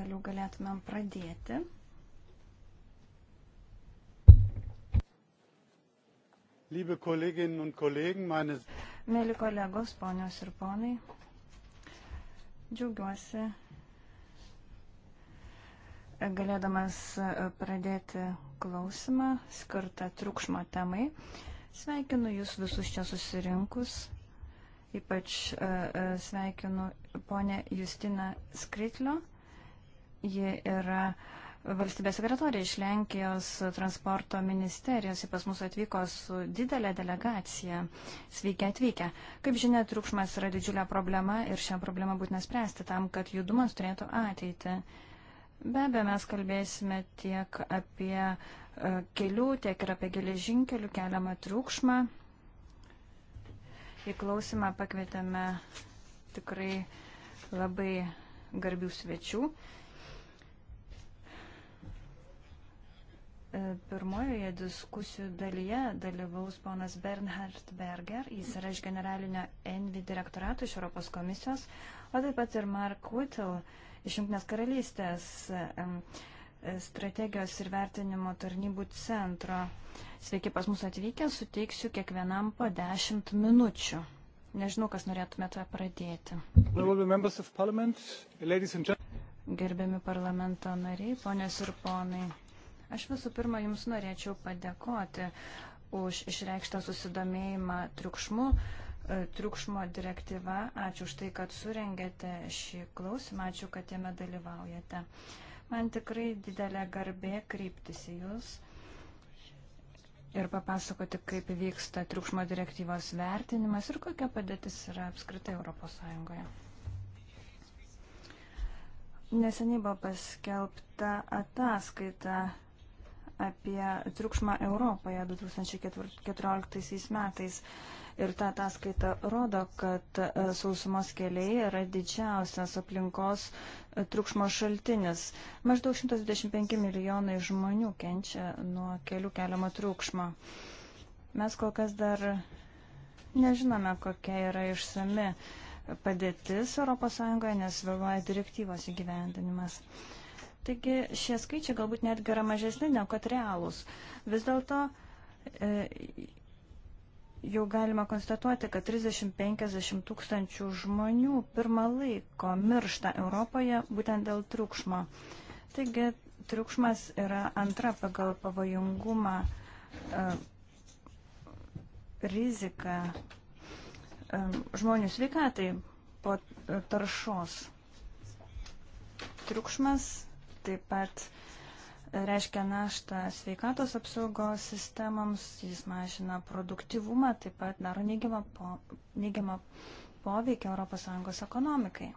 pagaliau galėtumėm pradėti. Liebe Kolleginnen und Kollegen, meine Mėly kolegos, ponios ir ponai, džiaugiuosi galėdamas pradėti klausimą skirtą triukšmo temai. Sveikinu Jūs visus čia susirinkus, ypač e, e, sveikinu ponę Justiną Skritlio. Ji yra valstybės sekretorė iš Lenkijos transporto ministerijos. Ji pas mus atvyko su didelė delegacija. Sveiki atvykę. Kaip žinia, triukšmas yra didžiulė problema ir šią problemą būtina spręsti tam, kad judumas turėtų ateitį. Be abejo, mes kalbėsime tiek apie e, kelių, tiek ir apie geležinkelių keliamą triukšmą. Į klausimą pakvietėme tikrai labai garbių svečių. E, pirmojoje diskusijų dalyje dalyvaus ponas Bernhard Berger, jis yra iš generalinio Envi direktorato iš Europos komisijos, o taip pat ir Mark Whittle iš Junktinės karalystės e, e, strategijos ir vertinimo tarnybų centro. Sveiki pas mus atvykę, suteiksiu kiekvienam po 10 minučių. Nežinau, kas norėtumėte pradėti. Gerbiami parlamento nariai, ponės ir ponai. Aš visų pirma Jums norėčiau padėkoti už išreikštą susidomėjimą triukšmu, e, triukšmo direktyva. Ačiū už tai, kad surengėte šį klausimą, ačiū, kad jame dalyvaujate. Man tikrai didelė garbė kryptis į Jūs ir papasakoti, kaip vyksta triukšmo direktyvos vertinimas ir kokia padėtis yra apskritai ES. Neseniai buvo paskelbta ataskaita apie triukšmą Europoje 2014 metais. Ir ta ataskaita rodo, kad e, sausumos keliai yra didžiausias aplinkos e, triukšmo šaltinis. Maždaug 125 milijonai žmonių kenčia nuo kelių keliamo triukšmo. Mes kol kas dar nežinome, kokia yra išsami padėtis ES, nes vėluoja direktyvos įgyvendinimas. Uh, Taigi šie skaičiai galbūt netgi yra mažesni negu kad realūs. Vis dėlto e, jau galima konstatuoti, kad 30-50 tūkstančių žmonių pirmą laiko miršta Europoje būtent dėl triukšmo. Taigi triukšmas yra antra pagal pavojingumą e, rizika e, žmonių sveikatai po e, taršos. Triukšmas taip pat reiškia naštą sveikatos apsaugos sistemams, jis mažina produktivumą, taip pat daro neigiamą, po, neigiamą poveikį ES ekonomikai.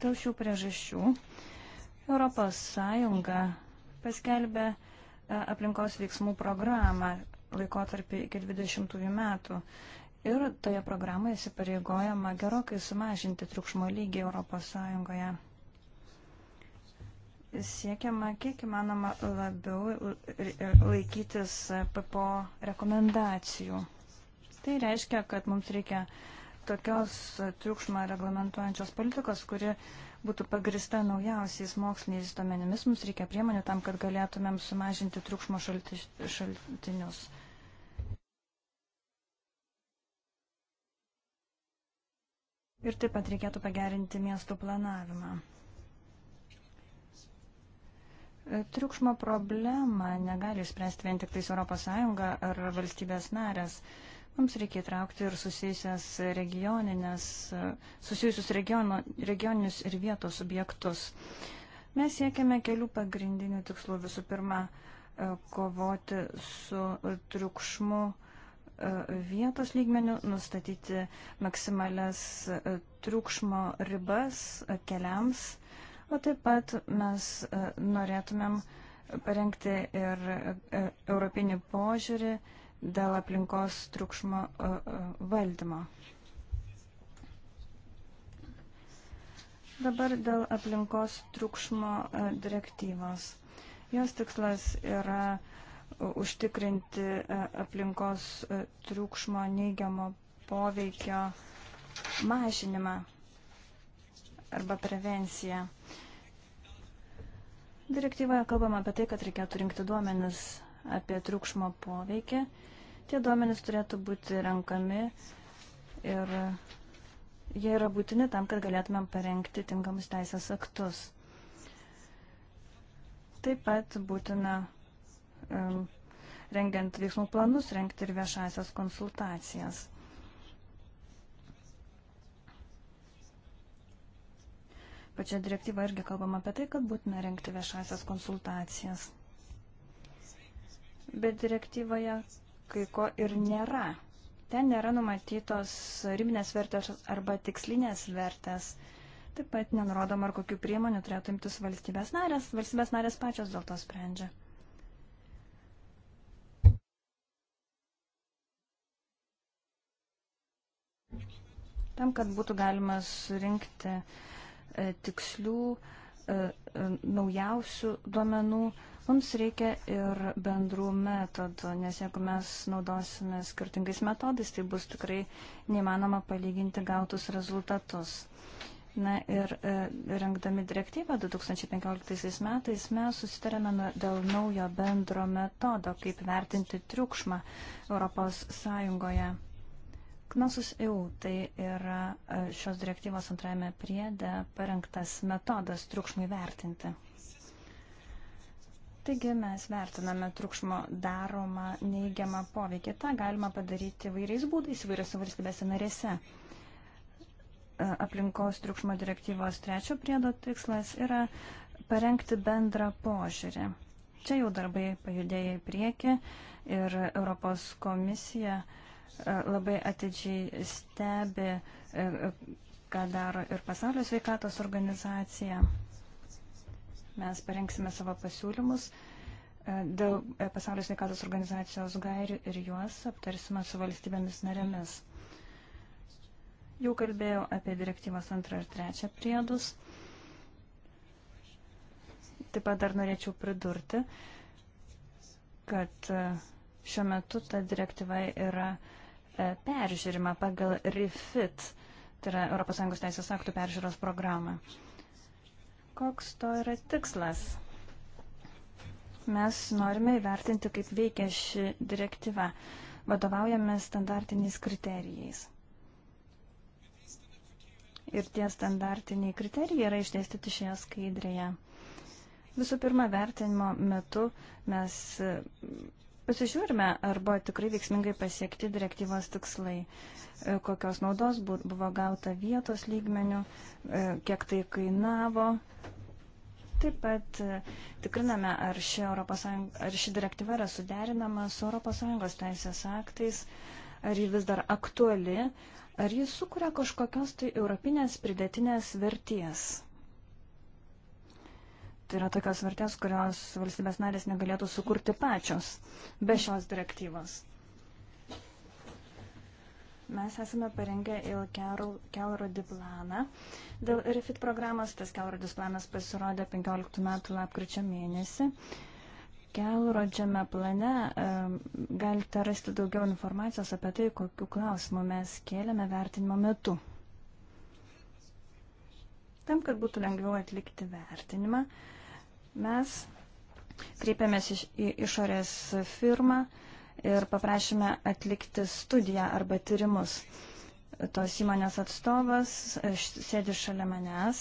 Dėl šių priežasčių ES paskelbė e, aplinkos veiksmų programą laikotarpį iki 20 metų ir toje programoje įsipareigojama gerokai sumažinti triukšmo lygį ES. Siekiama kiek įmanoma labiau laikytis PPO rekomendacijų. Tai reiškia, kad mums reikia tokios triukšmą reglamentuojančios politikos, kuri būtų pagrista naujausiais moksliniais domenimis. Mums reikia priemonių tam, kad galėtumėm sumažinti triukšmo šalti, šaltinius. Ir taip pat reikėtų pagerinti miestų planavimą. E, triukšmo problemą negali spręsti vien tik tais ES ar valstybės narės. Mums reikia įtraukti ir susijusias regioninės, e, susijusius regiono, regioninius ir vietos subjektus. Mes siekiame kelių pagrindinių tikslų. Visų pirma, e, kovoti su triukšmu vietos lygmenių, nustatyti maksimalias e, triukšmo ribas e, keliams, o taip pat mes e, norėtumėm parengti ir europinį požiūrį dėl aplinkos triukšmo valdymo. Dabar dėl aplinkos triukšmo direktyvos. Jos tikslas yra uh, užtikrinti e, aplinkos e, triukšmo neigiamo poveikio mažinimą arba prevenciją. Direktyvoje kalbama apie tai, kad reikėtų rinkti duomenis apie triukšmo poveikį. Tie duomenys turėtų būti renkami ir jie yra būtini tam, kad galėtumėm parengti tinkamus teisės aktus. Taip pat būtina E, rengiant veiksmų planus, rengti ir viešasias konsultacijas. Pačia direktyva irgi kalbama apie tai, kad būtina rengti viešasias konsultacijas. Bet direktyvoje kai ko ir nėra. Ten nėra numatytos ribinės vertės arba tikslinės vertės. Taip pat nenurodoma, ar kokiu priemonių turėtų imtis valstybės narės. Valstybės narės pačios dėl to sprendžia. tam, kad būtų galima surinkti e, tikslių e, e, naujausių duomenų, mums reikia ir bendrų metodų, nes jeigu mes naudosime skirtingais metodais, tai bus tikrai neįmanoma palyginti gautus rezultatus. Na ir rengdami direktyvą 2015 metais mes susitarėme dėl naujo bendro metodo, kaip vertinti triukšmą Europos Sąjungoje. Knasus EU tai yra e, šios direktyvos antrajame priede parengtas metodas triukšmui vertinti. Taigi mes vertiname triukšmo daromą neįgiamą poveikį. Ta galima padaryti vairiais būdais įvairiose valstybėse narėse. E, aplinkos triukšmo direktyvos trečio priedo tikslas yra parengti bendrą požiūrį. Čia jau darbai pajudėjo į priekį ir Europos komisija uh, E, labai atidžiai stebi, e, e, ką daro ir pasaulio sveikatos organizacija. Mes parengsime savo pasiūlymus dėl pasaulio sveikatos organizacijos gairių ir juos aptarsime su valstybėmis narėmis. Jau kalbėjau apie direktyvos antrą ir trečią priedus. Taip pat dar norėčiau pridurti, kad šiuo metu ta direktyva yra uh, E, peržiūrimą pagal REFIT, tai yra ES teisės aktų peržiūros programą. Koks to yra tikslas? Mes norime įvertinti, kaip veikia ši direktyva. Vadovaujame standartiniais kriterijais. Ir tie standartiniai kriterijai yra išdėstyti šioje skaidrėje. Visų pirma, vertinimo metu mes Pasižiūrime, arba tikrai veiksmingai pasiekti direktyvos tikslai, e, kokios naudos buvo gauta vietos lygmenių, e, kiek tai kainavo. Taip pat e, tikriname, ar ši, Europos, ar ši direktyva yra suderinama su ES teisės aktais, ar ji vis dar aktuali, ar ji sukuria kažkokios tai europinės pridėtinės verties. Tai yra tokios vertės, kurios valstybės narės negalėtų sukurti pačios be šios direktyvos. Mes esame parengę il kelrodį planą. Dėl REFIT programos tas kelrodis planas pasirodė 15 metų lapkričio mėnesį. Kelrodžiame plane um, galite rasti daugiau informacijos apie tai, kokiu klausimu mes kėlėme vertinimo metu. Tam, kad būtų lengviau atlikti vertinimą, uh, Mes kreipėmės į išorės firmą ir paprašėme atlikti studiją arba tyrimus. Tos įmonės atstovas e, sėdi šalia manęs.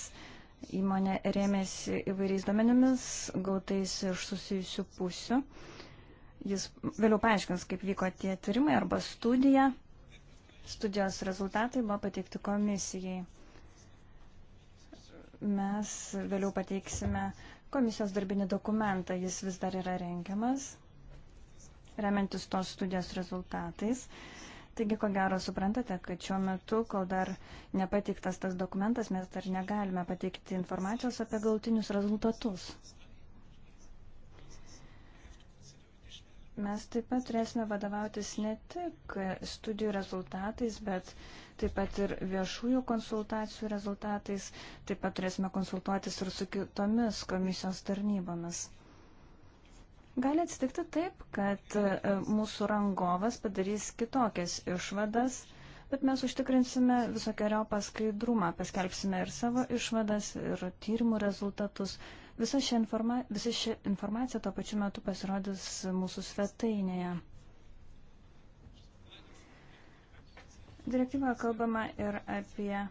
Įmonė rėmėsi įvairiais duomenimis, gautais iš susijusių pusių. Jis vėliau paaiškins, kaip vyko tie tyrimai arba studija. Studijos rezultatai buvo pateikti komisijai. Mes vėliau pateiksime uh, komisijos darbinį dokumentą. Jis vis dar yra rengiamas, remiantis tos studijos rezultatais. Taigi, ko gero, suprantate, kad šiuo metu, kol dar nepateiktas tas dokumentas, mes dar negalime pateikti informacijos apie galtinius rezultatus. mes taip pat turėsime vadovautis ne tik studijų rezultatais, bet taip pat ir viešųjų konsultacijų rezultatais, taip pat turėsime konsultuotis ir su kitomis komisijos tarnybomis. Gali atsitikti taip, kad e, mūsų rangovas padarys kitokias išvadas, bet mes užtikrinsime visokiojo paskaidrumą, paskelbsime ir savo išvadas, ir tyrimų rezultatus, Visa ši, informa visa ši informacija tuo pačiu metu pasirodys mūsų svetainėje. Direktyvoje kalbama ir apie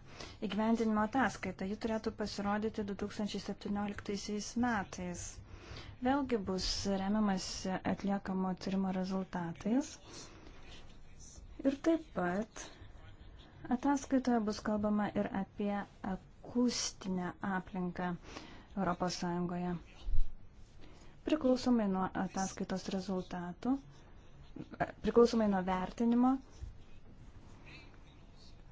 įgyvendinimo ataskaitą. Ji turėtų pasirodyti 2017 metais. Vėlgi bus remiamas atliekamo tyrimo rezultatais. Ir taip pat ataskaitoje bus kalbama ir apie akustinę aplinką. ES. Priklausomai nuo ataskaitos rezultatų, e, priklausomai nuo vertinimo,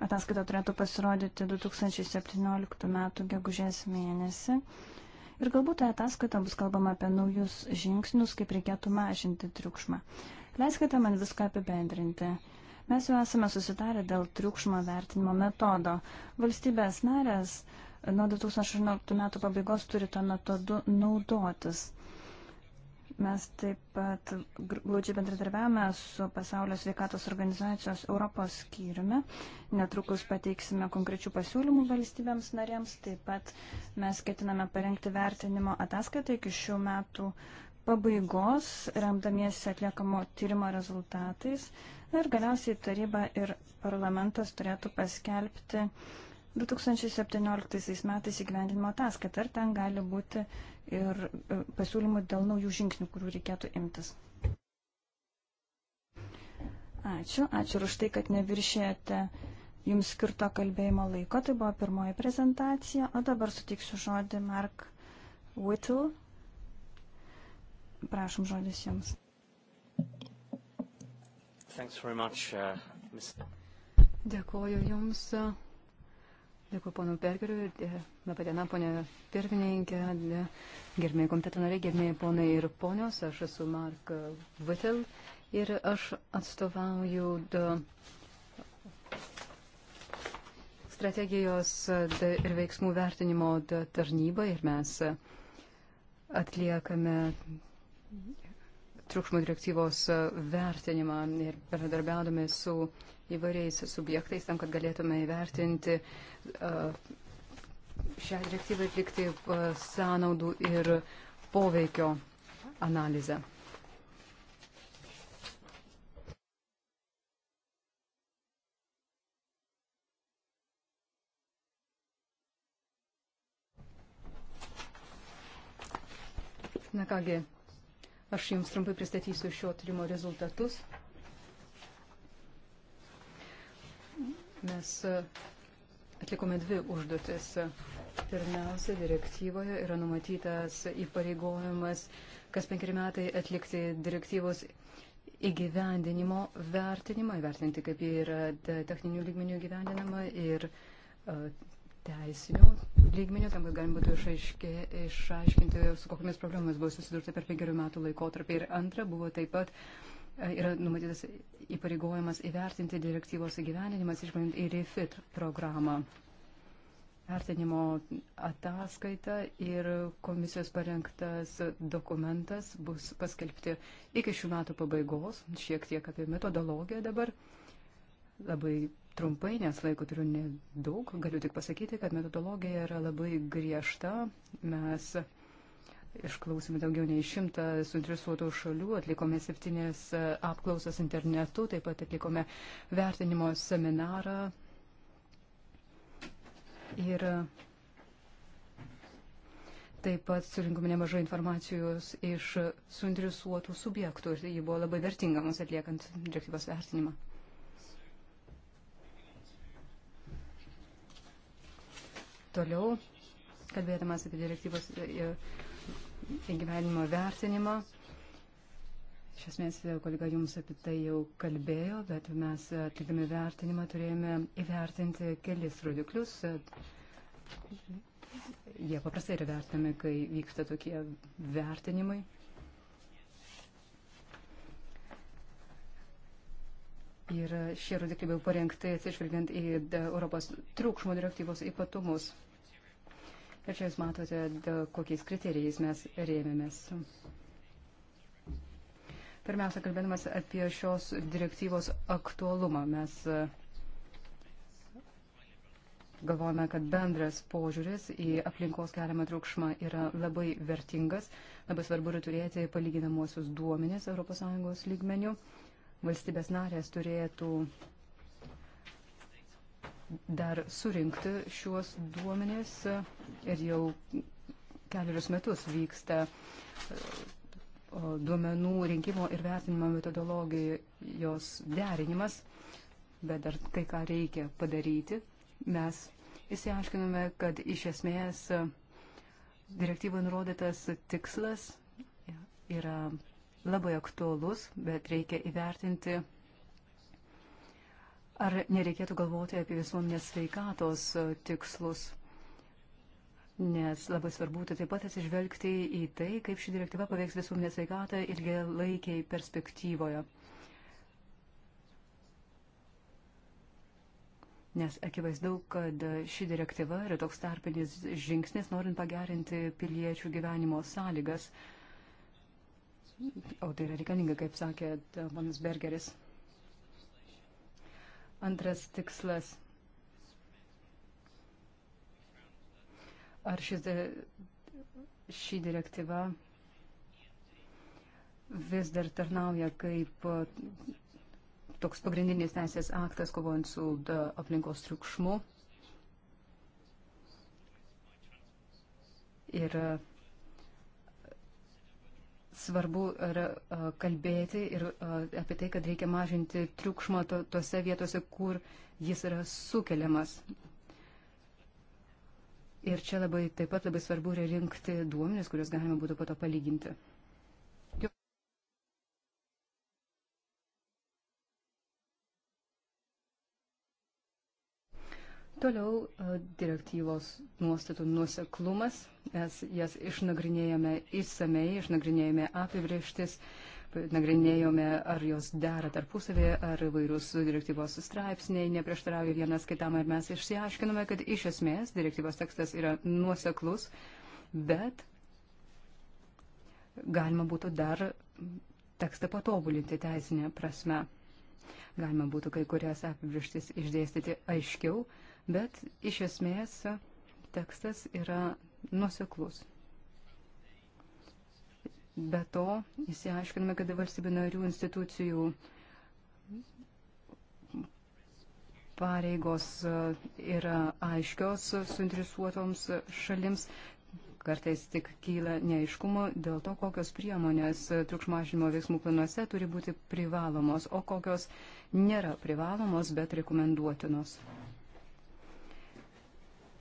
ataskaita turėtų pasirodyti 2017 m. gegužės mėnesį. Ir galbūt toje ataskaita bus kalbama apie naujus žingsnius, kaip reikėtų mažinti triukšmą. Leiskite man viską apibendrinti. Mes jau esame susitarę dėl triukšmo vertinimo metodo. Valstybės narės uh, nuo 2018 metų pabaigos turi to metodu naudotis. Mes taip pat glaudžiai bendradarbiavame su Pasaulio sveikatos organizacijos Europos skyriumi. Netrukus pateiksime konkrečių pasiūlymų valstybėms narėms. Taip pat mes ketiname parengti vertinimo ataskaitą iki šių metų pabaigos, remdamiesi atliekamo tyrimo rezultatais. Ir galiausiai taryba ir parlamentas turėtų paskelbti uh, 2017 metais įgyvendinimo ataskaita, ar ten gali būti ir e, pasiūlymų dėl naujų žingsnių, kurių reikėtų imtis. Ačiū, ačiū ir už tai, kad neviršėjate jums skirto kalbėjimo laiko. Tai buvo pirmoji prezentacija, o dabar sutiksiu žodį Mark Whittle. Prašom žodis jums. Much, uh, Dėkuoju jums. Uh, Dėkui, ponu Perkeriu. Labadiena, ponė pirmininkė, gerbėjai komiteto nariai, gerbėjai ponai ir ponios. Aš esu Mark Vittel ir aš atstovauju strategijos ir veiksmų vertinimo tarnybą ir mes atliekame triukšmo direktyvos e, vertinimą ir bendradarbiaudami su įvairiais subjektais tam, kad galėtume įvertinti e, šią direktyvą atlikti e, sąnaudų ir poveikio analizę. Na kągi, Aš Jums trumpai pristatysiu šio tyrimo rezultatus. Mes e, atlikome dvi užduotis. Pirmiausia, direktyvoje yra numatytas įpareigojimas, kas penkeri metai atlikti direktyvos įgyvendinimo vertinimą, įvertinti, kaip jie yra techninių lygmenių įgyvendinama ir e, teisinių lygmenių, tam, kad galima būtų išaiški, išaiškinti, su kokiamis problemomis buvo susidurta per penkerių metų laikotarpį. Ir antra, buvo taip pat e, yra numatytas įpareigojimas įvertinti direktyvos įgyveninimas, išmanint į REFIT programą. Vertinimo ataskaita ir komisijos parengtas dokumentas bus paskelbti iki šių metų pabaigos, šiek tiek apie metodologiją dabar. Labai trumpai, nes laiko turiu nedaug, galiu tik pasakyti, kad metodologija yra labai griežta. Mes išklausėme daugiau nei šimtą suinteresuotų šalių, atlikome septynės apklausas internetu, taip pat atlikome vertinimo seminarą. Ir taip pat surinkome nemažai informacijos iš suinteresuotų subjektų ir tai ji buvo labai vertinga mums atliekant direktyvos vertinimą. Toliau, kalbėdamas apie direktyvos e, e, įgyvenimo vertinimą, iš esmės kolega jums apie tai jau kalbėjo, bet mes e, atlikdami vertinimą turėjome įvertinti kelis rodiklius. Jie paprastai yra vertinami, kai vyksta tokie vertinimai. Ir šie rodikliai buvo parengti atsižvelgiant į Europos triukšmo direktyvos ypatumus. Ir čia jūs matote, kokiais kriterijais mes rėmėmės. Pirmiausia, kalbėdamas apie šios direktyvos aktualumą, mes e, galvojame, kad bendras požiūris į aplinkos keliamą triukšmą yra labai vertingas. Labai svarbu yra turėti palyginamosius duomenis ES lygmenių. Valstybės narės turėtų dar surinkti šiuos duomenės ir jau keliarius metus vyksta e, duomenų rinkimo ir vertinimo metodologijos derinimas, bet dar kai ką reikia padaryti. Mes įsiaiškinome, kad iš esmės e, direktyvai nurodytas tikslas yra labai aktuolus, bet reikia įvertinti Ar nereikėtų galvoti apie visuomenės sveikatos e, tikslus? Nes labai svarbu tai taip pat atsižvelgti į tai, kaip ši direktyva paveiks visuomenės sveikatą ilgelaikiai perspektyvoje. Nes akivaizdu, kad ši direktyva yra toks tarpinis žingsnis, norint pagerinti piliečių gyvenimo sąlygas. O tai yra reikalinga, kaip sakė Manas e, Bergeris. Antras tikslas. Ar šis, ši direktyva vis dar tarnauja kaip e, toks pagrindinis teisės aktas kovojant su e, aplinkos triukšmu? Ir svarbu yra kalbėti ir apie tai, kad reikia mažinti triukšmą to, tose vietose, kur jis yra sukeliamas. Ir čia labai, taip pat labai svarbu yra rinkti duomenis, kuriuos galima būtų po to palyginti. Toliau e, direktyvos nuostatų nuoseklumas, mes jas išnagrinėjome įsamei, išnagrinėjome apibrieštis, nagrinėjome, ar jos dera tarpusavėje, ar vairūs direktyvos straipsniai neprieštarauja vienas kitam, ar mes išsiaiškinome, kad iš esmės direktyvos tekstas yra nuoseklus, bet galima būtų dar tekstą patobulinti teisinę prasme. Galima būtų kai kurias apibrieštis išdėstyti aiškiau bet iš esmės tekstas yra nuseklus. Be to, įsiaiškiname, kad valstybių narių institucijų pareigos yra aiškios suinteresuotoms šalims. Kartais tik kyla neaiškumo dėl to, kokios priemonės triukšmažinimo veiksmų planuose turi būti privalomos, o kokios nėra privalomos, bet rekomenduotinos.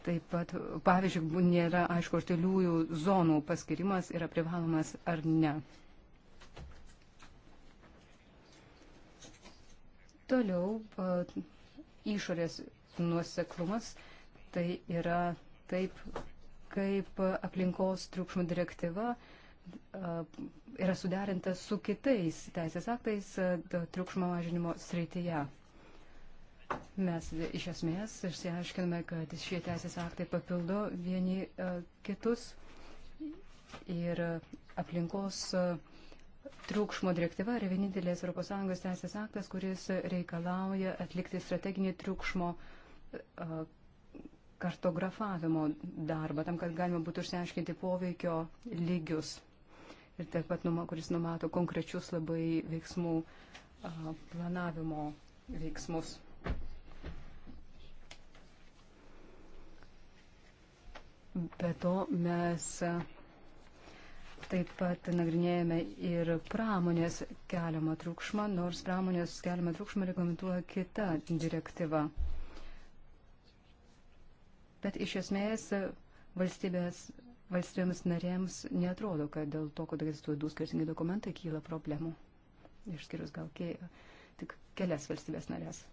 Taip pat, pavyzdžiui, nėra aišku, ar tyliųjų zonų paskirimas yra privalomas ar ne. Toliau išorės nuoseklumas tai yra taip, kaip aplinkos triukšmų direktyva yra suderinta su kitais teisės aktais triukšmo mažinimo srityje. Mes iš esmės išsiaiškiname, kad šie teisės aktai papildo vieni e, kitus ir aplinkos e, triukšmo direktyva yra vienintelės ES teisės aktas, kuris reikalauja atlikti strateginį triukšmo e, kartografavimo darbą, tam, kad galima būtų išsiaiškinti poveikio lygius. Ir taip pat, kuris numato konkrečius labai veiksmų planavimo veiksmus. Be to mes taip pat nagrinėjame ir pramonės keliamą triukšmą, nors pramonės keliamą triukšmą reglamentuoja kita direktyva. Bet iš esmės valstybės, valstybėms narėms netrodo, kad dėl to, kad egzistuoja du skirtingi dokumentai, kyla problemų. Išskirius gal kei, tik kelias valstybės narės.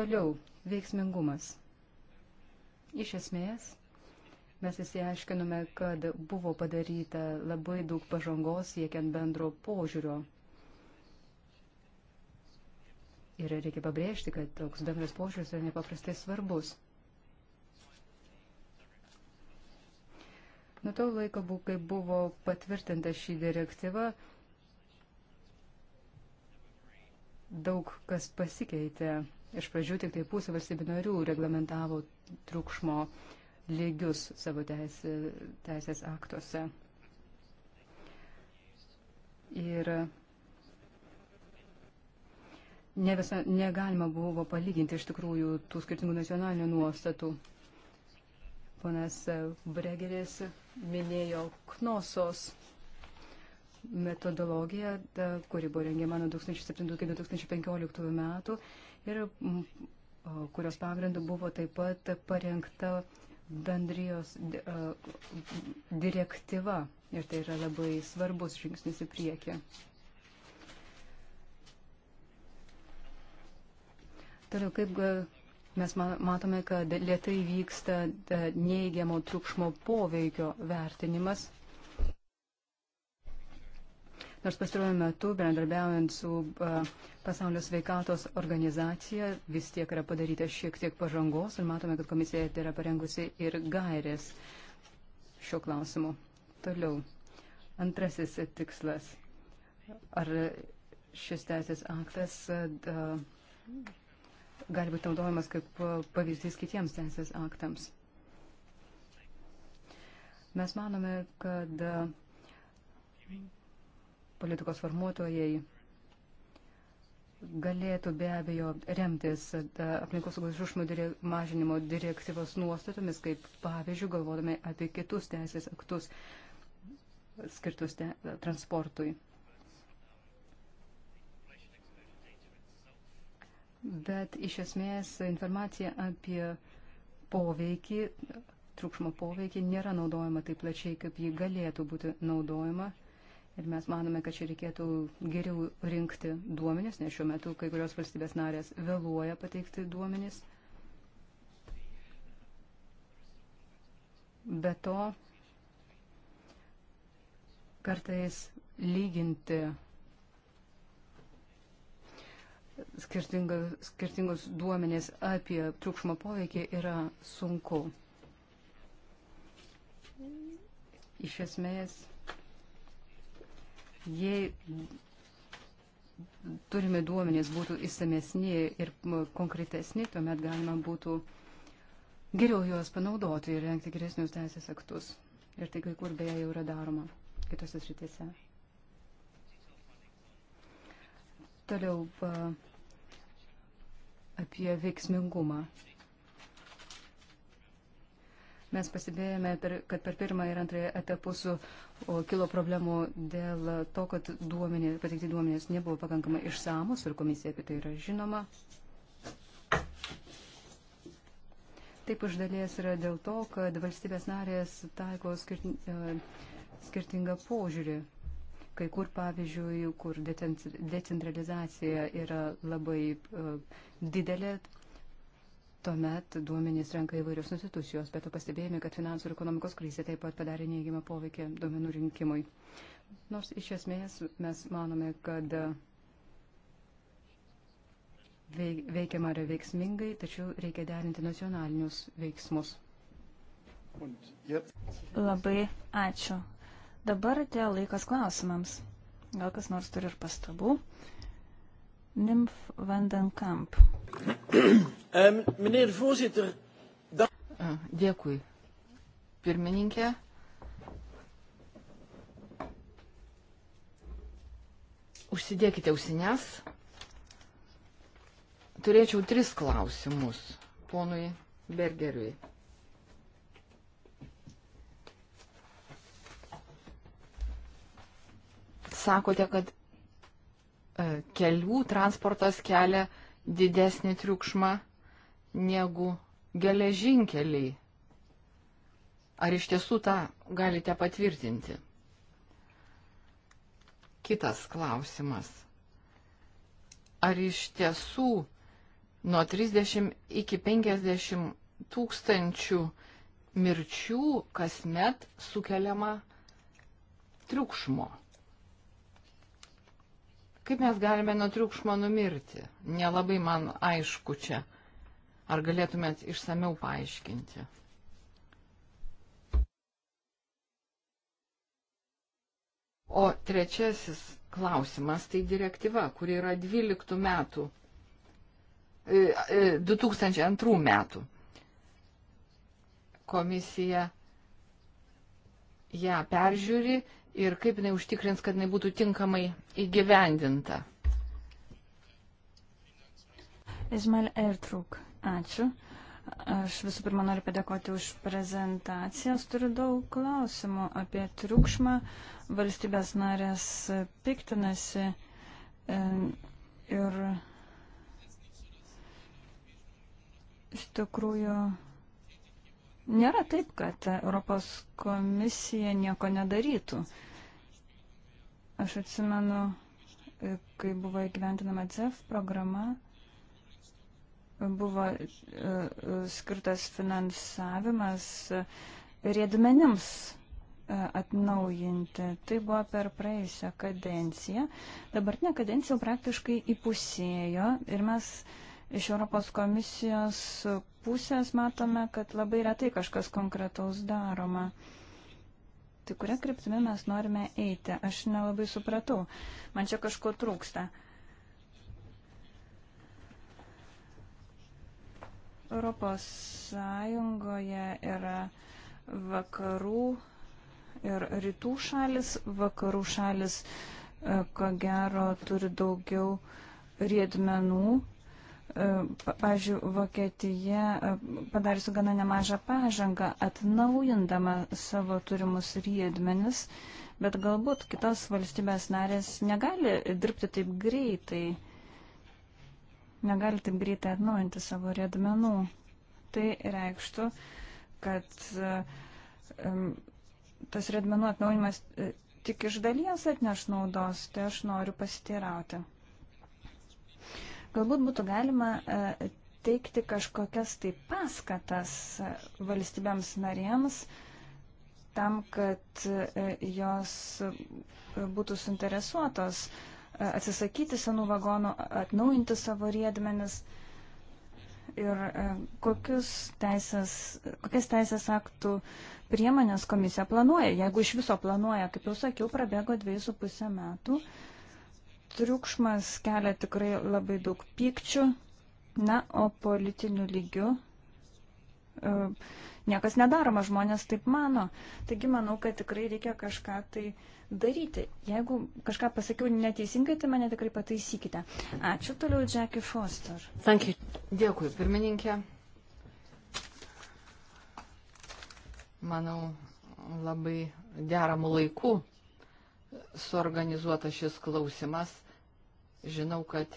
Toliau, veiksmingumas. Iš esmės, Mes įsiaiškinome, kad buvo padaryta labai daug pažangos siekiant bendro požiūrio. Ir reikia pabrėžti, kad toks bendras požiūris yra nepaprastai svarbus. Nuo to laiko, kai buvo patvirtinta šį direktyvą, daug kas pasikeitė. Iš pradžių tik tai pusė valstybių narių reglamentavo triukšmo uh, lygius savo teisė, teisės aktuose. Ir ne visa, negalima buvo palyginti iš tikrųjų tų skirtingų nacionalinių nuostatų. Ponas Bregeris minėjo Knosos metodologiją, kuri buvo rengiama nuo 2007-2015 metų ir kurios pagrindu buvo taip pat parengta bendrijos direktyva ir tai yra labai svarbus žingsnis į priekį. Toliau, kaip mes matome, kad lietai vyksta neigiamo triukšmo poveikio vertinimas Nors pastaruoju metu, bendradarbiaujant su Pasaulio sveikatos organizacija, vis tiek yra padaryta šiek tiek pažangos ir matome, kad komisija yra parengusi ir gairės šio klausimu. Toliau. Antrasis tikslas. Ar šis teisės aktas gali būti naudojamas kaip pavyzdys kitiems teisės aktams. Mes manome, kad politikos formuotojai galėtų be abejo remtis aplinkosaugos išmų mažinimo direktyvos nuostatomis, kaip pavyzdžių galvodami apie kitus teisės aktus skirtus te transportui. Bet iš esmės informacija apie poveikį, triukšmo poveikį nėra naudojama taip plačiai, kaip ji galėtų būti naudojama Ir mes manome, kad čia reikėtų geriau rinkti duomenis, nes šiuo metu kai kurios valstybės narės vėluoja pateikti duomenis. Be to, kartais lyginti skirtingus duomenis apie triukšmo poveikį yra sunku. Iš esmės, jei turime duomenys būtų įsamesni ir konkretesni, tuomet galima būtų geriau juos panaudoti ir renkti geresnius teisės aktus. Ir tai kai kur beje jau yra daroma kitose srityse. Toliau apie veiksmingumą. Mes pasibėjome, kad per pirmą ir antrąją etapus kilo problemų dėl to, kad duomenė, pateikti duomenės nebuvo pakankamai išsamus ir komisija apie tai yra žinoma. Taip iš dalies yra dėl to, kad valstybės narės taiko e, skirtingą požiūrį kai kur, pavyzdžiui, kur decentralizacija yra labai e, didelė, Tuomet duomenys renka įvairios institucijos, bet pastebėjome, kad finansų ir ekonomikos krizė taip pat padarė neįgimą poveikį duomenų rinkimui. Nors iš esmės mes manome, kad veikiama yra veiksmingai, tačiau reikia derinti nacionalinius veiksmus. Labai ačiū. Dabar atėjo laikas klausimams. Gal kas nors turi ir pastabų? Nimf van den Kamp. Ehm, eh, dėkui, pirmininkė. Užsidėkite ausines. Turėčiau tris klausimus ponui Bergeriui. Sakote, kad E, kelių transportas kelia didesnį triukšmą negu geležinkeliai. Ar iš tiesų tą galite patvirtinti? Kitas klausimas. Ar iš tiesų nuo 30 iki 50 tūkstančių mirčių kasmet sukeliama triukšmo? Kaip mes galime nuo triukšmo numirti? Nelabai man aišku čia. Ar galėtumėt išsameu paaiškinti? O trečiasis klausimas tai direktyva, kuri yra 12 metų, 2002 e, e, metų. Komisija ją peržiūri ir kaip jinai užtikrins, kad jinai būtų tinkamai įgyvendinta. Izmail Ertruk, ačiū. Aš visų pirma noriu padėkoti už prezentacijas. Turiu daug klausimų apie triukšmą. Valstybės narės piktinasi e, ir iš tikrųjų Nėra taip, kad Europos komisija nieko nedarytų. Aš atsimenu, kai buvo įgyventinama CEF programa, buvo e, e, skirtas finansavimas riedmenims e, atnaujinti. Tai buvo per praėjusią kadenciją. Dabartinė kadencija praktiškai įpusėjo ir mes uh, iš Europos komisijos pusės matome, kad labai retai kažkas konkretaus daroma. Tai kuria kryptimi mes norime eiti? Aš nelabai supratau. Man čia kažko trūksta. Europos Sąjungoje yra vakarų ir rytų šalis. Vakarų šalis, e, ko gero, turi daugiau riedmenų E, pavyzdžiui, Vokietija e, padariusi gana nemažą pažangą, atnaujindama savo turimus riedmenis, bet galbūt kitos valstybės narės negali dirbti taip greitai, negali taip greitai atnaujinti savo riedmenų. Tai reikštų, kad e, tas riedmenų atnaujimas tik iš dalies atneš naudos, tai aš noriu pasiteirauti. Galbūt būtų galima e, teikti kažkokias tai paskatas e, valstybėms narėms tam, kad e, jos būtų suinteresuotos atsisakyti senų vagonų, atnaujinti savo riedmenis ir kokius teisės, kokias teisės aktų priemonės komisija planuoja, jeigu iš viso planuoja, kaip jau sakiau, prabėgo dviejų su pusę metų triukšmas kelia tikrai labai daug pykčių, na, o politiniu lygiu e, niekas nedaroma, žmonės taip mano. Taigi manau, kad tikrai reikia kažką tai daryti. Jeigu kažką pasakiau neteisingai, tai mane tikrai pataisykite. Ačiū toliau, Jackie Foster. Dėkui, pirmininkė. Manau, labai deramų laikų suorganizuotas šis klausimas, Žinau, kad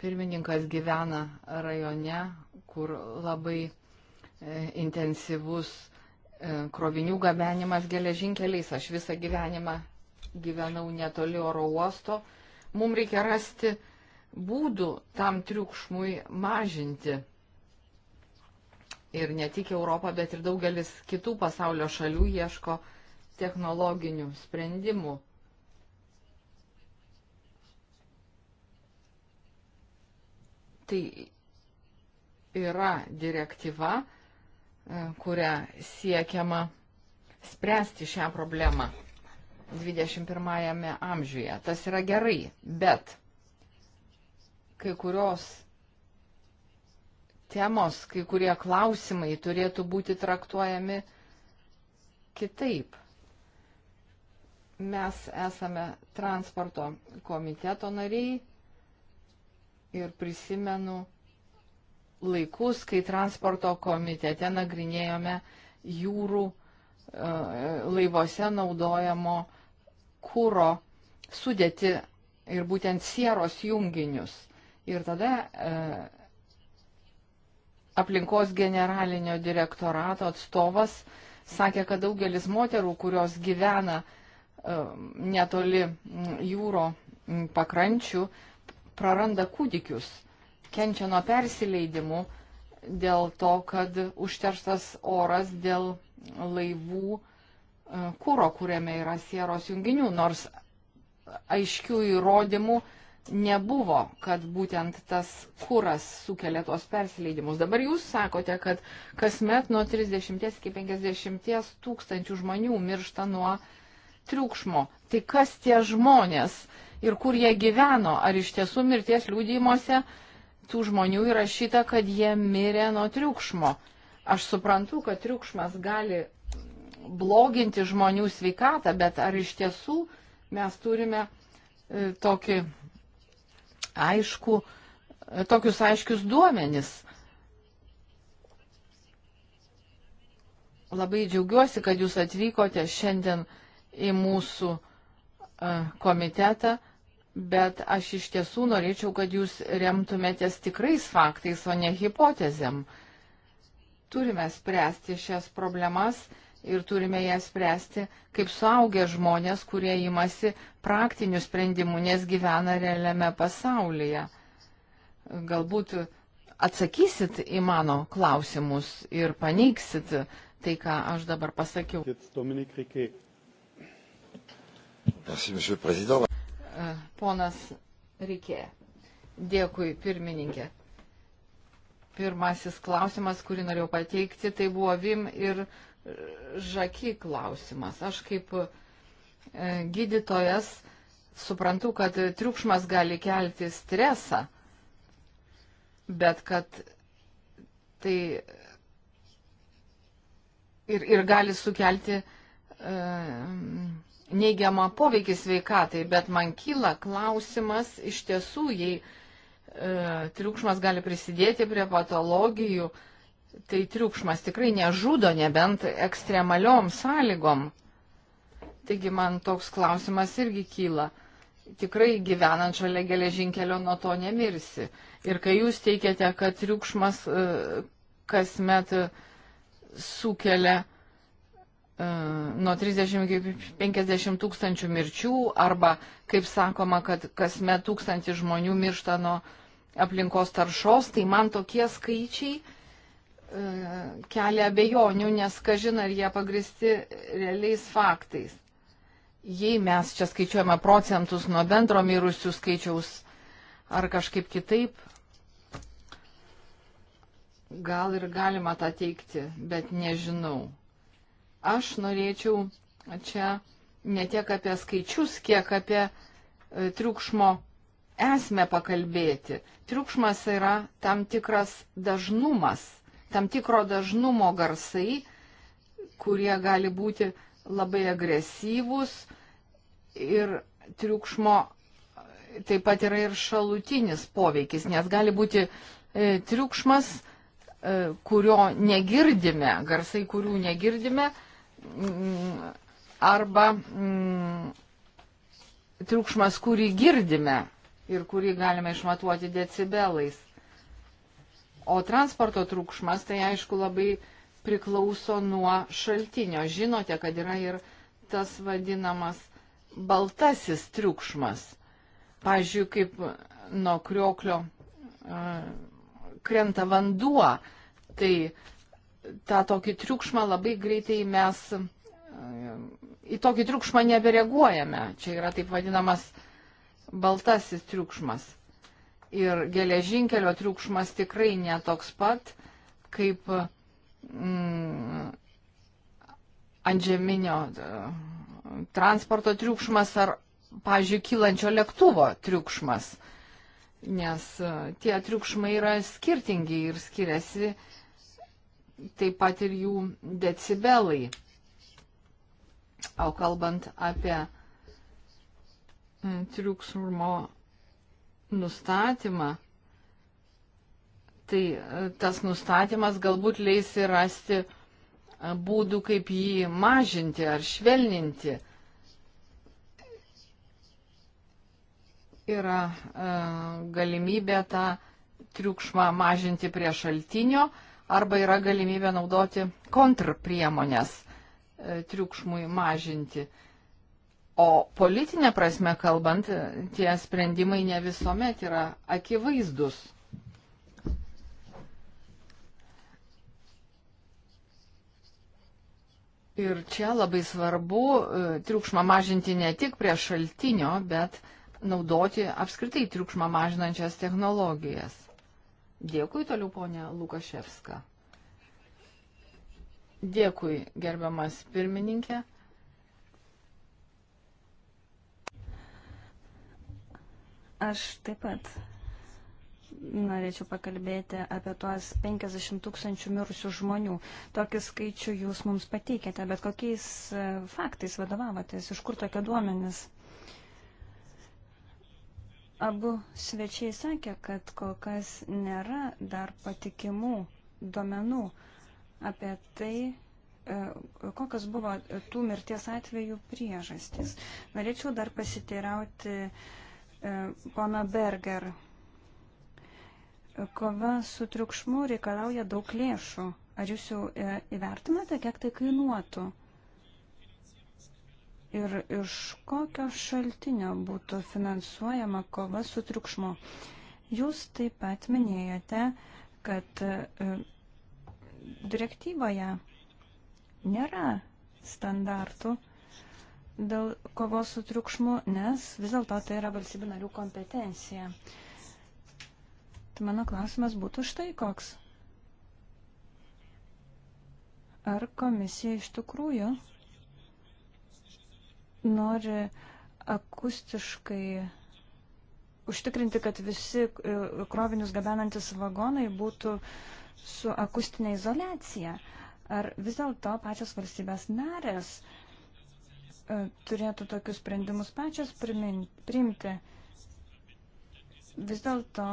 pirmininkas gyvena rajone, kur labai e, intensyvus e, krovinių gabenimas geležinkeliais. Aš visą gyvenimą gyvenau netoli oro uosto. Mums reikia rasti būdų tam triukšmui mažinti. Ir ne tik Europa, bet ir daugelis kitų pasaulio šalių ieško technologinių sprendimų. tai yra direktyva, e, kurią siekiama spręsti šią problemą 21 amžiuje. Tas yra gerai, bet kai kurios temos, kai kurie klausimai turėtų būti traktuojami kitaip. Mes esame transporto komiteto nariai ir prisimenu laikus, kai transporto komitete nagrinėjome jūrų e, laivuose naudojamo kūro sudėti ir būtent sieros junginius. Ir tada e, aplinkos generalinio direktorato atstovas sakė, kad daugelis moterų, kurios gyvena e, netoli jūro pakrančių, e, praranda kūdikius, kenčia nuo persileidimų dėl to, kad užterštas oras dėl laivų e, kūro, kuriame yra sieros junginių, nors aiškių įrodymų nebuvo, kad būtent tas kuras sukelia tos persileidimus. Dabar jūs sakote, kad kasmet nuo 30 iki 50 tūkstančių žmonių miršta nuo uh, triukšmo. Tai kas tie žmonės ir kur jie gyveno? Ar iš tiesų mirties liūdimuose tų žmonių įrašyta, kad jie mirė nuo triukšmo? Aš suprantu, kad triukšmas gali bloginti žmonių sveikatą, bet ar iš tiesų mes turime e, tokį aišku, e, tokius aiškius duomenis? Labai džiaugiuosi, kad jūs atvykote šiandien į mūsų e, komitetą, bet aš iš tiesų norėčiau, kad jūs remtumėtės tikrais faktais, o ne hipotezėm. Turime spręsti šias problemas ir turime jas spręsti kaip suaugę žmonės, kurie imasi praktinių sprendimų, nes gyvena realiame pasaulyje. Galbūt atsakysit į mano klausimus ir paneigsit tai, ką aš dabar pasakiau. Dominik Rikė. Ponas Rikė. Dėkui, pirmininkė. Pirmasis klausimas, kurį norėjau pateikti, tai buvo Vim ir Žaky klausimas. Aš kaip e, gydytojas suprantu, kad triukšmas gali kelti stresą, bet kad tai ir, ir gali sukelti. Uh, neigiamą poveikį sveikatai, bet man kyla klausimas iš tiesų, jei e, triukšmas gali prisidėti prie patologijų, tai triukšmas tikrai nežudo, nebent ekstremaliom sąlygom. Taigi man toks klausimas irgi kyla. Tikrai gyvenant šalia geležinkelio nuo to nemirsi. Ir kai jūs teikiate, kad triukšmas e, kasmet e, sukelia E, nuo 30 iki 50 tūkstančių mirčių arba, kaip sakoma, kad kasmet tūkstantis žmonių miršta nuo aplinkos taršos, tai man tokie skaičiai e, kelia abejonių, nes kažin ar jie pagristi realiais faktais. Jei mes čia skaičiuojame procentus nuo bendro mirusių skaičiaus ar kažkaip kitaip, gal ir galima tą teikti, bet nežinau. Aš norėčiau čia ne tiek apie skaičius, kiek apie e, triukšmo esmę pakalbėti. Triukšmas yra tam tikras dažnumas, tam tikro dažnumo garsai, kurie gali būti labai agresyvūs ir triukšmo e, taip pat yra ir šalutinis poveikis, nes gali būti e, triukšmas, e, kurio negirdime, garsai, kurių negirdime, arba mm, triukšmas, kurį girdime ir kurį galime išmatuoti decibelais. O transporto triukšmas, tai aišku, labai priklauso nuo šaltinio. Žinote, kad yra ir tas vadinamas baltasis triukšmas. Pavyzdžiui, kaip nuo krioklio uh, krenta vanduo, tai tą tokį triukšmą labai greitai mes į tokį triukšmą nebereaguojame. Čia yra taip vadinamas baltasis triukšmas. Ir geležinkelio triukšmas tikrai netoks pat kaip mm, antžeminio e, transporto triukšmas ar, pažiūrėjau, kylančio lėktuvo triukšmas. Nes e, tie triukšmai yra skirtingi ir skiriasi uh, taip pat ir jų decibelai. O kalbant apie mm, triukšmo nustatymą, tai e, tas nustatymas galbūt leis ir rasti e, būdų, kaip jį mažinti ar švelninti. Yra e, galimybė tą triukšmą mažinti prie šaltinio, e, arba yra galimybė naudoti kontrpriemonės e, triukšmui mažinti. O politinė prasme kalbant, e, tie sprendimai ne visuomet yra akivaizdus. Ir čia labai svarbu e, triukšmą mažinti ne tik prie šaltinio, bet naudoti apskritai triukšmą mažinančias technologijas. Dėkui toliau, ponė Lukaševska. Dėkui, gerbiamas pirmininkė. Aš taip pat norėčiau pakalbėti apie tuos 50 tūkstančių mirusių žmonių. Tokį skaičių jūs mums pateikėte, bet kokiais e, faktais vadovavotės, iš kur tokie duomenys? Abu svečiai sakė, kad kol kas nėra dar patikimų duomenų apie tai, e, kokios buvo tų mirties atvejų priežastys. Norėčiau dar pasiteirauti e, pona Berger. Kova su triukšmu reikalauja daug lėšų. Ar jūs jau e, įvertinate, kiek tai kainuotų? ir iš kokio šaltinio būtų finansuojama kova su triukšmu. Jūs taip pat minėjote, kad e, direktyvoje nėra standartų dėl kovos su triukšmu, nes vis dėlto tai yra valstybių narių kompetencija. Tai mano klausimas būtų štai koks. Ar komisija iš tikrųjų nori akustiškai užtikrinti, kad visi e, krovinius gabenantis vagonai būtų su akustinė izolacija. Ar vis dėlto pačios valstybės narės e, turėtų tokius sprendimus pačios priimti? Vis dėlto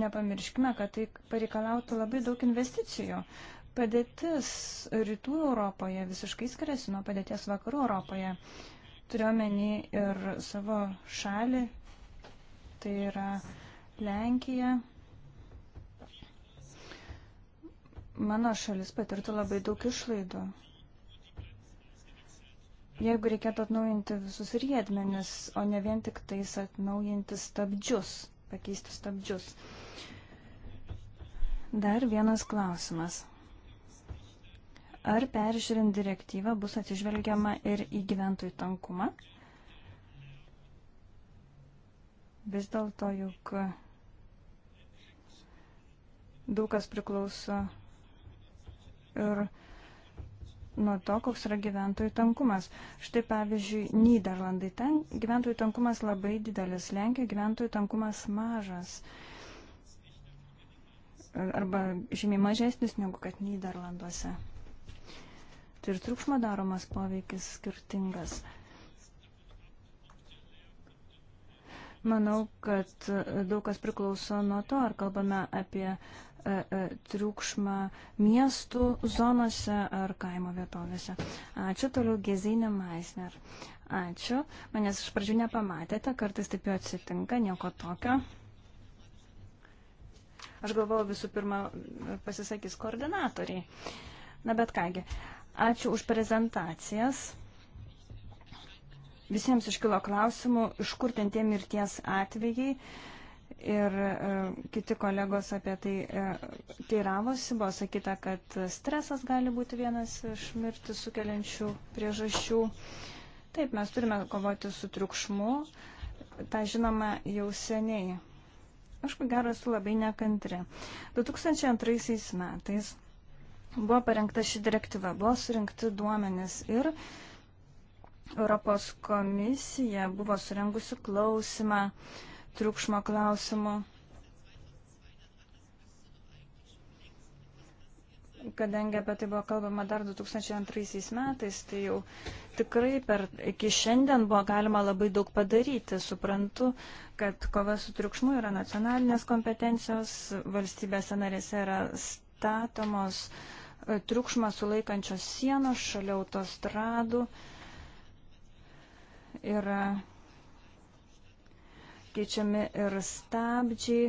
nepamirškime, kad tai pareikalautų labai daug investicijų. Padėtis rytų Europoje visiškai skiriasi nuo padėties vakarų Europoje. Uh, turiuomenį ir savo šalį, tai yra Lenkija. Mano šalis patirtų labai daug išlaidų. Jeigu reikėtų atnaujinti visus riedmenis, o ne vien tik tais atnaujinti stabdžius, pakeisti stabdžius. Dar vienas klausimas ar peržiūrint direktyvą bus atsižvelgiama ir į gyventojų tankumą? Vis dėlto juk daug kas priklauso ir nuo to, koks yra gyventojų tankumas. Štai pavyzdžiui, Niderlandai. Ten gyventojų tankumas labai didelis, Lenkija gyventojų tankumas mažas arba žymiai mažesnis negu kad Niderlanduose tai ir triukšmo daromas poveikis skirtingas. Manau, kad e, daug kas priklauso nuo to, ar kalbame apie e, e, triukšmą miestų zonose ar kaimo vietovėse. Ačiū toliau Gezinė Maisner. Ačiū. Manęs iš pradžių nepamatėte, kartais taip jau atsitinka, nieko tokio. Aš galvojau visų pirma pasisakys koordinatoriai. Na bet kągi, Ačiū už prezentacijas. Visiems iškilo klausimų, iš kur ten tie mirties atvejai. Ir e, kiti kolegos apie tai e, teiravosi, buvo sakyta, kad stresas gali būti vienas iš mirti sukeliančių priežasčių. Taip, mes turime kovoti su triukšmu, tą žinoma jau seniai. Aš ko gero esu labai nekantri. 2002 metais buvo parengta ši direktyva, buvo surinkti duomenis ir Europos komisija buvo surengusi klausimą triukšmo klausimu. Kadangi apie tai buvo kalbama dar 2002 metais, tai jau tikrai per, iki šiandien buvo galima labai daug padaryti. Suprantu, kad kova su triukšmu yra nacionalinės kompetencijos, valstybėse narėse yra statomos uh, triukšmą sulaikančios sienos šalia autostradų yra keičiami ir stabdžiai,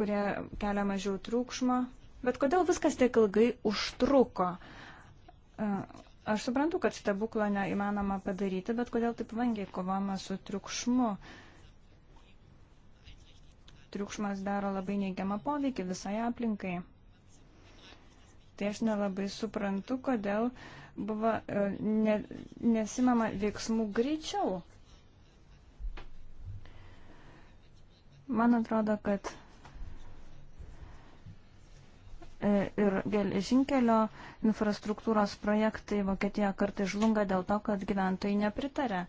kurie kelia mažiau triukšmo. Bet kodėl viskas tiek ilgai užtruko? E, aš suprantu, kad stebuklą neįmanoma padaryti, bet kodėl taip vangiai kovama su triukšmu? Triukšmas daro labai neigiamą poveikį visai aplinkai. Tai aš nelabai suprantu, kodėl buvo e, ne, nesimama veiksmų greičiau. Man atrodo, kad e, ir geležinkelio infrastruktūros projektai Vokietijoje kartai žlunga dėl to, kad gyventojai nepritarė e,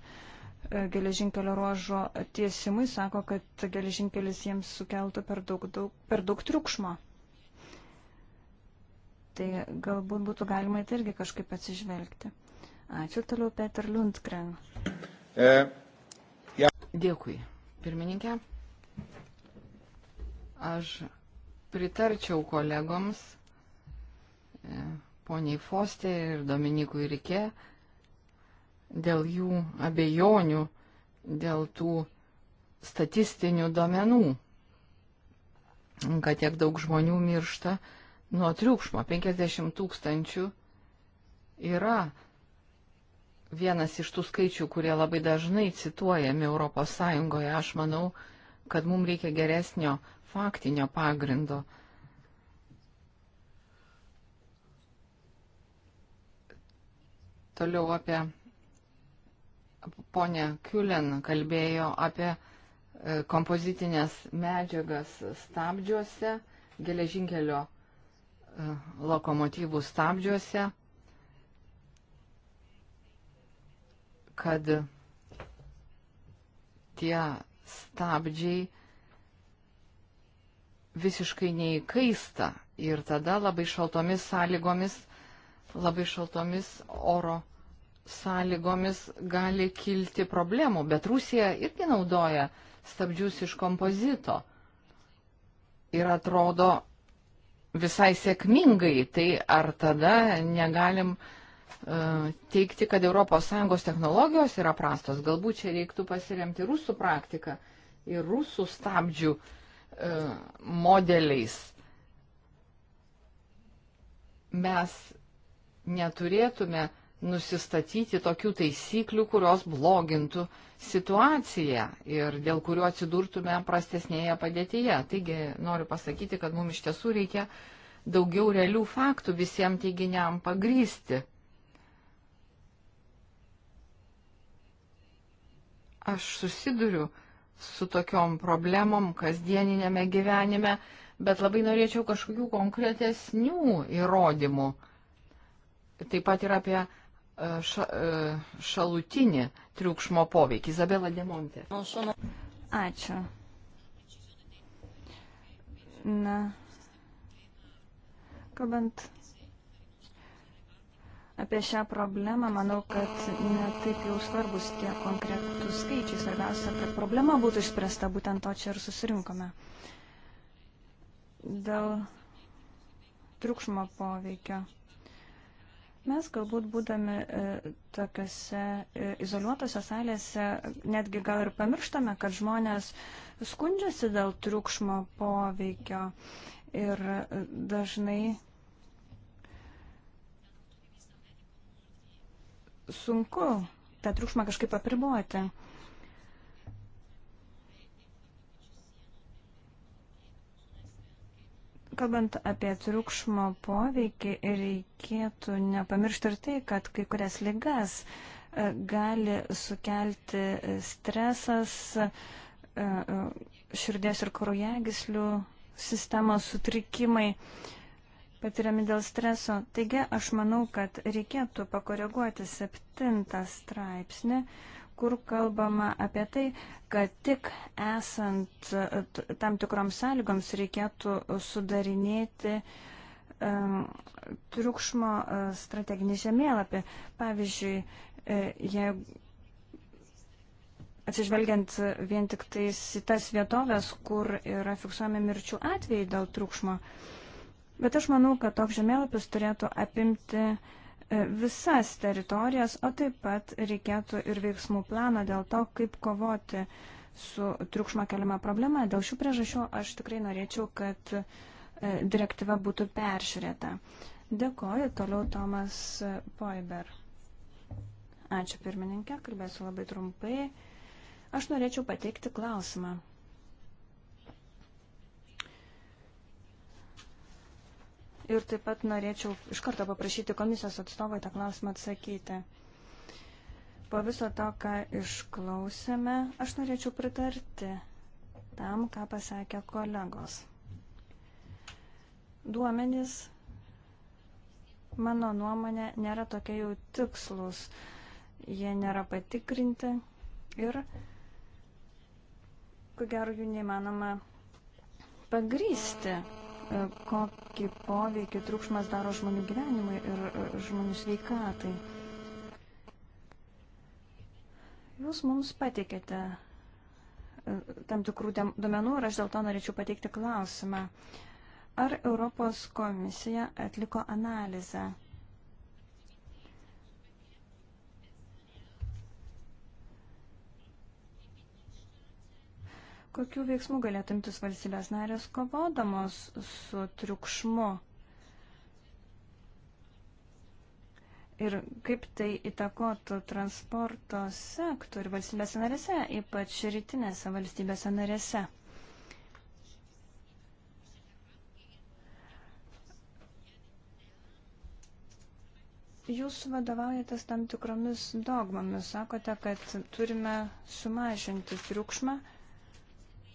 geležinkelio ruožo tiesimui, sako, kad geležinkelis jiems sukeltų per daug, daug, per daug triukšmo tai galbūt būtų galima tai irgi kažkaip atsižvelgti. Ačiū toliau, Peter Lundgren. E, ja. Dėkui, pirmininkė. Aš pritarčiau kolegoms, e, poniai Fostė ir Dominikui Rikė, dėl jų abejonių, dėl tų statistinių domenų, kad tiek daug žmonių miršta nuo triukšmo. 50 tūkstančių yra vienas iš tų skaičių, kurie labai dažnai cituojami ES. Aš manau, kad mums reikia geresnio faktinio pagrindo. Toliau apie ponę Kiulen kalbėjo apie e, kompozitinės medžiagas stabdžiuose geležinkelio lokomotyvų stabdžiuose, kad tie stabdžiai visiškai neįkaista ir tada labai šaltomis sąlygomis, labai šaltomis oro sąlygomis gali kilti problemų, bet Rusija irgi naudoja stabdžius iš kompozito. Ir atrodo, visai sėkmingai, tai ar tada negalim uh, teikti, kad ES technologijos yra prastos? Galbūt čia reiktų pasiremti rusų praktiką ir rusų stabdžių uh, modeliais. Mes neturėtume nusistatyti tokių taisyklių, kurios blogintų situaciją ir dėl kurių atsidurtume prastesnėje padėtyje. Taigi noriu pasakyti, kad mums iš tiesų reikia daugiau realių faktų visiems teiginiam pagrysti. Aš susiduriu su tokiom problemom kasdieninėme gyvenime, bet labai norėčiau kažkokių konkretesnių įrodymų. Taip pat ir apie ša, e, šalutinį triukšmo poveikį. Izabela Demonte. Ačiū. Na, kalbant apie šią problemą, manau, kad netaip jau svarbus tie konkretų skaičiai. Svarbiausia, kad problema būtų išspręsta, būtent to čia ir susirinkome. Dėl triukšmo poveikio. Mes galbūt būdami e, tokiuose e, izoliuotose salėse netgi gal ir pamirštame, kad žmonės skundžiasi dėl triukšmo poveikio ir e, dažnai sunku tą triukšmą kažkaip apriboti. Kalbant apie triukšmo poveikį, reikėtų nepamiršti ir tai, kad kai kurias ligas e, gali sukelti stresas, e, e, širdies ir kraujagislių sistemos sutrikimai patiriami dėl streso. Taigi aš manau, kad reikėtų pakoreguoti septintą straipsnį kur kalbama apie tai, kad tik esant e, tam tikroms sąlygoms reikėtų sudarinėti um, triukšmo e, strateginį žemėlapį. Pavyzdžiui, e, jeigu atsižvelgiant vien tik tais į tas vietovės, kur yra fiksuojami mirčių atvejai dėl triukšmo. Bet aš manau, kad toks žemėlapis turėtų apimti uh, E, visas teritorijas, o taip pat reikėtų ir veiksmų planą dėl to, kaip kovoti su triukšmo keliama problema. Dėl šių priežasčių aš tikrai norėčiau, kad e, direktyva būtų peržiūrėta. Dėkoju, toliau Tomas Poiber. Ačiū pirmininkė, kalbėsiu labai trumpai. Aš norėčiau pateikti klausimą. ir taip pat norėčiau iš karto paprašyti komisijos atstovai tą klausimą atsakyti. Po viso to, ką išklausėme, aš norėčiau pritarti tam, ką pasakė kolegos. Duomenys, mano nuomonė, nėra tokie jau tikslus. Jie nėra patikrinti ir, ko gero, jų neįmanoma pagrysti. E, kokį poveikį triukšmas daro žmonių gyvenimui ir e, žmonių sveikatai. Jūs mums patikėte e, tam tikrų duomenų ir aš dėl to norėčiau pateikti klausimą. Ar Europos komisija atliko analizę? Kokių veiksmų galėtumtis valstybės narės kovodamos su triukšmu? Ir kaip tai įtakotų transporto sektorių valstybės narėse, ypač rytinėse valstybėse narėse? Jūs vadovaujatės tam tikromis dogmomis, sakote, kad turime sumažinti triukšmą,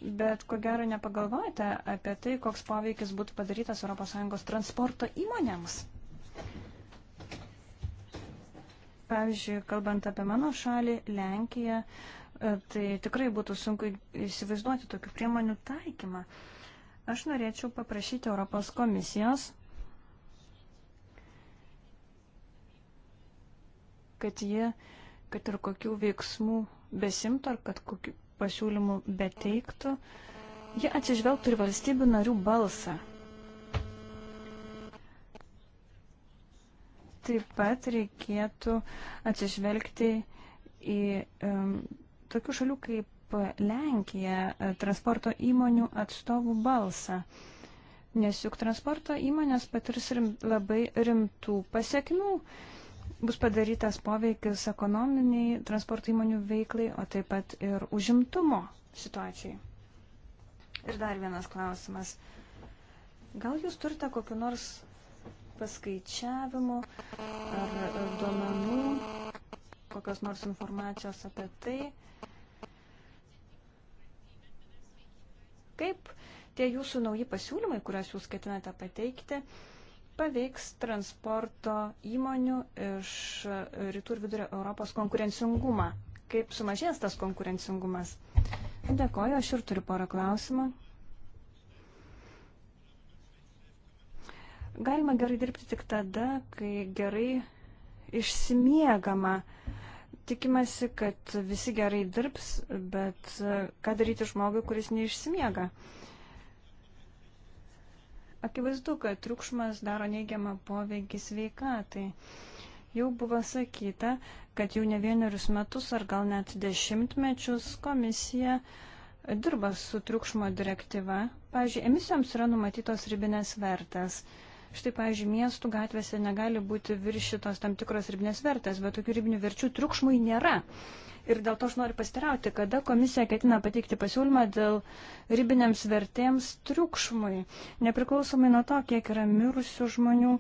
bet ko gero nepagalvojate apie tai, koks poveikis būtų padarytas ES transporto įmonėms. Pavyzdžiui, kalbant apie mano šalį, Lenkiją, e, tai tikrai būtų sunku įsivaizduoti tokių priemonių taikymą. Aš norėčiau paprašyti Europos komisijos, kad jie, kad ir kokių veiksmų besimtų, ar kad kokių, pasiūlymų beteiktų, jie atsižvelgtų ir valstybių narių balsą. Taip pat reikėtų atsižvelgti į um, tokių šalių kaip Lenkija e, transporto įmonių atstovų balsą. Nes juk transporto įmonės patirs rim, labai rimtų pasiekmių. Uh, bus padarytas poveikis ekonominiai transporto įmonių veiklai, o taip pat ir užimtumo situacijai. Ir dar vienas klausimas. Gal jūs turite kokiu nors paskaičiavimu ar duomenų, kokios nors informacijos apie tai, kaip tie jūsų nauji pasiūlymai, kuriuos jūs ketinate pateikti, uh, paveiks transporto įmonių iš rytų ir vidurio Europos konkurencingumą? Kaip sumažės tas konkurencingumas? Dėkoju, aš ir turiu porą klausimų. Galima gerai dirbti tik tada, kai gerai išsimiegama. Tikimasi, kad visi gerai dirbs, bet ką daryti žmogui, kuris neišsimiega? Uh, Akivaizdu, kad triukšmas daro neigiamą poveikį sveikatai. Jau buvo sakyta, kad jau ne vienerius metus ar gal net dešimtmečius komisija dirba su triukšmo direktyva. Pavyzdžiui, emisijoms yra numatytos ribinės vertės. Štai, pavyzdžiui, miestų gatvėse negali būti viršytos tam tikros ribinės vertės, bet tokių ribinių verčių triukšmui nėra. Uh, Ir dėl to aš noriu pastirauti, kada komisija ketina pateikti pasiūlymą dėl ribinėms vertėms triukšmui, nepriklausomai nuo to, kiek yra mirusių žmonių.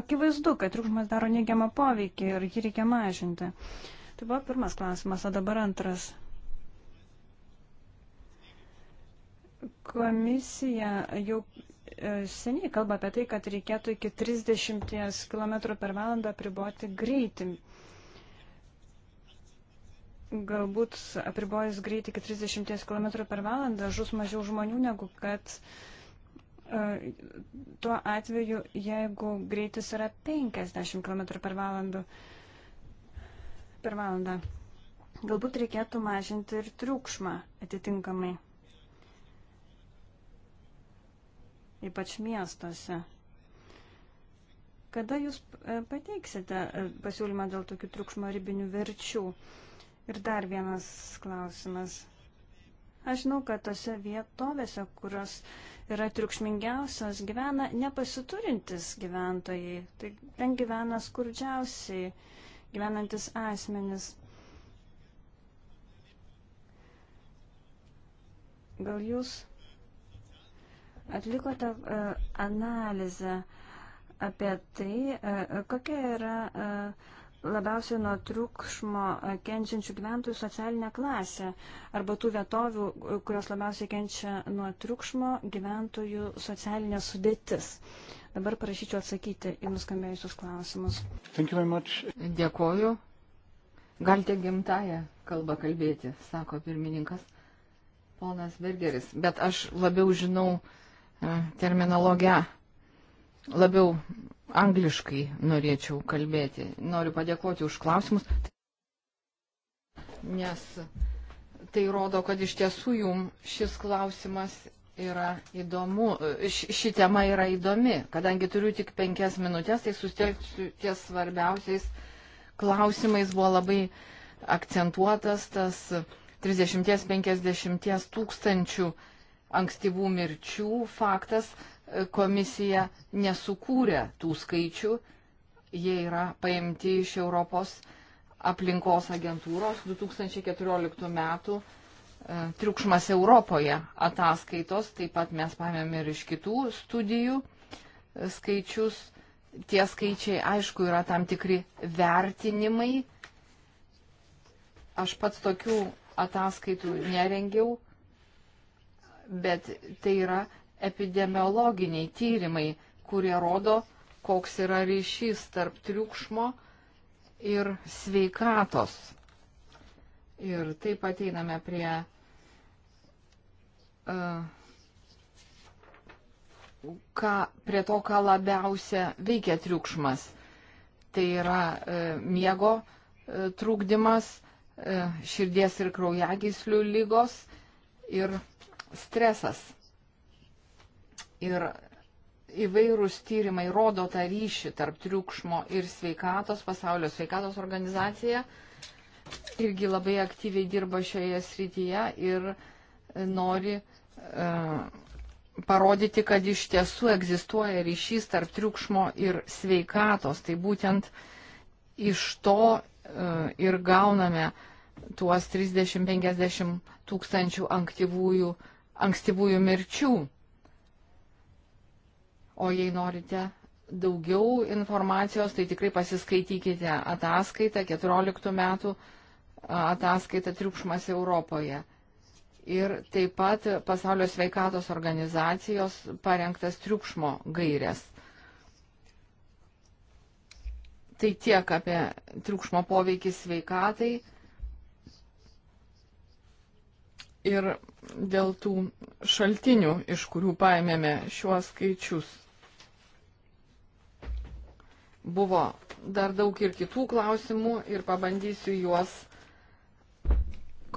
Akivaizdu, kad triukšmas daro neigiamą poveikį ir jį reikia mažinti. Tai buvo pirmas klausimas, o dabar antras. Komisija jau e, seniai kalba apie tai, kad reikėtų iki 30 km per valandą priboti greitį galbūt apribojus greitį iki 30 km per valandą žus mažiau žmonių negu kad e, tuo atveju, jeigu greitis yra 50 km per valandą. Per valandą. Galbūt reikėtų mažinti ir triukšmą atitinkamai. Ypač miestuose. Kada jūs e, pateiksite e, pasiūlymą dėl tokių triukšmo ribinių verčių? Uh, Ir dar vienas klausimas. Aš žinau, kad tose vietovėse, kurios yra triukšmingiausios, gyvena nepasiturintis gyventojai. Tai ten gyvena skurdžiausiai gyvenantis asmenis. Gal jūs atlikote e, analizę apie tai, e, e, kokia yra labiausiai nuo triukšmo kenčiančių gyventojų socialinę klasę arba tų vietovių, kurios labiausiai kenčia nuo triukšmo gyventojų socialinė sudėtis. Dabar prašyčiau atsakyti į nuskambėjusius klausimus. Dėkoju. Galite gimtają kalbą kalbėti, sako pirmininkas ponas Bergeris. Bet aš labiau žinau e, terminologiją, labiau angliškai norėčiau kalbėti. Noriu padėkoti už klausimus, nes tai rodo, kad iš tiesų jums šis klausimas yra įdomu, ši, ši tema yra įdomi. Kadangi turiu tik penkias minutės, tai sustelksiu ties svarbiausiais klausimais. Buvo labai akcentuotas tas 30-50 tūkstančių ankstyvų mirčių faktas, komisija nesukūrė tų skaičių, jie yra paimti iš Europos aplinkos agentūros 2014 metų e, triukšmas Europoje ataskaitos, taip pat mes paėmėm ir iš kitų studijų e, skaičius. Tie skaičiai, aišku, yra tam tikri vertinimai. Aš pats tokių ataskaitų nerengiau, bet tai yra epidemiologiniai tyrimai, kurie rodo, koks yra ryšys tarp triukšmo ir sveikatos. Ir taip ateiname prie uh, e, ką, prie to, ką labiausia veikia triukšmas. Tai yra e, miego e, trūkdymas, e, širdies ir kraujagyslių lygos ir stresas. Ir įvairūs tyrimai rodo tą ryšį tarp triukšmo ir sveikatos. Pasaulio sveikatos organizacija irgi labai aktyviai dirba šioje srityje ir nori e, parodyti, kad iš tiesų egzistuoja ryšys tarp triukšmo ir sveikatos. Tai būtent iš to e, ir gauname tuos 30-50 tūkstančių ankstyvųjų mirčių. O jei norite daugiau informacijos, tai tikrai pasiskaitykite ataskaitą, 14 metų ataskaitą triukšmas Europoje. Ir taip pat pasaulio sveikatos organizacijos parengtas triukšmo gairės. Tai tiek apie triukšmo poveikį sveikatai ir dėl tų šaltinių, iš kurių paėmėme šiuos skaičius. Buvo dar daug ir kitų klausimų ir pabandysiu juos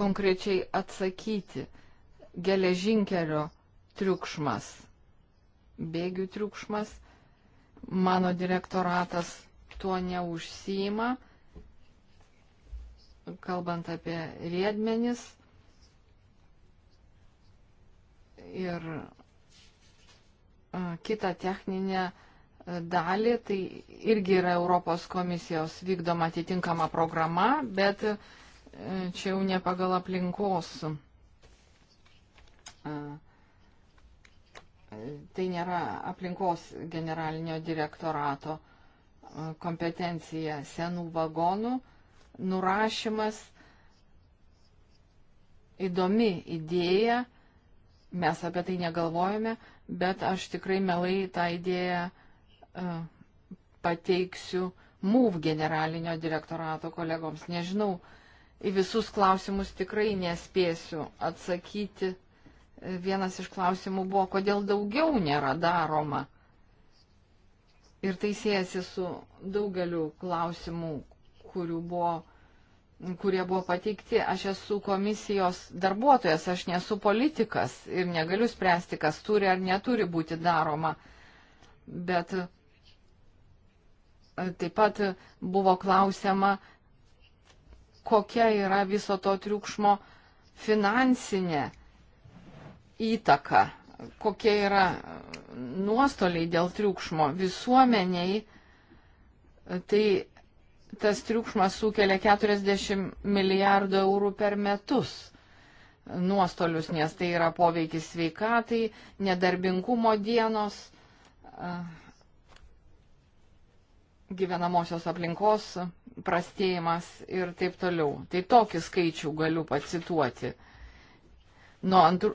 konkrečiai atsakyti. Geležinkelio triukšmas, bėgių triukšmas, mano direktoratas tuo neužsijima, kalbant apie riedmenis. Ir kitą techninę dalį, tai irgi yra Europos komisijos vykdoma atitinkama programa, bet e, čia jau ne pagal aplinkos. E, tai nėra aplinkos generalinio direktorato e, kompetencija senų vagonų, nurašymas, įdomi idėja, mes apie tai negalvojame, bet aš tikrai melai tą idėją E, pateiksiu MUV generalinio direktorato kolegoms. Nežinau, į visus klausimus tikrai nespėsiu atsakyti. Vienas iš klausimų buvo, kodėl daugiau nėra daroma. Ir tai siejasi su daugeliu klausimų, buvo, kurie buvo pateikti. Aš esu komisijos darbuotojas, aš nesu politikas ir negaliu spręsti, kas turi ar neturi būti daroma. Bet Taip pat buvo klausima, kokia yra viso to triukšmo finansinė įtaka, kokie yra nuostoliai dėl triukšmo visuomeniai. Tai tas triukšmas sukelia 40 milijardų eurų per metus nuostolius, nes tai yra poveikis sveikatai, nedarbingumo dienos gyvenamosios aplinkos prastėjimas ir taip toliau. Tai tokį skaičių galiu pacituoti. Nuo antru,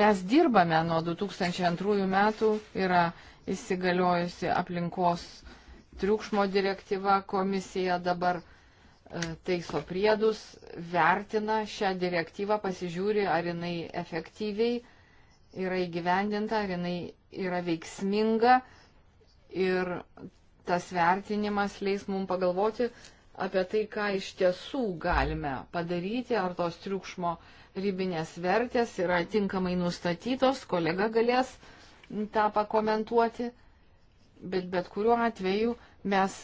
mes dirbame nuo 2002 metų, yra įsigaliojusi aplinkos triukšmo direktyva, komisija dabar e, taiso priedus, vertina šią direktyvą, pasižiūri, ar jinai efektyviai yra įgyvendinta, ar jinai yra veiksminga ir tas vertinimas leis mums pagalvoti apie tai, ką iš tiesų galime padaryti, ar tos triukšmo ribinės vertės yra tinkamai nustatytos, kolega galės tą pakomentuoti, bet bet kuriuo atveju mes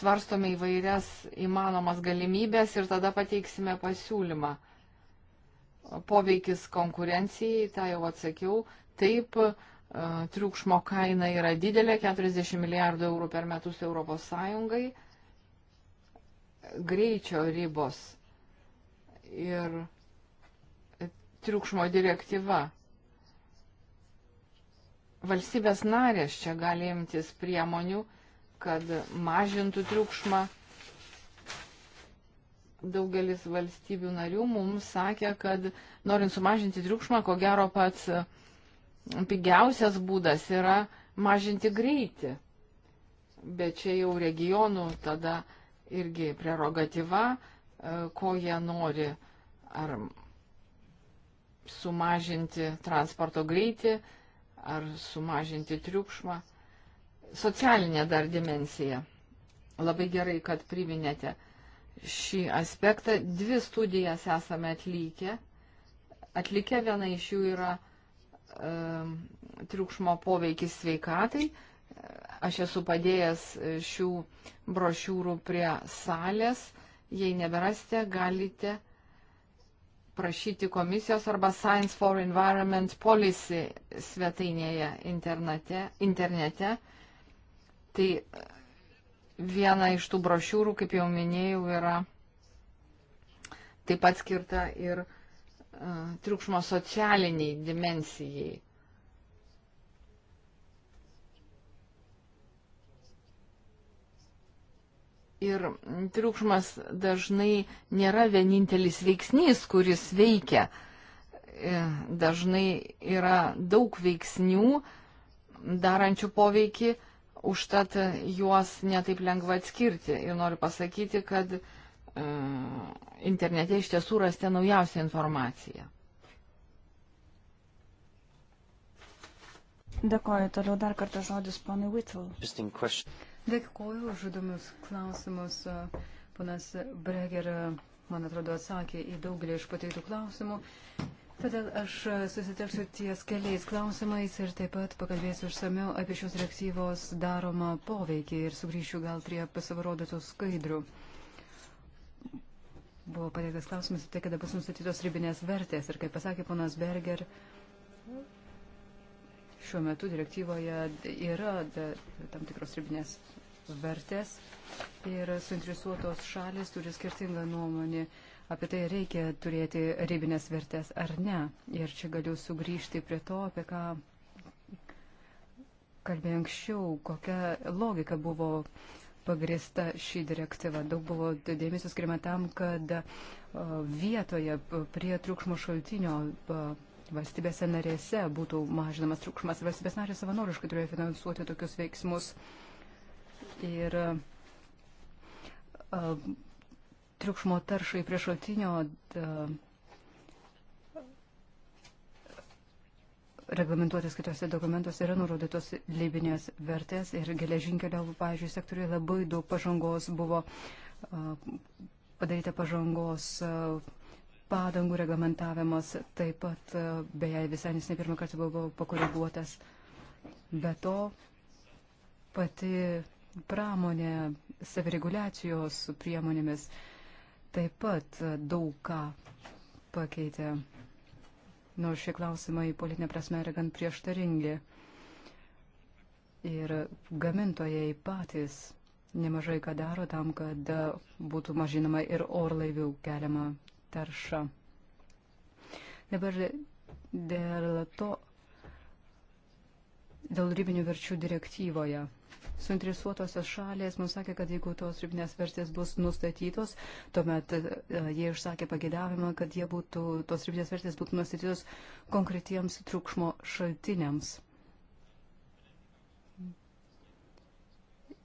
svarstome įvairias įmanomas galimybės ir tada pateiksime pasiūlymą. Poveikis konkurencijai, tą jau atsakiau, taip triukšmo kaina yra didelė, 40 milijardų eurų per metus Europos Sąjungai, greičio ribos ir triukšmo direktyva. Valstybės narės čia gali imtis priemonių, kad mažintų triukšmą. Daugelis valstybių narių mums sakė, kad norint sumažinti triukšmą, ko gero pats uh, pigiausias būdas yra mažinti greitį. Bet čia jau regionų tada irgi prerogatyva, e, ko jie nori, ar sumažinti transporto greitį, ar sumažinti triukšmą. Socialinė dar dimensija. Labai gerai, kad priminėte šį aspektą. Dvi studijas esame atlikę. Atlikę viena iš jų yra E, triukšmo poveikis sveikatai. Aš esu padėjęs šių brošiūrų prie salės. Jei neberasite, galite prašyti komisijos arba Science for Environment Policy svetainėje internete. internete. Tai viena iš tų brošiūrų, kaip jau minėjau, yra taip pat skirta ir uh, triukšmo socialiniai dimensijai. Ir triukšmas dažnai nėra vienintelis veiksnys, kuris veikia. E, dažnai yra daug veiksnių darančių poveikį, užtat juos netaip lengva atskirti. Ir noriu pasakyti, kad uh, E, internete iš tiesų rasite naujausią informaciją. Dėkoju, toliau dar kartą žodis ponui Whittle. Dėkoju už įdomius klausimus. Ponas Breger, man atrodo, atsakė į daugelį iš pateiktų klausimų. Todėl aš susitelksiu ties keliais klausimais ir taip pat pakalbėsiu išsameu apie šios reaktyvos daromą poveikį ir sugrįšiu gal prie pasivarodytų skaidrių. Uh, buvo pateiktas klausimas, tai kada bus nustatytos ribinės vertės. Ir kaip pasakė ponas Berger, šiuo metu direktyvoje yra tam tikros ribinės vertės ir suinteresuotos šalis turi skirtingą nuomonį apie tai, reikia turėti ribinės vertės ar ne. Ir čia galiu sugrįžti prie to, apie ką kalbėjau anksčiau, kokia logika buvo uh, pagrįsta šį direktyvą. Daug buvo dėmesio skiriama tam, kad vietoje prie triukšmo šaltinio valstybėse narėse būtų mažinamas triukšmas. Valstybės narės savanoriškai turėjo finansuoti tokius veiksmus. Ir triukšmo taršai prie šaltinio. Da, reglamentuotas kitose dokumentuose yra nurodytos leibinės vertės ir geležinkelio, pavyzdžiui, sektoriuje labai daug pažangos buvo padaryta pažangos padangų reglamentavimas, taip pat beje visai nesnei pirmą kartą buvo pakoreguotas. Be to, pati pramonė savireguliacijos priemonėmis taip pat daug ką pakeitė nors šie klausimai politinė prasme yra gan prieštaringi. Ir gamintojai patys nemažai ką daro tam, kad būtų mažinama ir orlaivių keliama tarša. Dabar dėl to, dėl ribinių verčių direktyvoje suinteresuotosios šalės mums sakė, kad jeigu tos ribinės vertės bus nustatytos, tuomet e, jie išsakė pagėdavimą, kad būtų, tos ribinės vertės būtų nustatytos konkretiems triukšmo šaltiniams.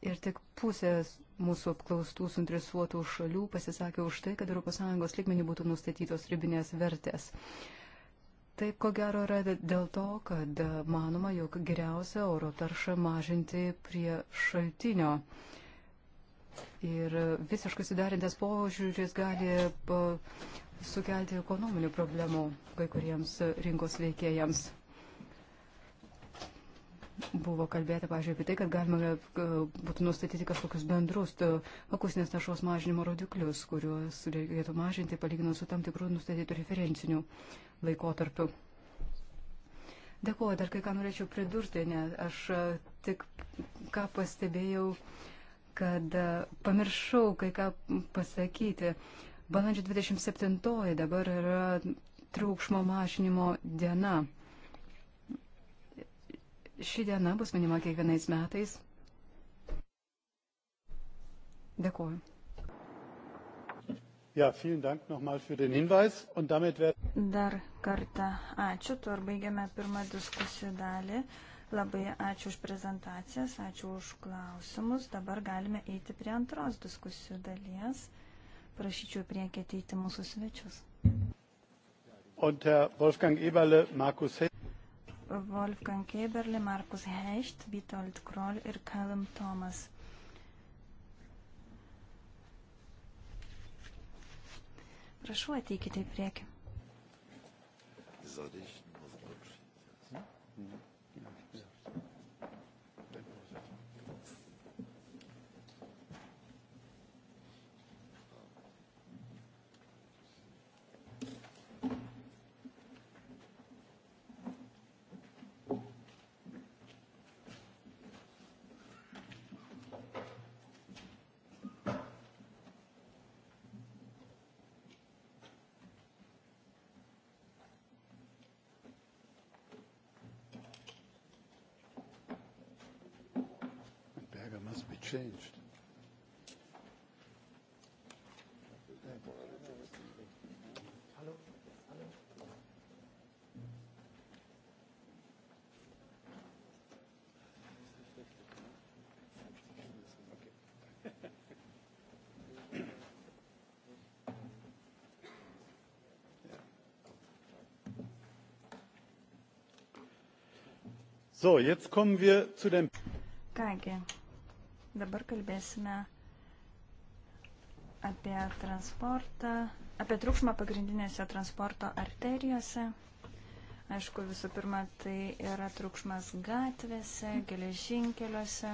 Ir tik pusės mūsų apklaustų suinteresuotų šalių pasisakė už tai, kad ES lygmenį būtų nustatytos ribinės vertės. Uh, Taip, ko gero yra dėl to, kad manoma, jog geriausia oro taršą mažinti prie šaltinio. Ir visiškai sudarintas požiūris gali sukelti ekonominių problemų kai kuriems rinkos veikėjams buvo kalbėta, pažiūrėjau, apie tai, kad galima e, būtų nustatyti kažkokius bendrus e, akusinės taršos mažinimo rodiklius, kuriuos reikėtų mažinti palyginus su tam tikrų nustatytų referencinių laikotarpių. Dėkuoju, dar kai ką norėčiau pridurti, ne, aš e, tik ką pastebėjau, kad pamiršau kai ką pasakyti. Balandžio 27 dabar yra triukšmo mažinimo diena. Ši diena bus minima kiekvienais metais. Dėkuoju. Ja, vielen Dank nochmal für den Hinweis. Und damit wird... Dar kartą ačiū, tuo ir baigiame pirmą diskusijų dalį. Labai ačiū už prezentacijas, ačiū už klausimus. Dabar galime eiti prie antros diskusijų dalies. Prašyčiau priekį ateiti mūsų svečius. Und Herr Wolfgang Eberle, Markus Hess. Wolfgang Keberle, Markus Hecht, Vitold Kroll ir Callum Thomas. Prašau, ateikite į priekį. Soll ich? Hm? Hm. changed. So, jetzt kommen wir zu dem. Kągi, Dabar kalbėsime apie transportą, apie triukšmą pagrindinėse transporto arterijose. Aišku, visų pirma, tai yra triukšmas gatvėse, geležinkeliuose,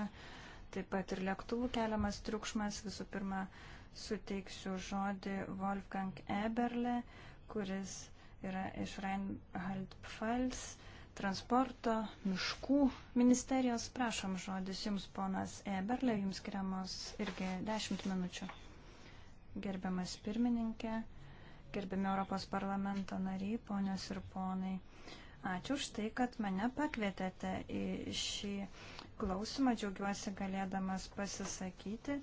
taip pat ir lėktuvų keliamas triukšmas. Visų pirma, suteiksiu žodį Wolfgang Eberle, kuris yra iš Rheinland-Pfalz transporto, miškų ministerijos. Prašom žodis Jums, ponas Eberle, Jums skiriamos irgi 10 minučių. Gerbiamas pirmininkė, gerbiami Europos parlamento nariai, ponios ir ponai. Ačiū už tai, kad mane pakvietėte į šį klausimą. Džiaugiuosi galėdamas pasisakyti.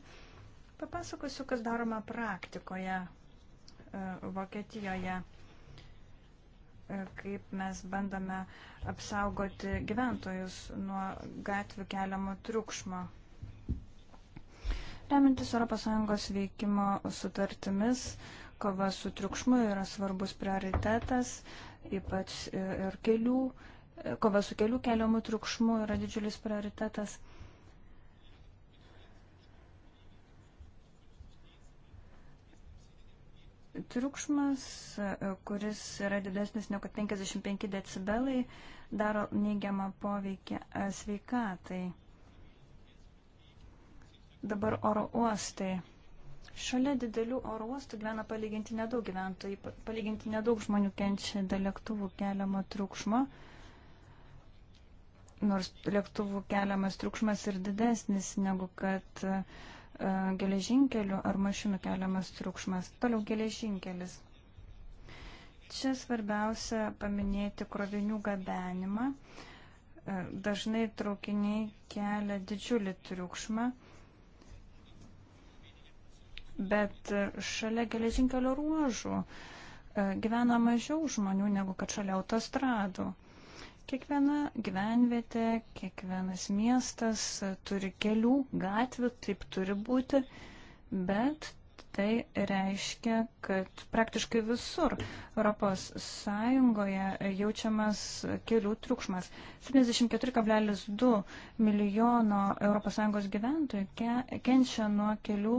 Papasakosiu, kas daroma praktikoje e, Vokietijoje kaip mes bandome apsaugoti gyventojus nuo gatvių keliamo triukšmo. Remintis ES veikimo sutartimis, kova su triukšmu yra svarbus prioritetas, ypač ir kelių, kova su kelių keliamų triukšmu yra didžiulis prioritetas. triukšmas, e, kuris yra didesnis negu 55 decibelai, daro neigiamą poveikį e, sveikatai. Dabar oro uostai. Šalia didelių oro uostų gyvena palyginti nedaug gyventojų, palyginti nedaug žmonių kenčia dėl lėktuvų keliamo triukšmo nors lėktuvų keliamas triukšmas ir didesnis negu kad e, E, geležinkelių ar mašinų keliamas triukšmas. Toliau geležinkelis. Čia svarbiausia paminėti krovinių gabenimą. E, dažnai traukiniai kelia didžiulį triukšmą, bet šalia geležinkelio ruožų e, gyvena mažiau žmonių negu kad šalia autostradų. Kiekviena gyvenvietė, kiekvienas miestas turi kelių, gatvių, taip turi būti, bet tai reiškia, kad praktiškai visur ES jaučiamas kelių triukšmas. 74,2 milijono ES gyventojų kenčia nuo kelių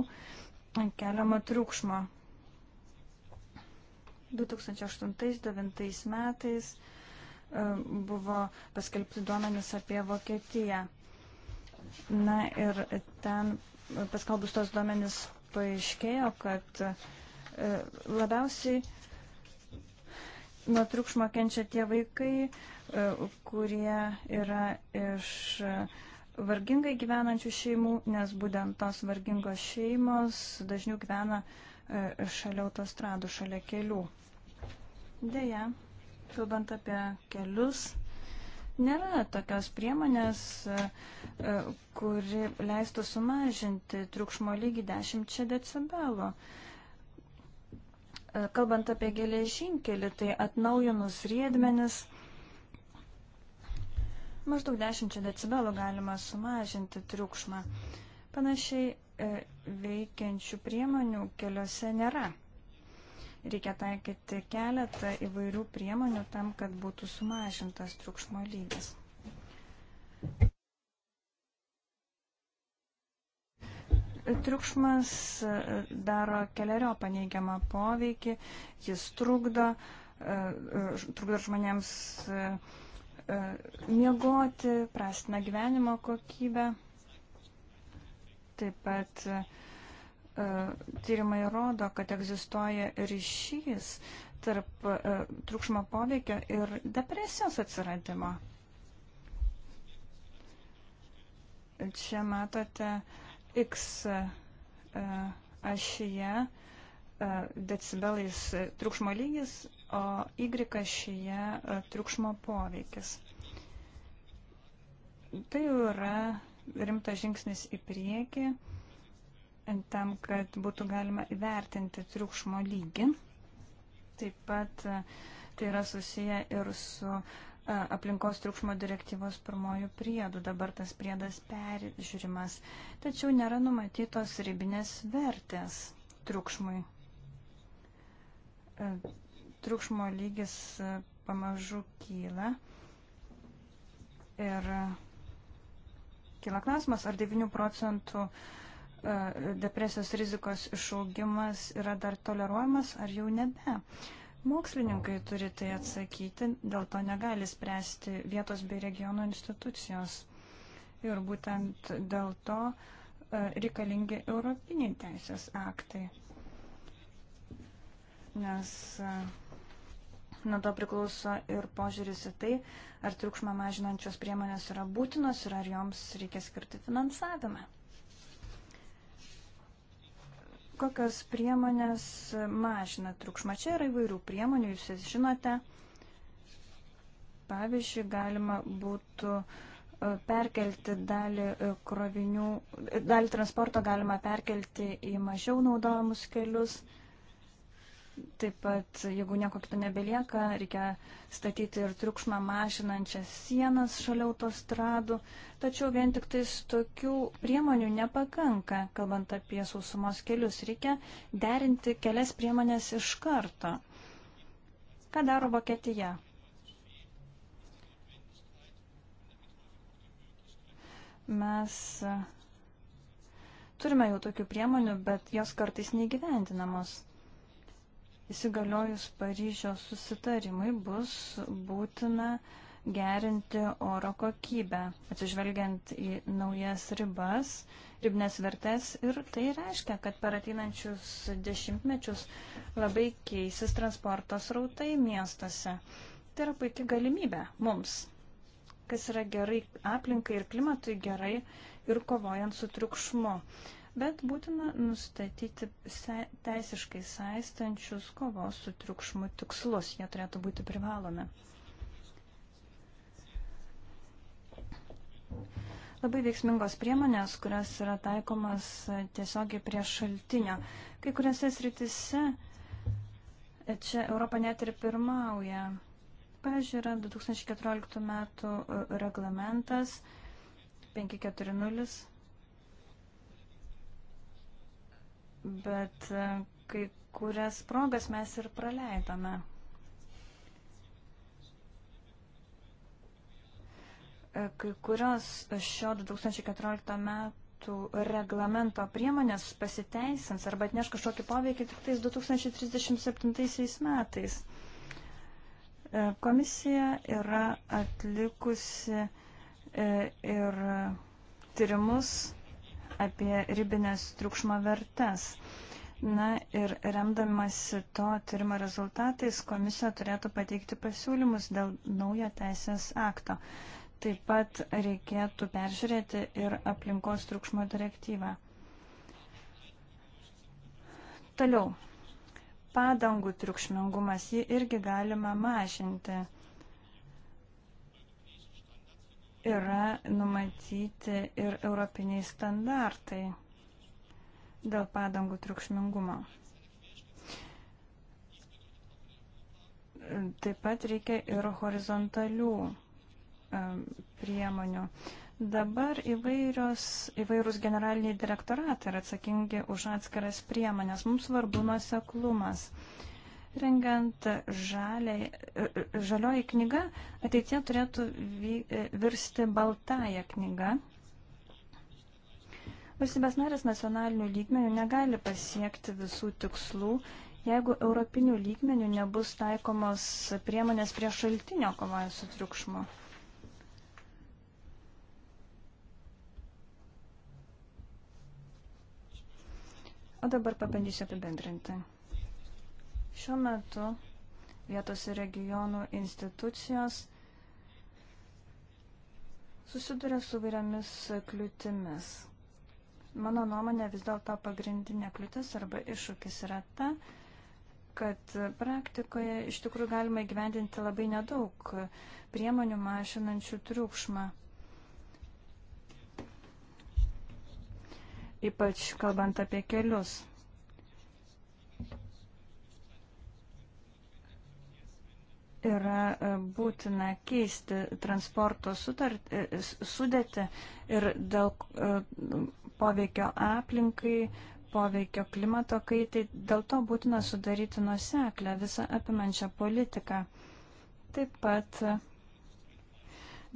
keliamo triukšmo. 2008-2009 metais E, buvo paskelbti duomenys apie Vokietiją. Na ir ten paskalbus tos duomenys paaiškėjo, kad e, labiausiai nuo triukšmo kenčia tie vaikai, e, kurie yra iš vargingai gyvenančių šeimų, nes būtent tos vargingos šeimos dažniau gyvena šalia autostradų, šalia kelių. Deja kalbant apie kelius, nėra tokios priemonės, e, e, kuri leistų sumažinti triukšmo lygį 10 decibelų. E, kalbant apie geležinkelį, tai atnaujinus riedmenis, maždaug 10 decibelų galima sumažinti triukšmą. Panašiai veikiančių priemonių keliuose nėra. Reikia taikyti keletą įvairių priemonių tam, kad būtų sumažintas triukšmo lygis. Triukšmas e, daro keliario paneigiamą poveikį, jis trukdo, e, e, trukdo žmonėms miegoti, prastina gyvenimo kokybę. Taip pat uh, E, tyrimai rodo, kad egzistuoja ryšys tarp e, triukšmo poveikio ir depresijos atsiradimo. Čia matote X e, ašyje decibelais triukšmo lygis, o Y ašyje triukšmo poveikis. Tai jau yra rimtas žingsnis į priekį tam, kad būtų galima įvertinti triukšmo lygį. Taip pat e, tai yra susiję ir su e, aplinkos triukšmo direktyvos pirmojų priedų. Dabar tas priedas peržiūrimas. Tačiau nėra numatytos ribinės vertės triukšmui. E, triukšmo lygis pamažu kyla. Ir kyla klausimas, ar 9 procentų uh, E, depresijos rizikos išaugimas yra dar toleruojamas ar jau nebe. Mokslininkai turi tai atsakyti, dėl to negali spręsti vietos bei regiono institucijos. Ir būtent dėl to e, reikalingi europiniai teisės aktai. Nes e, nuo to priklauso ir požiūris į tai, ar triukšmą mažinančios priemonės yra būtinos ir ar joms reikia skirti finansavimą kokios priemonės mažina triukšmą. Čia yra įvairių priemonių, jūs jas žinote. Pavyzdžiui, galima būtų e, perkelti dalį e, krovinių, e, dalį transporto galima perkelti į mažiau naudojamus kelius. Taip pat, jeigu nieko kito nebelieka, reikia statyti ir triukšmą mažinančias sienas šalia autostradų. Tačiau vien tik tais tokių priemonių nepakanka, kalbant apie sausumos kelius. Reikia derinti kelias priemonės iš karto. Ką daro Vokietija? Mes e, turime jau tokių priemonių, bet jos kartais neįgyvendinamos. Įsigaliojus Paryžiaus susitarimui bus būtina gerinti oro kokybę, atsižvelgiant į naujas ribas, ribnes vertes ir tai reiškia, kad per ateinančius dešimtmečius labai keisis transporto srautai miestuose. Tai yra puikia galimybė mums, kas yra gerai aplinkai ir klimatui gerai ir kovojant su triukšmu bet būtina nustatyti teisiškai saistančius kovos su triukšmu tikslus. Jie turėtų būti privalomi. Labai veiksmingos priemonės, kurios yra taikomas tiesiogiai prie šaltinio. Kai kuriuose sritise čia Europa net ir pirmauja. Pavyzdžiui, yra 2014 metų e, reglamentas 540 bet e, kai kurias progas mes ir praleidome. E, kai kurios šio 2014 metų reglamento priemonės pasiteisins arba atneš kažkokį poveikį tik tais 2037 metais. E, komisija yra atlikusi ir tyrimus apie ribinės triukšmo vertes. Na ir remdamasi to tyrimo rezultatais, komisija turėtų pateikti pasiūlymus dėl naujo teisės akto. Taip pat reikėtų peržiūrėti ir aplinkos triukšmo direktyvą. Toliau. Padangų triukšmingumas jį irgi galima mažinti yra numatyti ir europiniai standartai dėl padangų triukšmingumo. Taip pat reikia ir horizontalių e, priemonių. Dabar įvairios, įvairūs generaliniai direktoratai yra atsakingi už atskiras priemonės. Mums svarbu nuoseklumas. seklumas rengiant žaliai, žalioji knyga ateitie turėtų virsti baltąją knygą. Valstybės narės nacionalinių lygmenių negali pasiekti visų tikslų, jeigu europinių lygmenių nebus taikomos priemonės prie šaltinio kovoje su triukšmu. O dabar pabandysiu apibendrinti. Šiuo metu vietos ir regionų institucijos susiduria su vairiamis kliūtimis. Mano nuomonė vis dėlto pagrindinė kliūtis arba iššūkis yra ta, kad praktikoje iš tikrųjų galima įgyvendinti labai nedaug priemonių mažinančių triukšmą. Ypač kalbant apie kelius. yra e, būtina keisti transporto sutart, e, sudėti ir dėl e, poveikio aplinkai, poveikio klimato kaitai, dėl to būtina sudaryti nuseklę visą apimančią politiką. Taip pat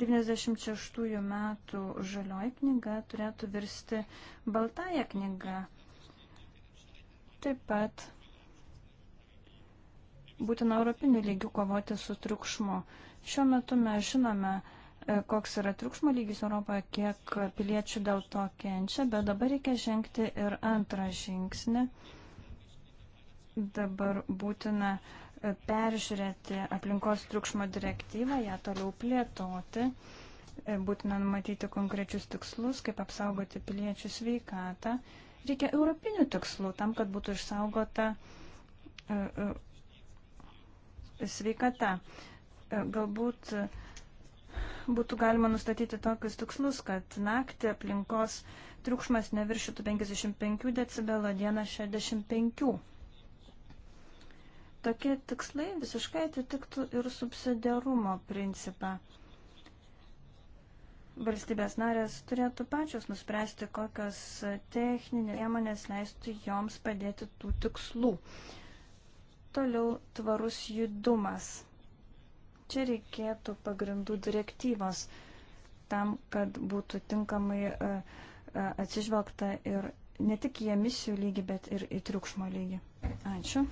96 metų žalioji knyga turėtų virsti baltąją knygą. Taip pat būtina europinių lygių kovoti su triukšmu. Šiuo metu mes žinome, e, koks yra triukšmo lygis Europoje, kiek piliečių dėl to kenčia, bet dabar reikia žengti ir antrą žingsnį. Dabar būtina e, peržiūrėti aplinkos triukšmo direktyvą, ją toliau plėtoti, e, būtina numatyti konkrečius tikslus, kaip apsaugoti piliečių sveikatą. Reikia europinių tikslų tam, kad būtų išsaugota sveikata. E, galbūt būtų galima nustatyti tokius tikslus, kad naktį aplinkos triukšmas neviršytų 55 decibelų, dieną 65. Tokie tikslai visiškai atitiktų ir subsidiarumo principą. Valstybės narės turėtų pačios nuspręsti, kokios techninės priemonės leistų joms padėti tų tikslų. Uh, Toliau tvarus judumas. Čia reikėtų pagrindų direktyvos tam, kad būtų tinkamai e, e, atsižvelgta ir ne tik į emisijų lygį, bet ir į triukšmo lygį. Ačiū.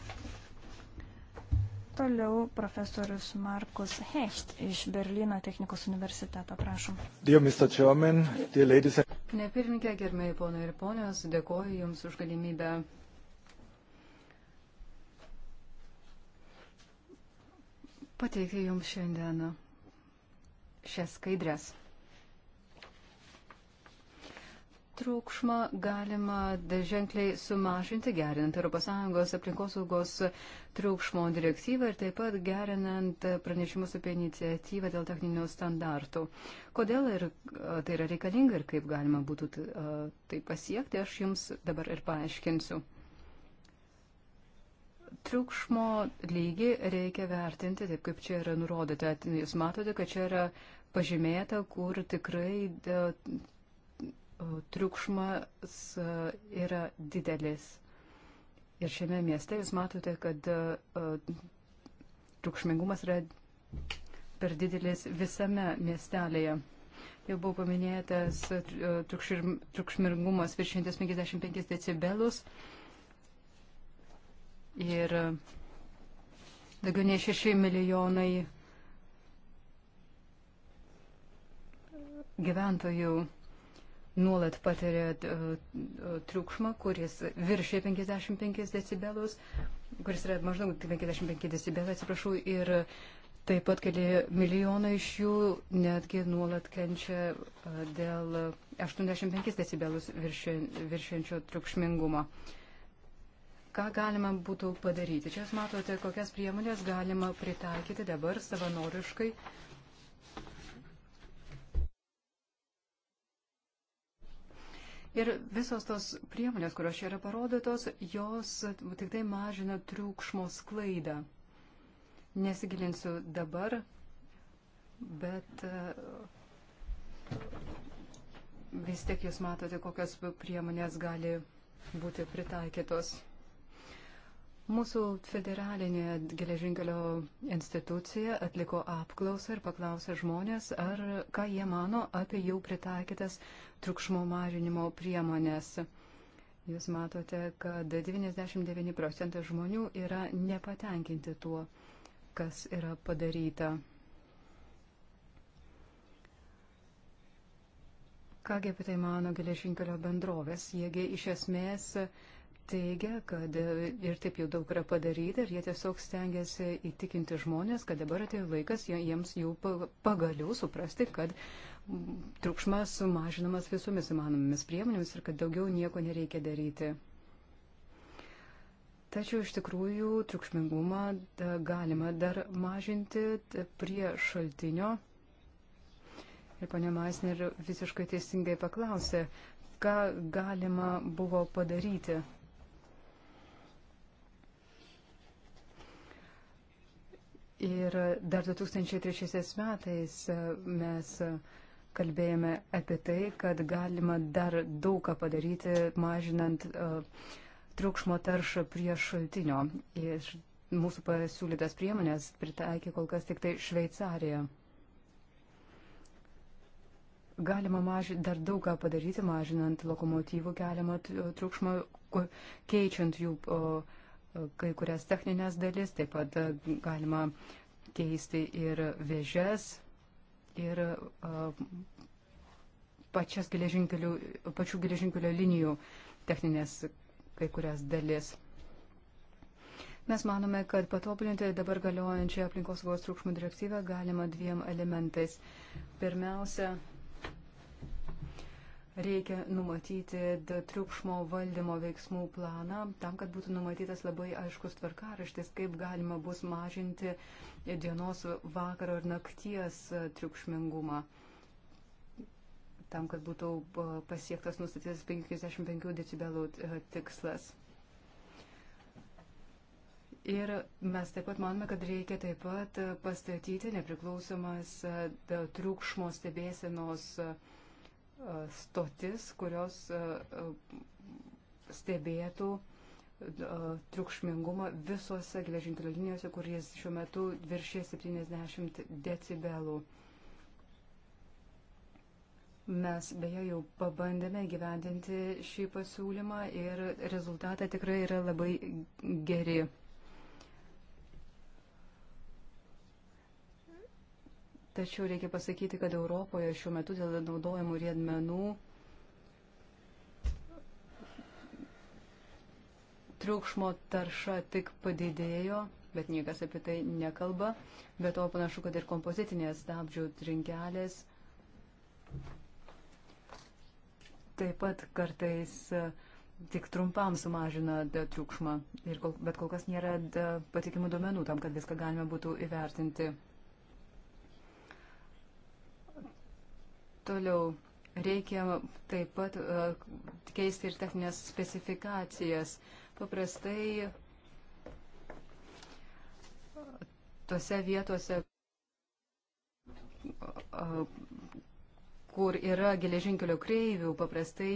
Toliau profesorius Markus Hecht iš Berlyno technikos universiteto, prašom. Dear Mr. Chairman, dear ladies and... Nepirminkė, gerbėjai ponai ir ponios, dėkoju Jums už galimybę pateikti Jums šiandien šias skaidrės. Trūkšmą galima ženkliai sumažinti, gerinant ES aplinkosaugos triukšmo direktyvą ir taip pat gerinant pranešimus apie iniciatyvą dėl techninių standartų. Kodėl ir tai yra reikalinga ir kaip galima būtų tai pasiekti, aš Jums dabar ir paaiškinsiu triukšmo lygį reikia vertinti taip, kaip čia yra nurodyta. Jūs matote, kad čia yra pažymėta, kur tikrai e, triukšmas e, yra didelis. Ir šiame mieste jūs matote, kad e, triukšmingumas yra per didelis visame miestelėje. Jau buvo paminėtas triukšmingumas viršintis 55 decibelus. Uh, ir e, daugiau nei 6 milijonai e, gyventojų nuolat patiria e, triukšmą, kuris viršė 55 decibelus, kuris yra maždaug 55 decibelai, atsiprašau, ir taip pat keli milijonai iš jų netgi nuolat kenčia dėl 85 decibelus viršiančio triukšmingumo. Uh, ką galima būtų padaryti. Čia jūs matote, kokias priemonės galima pritaikyti dabar savanoriškai. Ir visos tos priemonės, kurios čia yra parodytos, jos tik tai mažina triukšmo sklaidą. Nesigilinsiu dabar, bet e, vis tiek jūs matote, kokios priemonės gali būti pritaikytos. Mūsų federalinė geležinkelio institucija atliko apklausą ir paklausė žmonės, ar ką jie mano apie jau pritaikytas triukšmo mažinimo priemonės. Jūs matote, kad 99 procentai žmonių yra nepatenkinti tuo, kas yra padaryta. Kągi apie tai mano geležinkelio bendrovės? Jiegi iš esmės uh, teigia, kad e, ir taip jau daug yra padaryta ir jie tiesiog stengiasi įtikinti žmonės, kad dabar atėjo laikas jiems jau pagaliau suprasti, kad triukšmas sumažinamas visomis įmanomomis priemonėmis ir kad daugiau nieko nereikia daryti. Tačiau iš tikrųjų triukšmingumą da, e, galima dar mažinti da, e, prie šaltinio. Ir ponia Maisner visiškai teisingai paklausė, ką galima buvo padaryti. Ir dar 2003 metais e, mes kalbėjome apie tai, kad galima dar daug ką padaryti, mažinant uh, triukšmo taršą prie šaltinio. Ir mūsų pasiūlytas priemonės pritaikė kol kas tik tai Šveicarija. Galima maži, dar daug ką padaryti, mažinant lokomotyvų keliamą triukšmą, keičiant jų uh, kai kurias techninės dalis, taip pat e, galima keisti ir vėžes, ir e, pačias geležinkelių, pačių geležinkelio linijų techninės kai kurias dalis. Mes manome, kad patobulinti dabar galiojančią aplinkosaugos triukšmų direktyvą galima dviem elementais. Pirmiausia, reikia numatyti triukšmo valdymo veiksmų planą, tam, kad būtų numatytas labai aiškus tvarkaraštis, kaip galima bus mažinti dienos, vakaro ir nakties e, triukšmingumą tam, kad būtų e, pasiektas nustatytas 55 decibelų e, tikslas. Ir mes taip pat manome, kad reikia taip pat pastatyti nepriklausomas triukšmo stebėsenos uh, stotis, kurios stebėtų triukšmingumą visose geležinkelio linijose, kur jis šiuo metu viršė 70 decibelų. Mes beje jau pabandėme gyvendinti šį pasiūlymą ir rezultatai tikrai yra labai geri. Tačiau reikia pasakyti, kad Europoje šiuo metu dėl naudojamų riedmenų triukšmo tarša tik padidėjo, bet niekas apie tai nekalba. Bet to panašu, kad ir kompozitinės stabdžių trinkelės taip pat kartais e, tik trumpam sumažina triukšmą, kol, bet kol kas nėra patikimų duomenų tam, kad viską galima būtų įvertinti. Toliau reikia taip pat e, keisti ir techninės specifikacijas. Paprastai tose vietose, e, kur yra geležinkelio kreivių, paprastai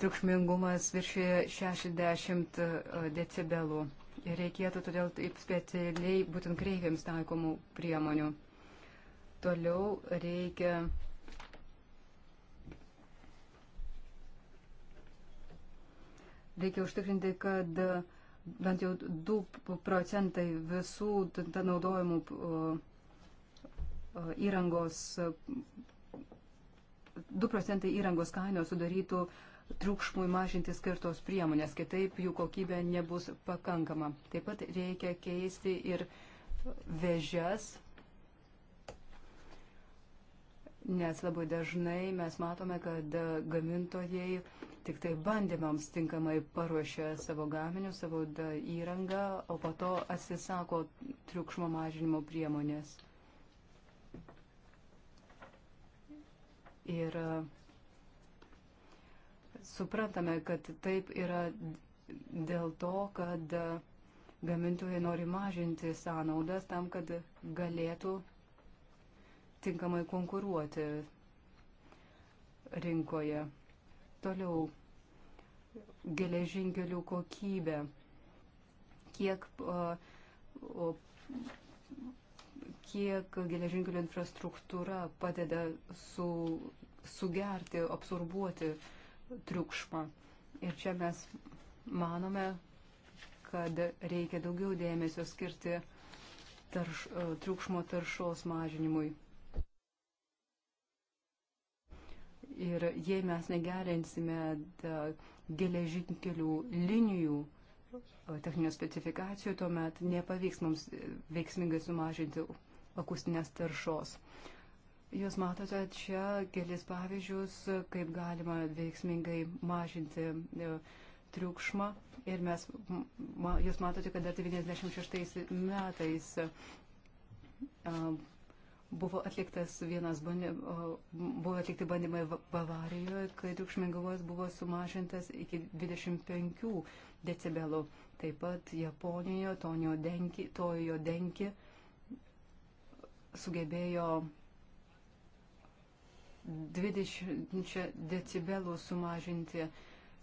triukšmingumas viršyje 60 e, decibelų. Ir reikėtų todėl taip specialiai būtent kreiviams taikomų priemonių. Toliau reikia Reikia užtikrinti, kad bent jau 2 procentai visų naudojimų įrangos, 2 procentai įrangos kainos sudarytų triukšmui mažinti skirtos priemonės, kitaip jų kokybė nebus pakankama. Taip pat reikia keisti ir vežės, nes labai dažnai mes matome, kad gamintojai tik tai bandymams tinkamai paruošia savo gaminius, savo įrangą, o po to atsisako triukšmo mažinimo priemonės. Ir e, suprantame, kad taip yra dėl to, kad e, gamintojai nori mažinti sąnaudas tam, kad galėtų tinkamai konkuruoti rinkoje. Toliau geležinkelių kokybė, kiek, o, kiek geležinkelių infrastruktūra padeda su, sugerti, absorbuoti triukšmą. Ir čia mes manome, kad reikia daugiau dėmesio skirti tarš, triukšmo taršos mažinimui. Ir jei mes negerinsime geležinkelių linijų techninių specifikacijų, tuomet nepavyks mums e, veiksmingai sumažinti akustinės taršos. Jūs matote čia kelis pavyzdžius, kaip galima veiksmingai mažinti e, triukšmą. Ir mes, jūs matote, kad dar 96 metais e, buvo atliktas vienas bandė, buvo atlikti bandymai Bavarijoje, kai triukšmingumas buvo sumažintas iki 25 decibelų. Taip pat Japonijoje Tonio Denki, Tojo Denki sugebėjo 20 decibelų sumažinti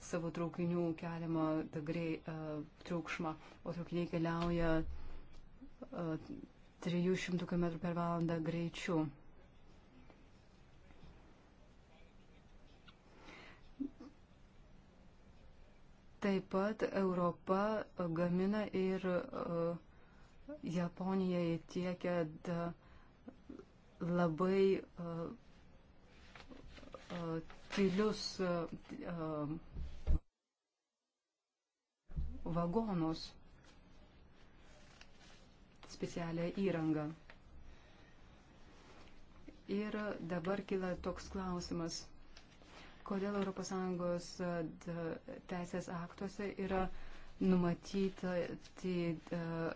savo traukinių keliamą grei, uh, triukšmą, o traukiniai keliauja uh, 300 km per valandą greičiu. Taip pat Europa gamina ir e, Japonijai tiekia labai e, e, tylius vagonus specialią įrangą. Ir dabar kyla toks klausimas, kodėl ES teisės aktuose yra numatyta, tai,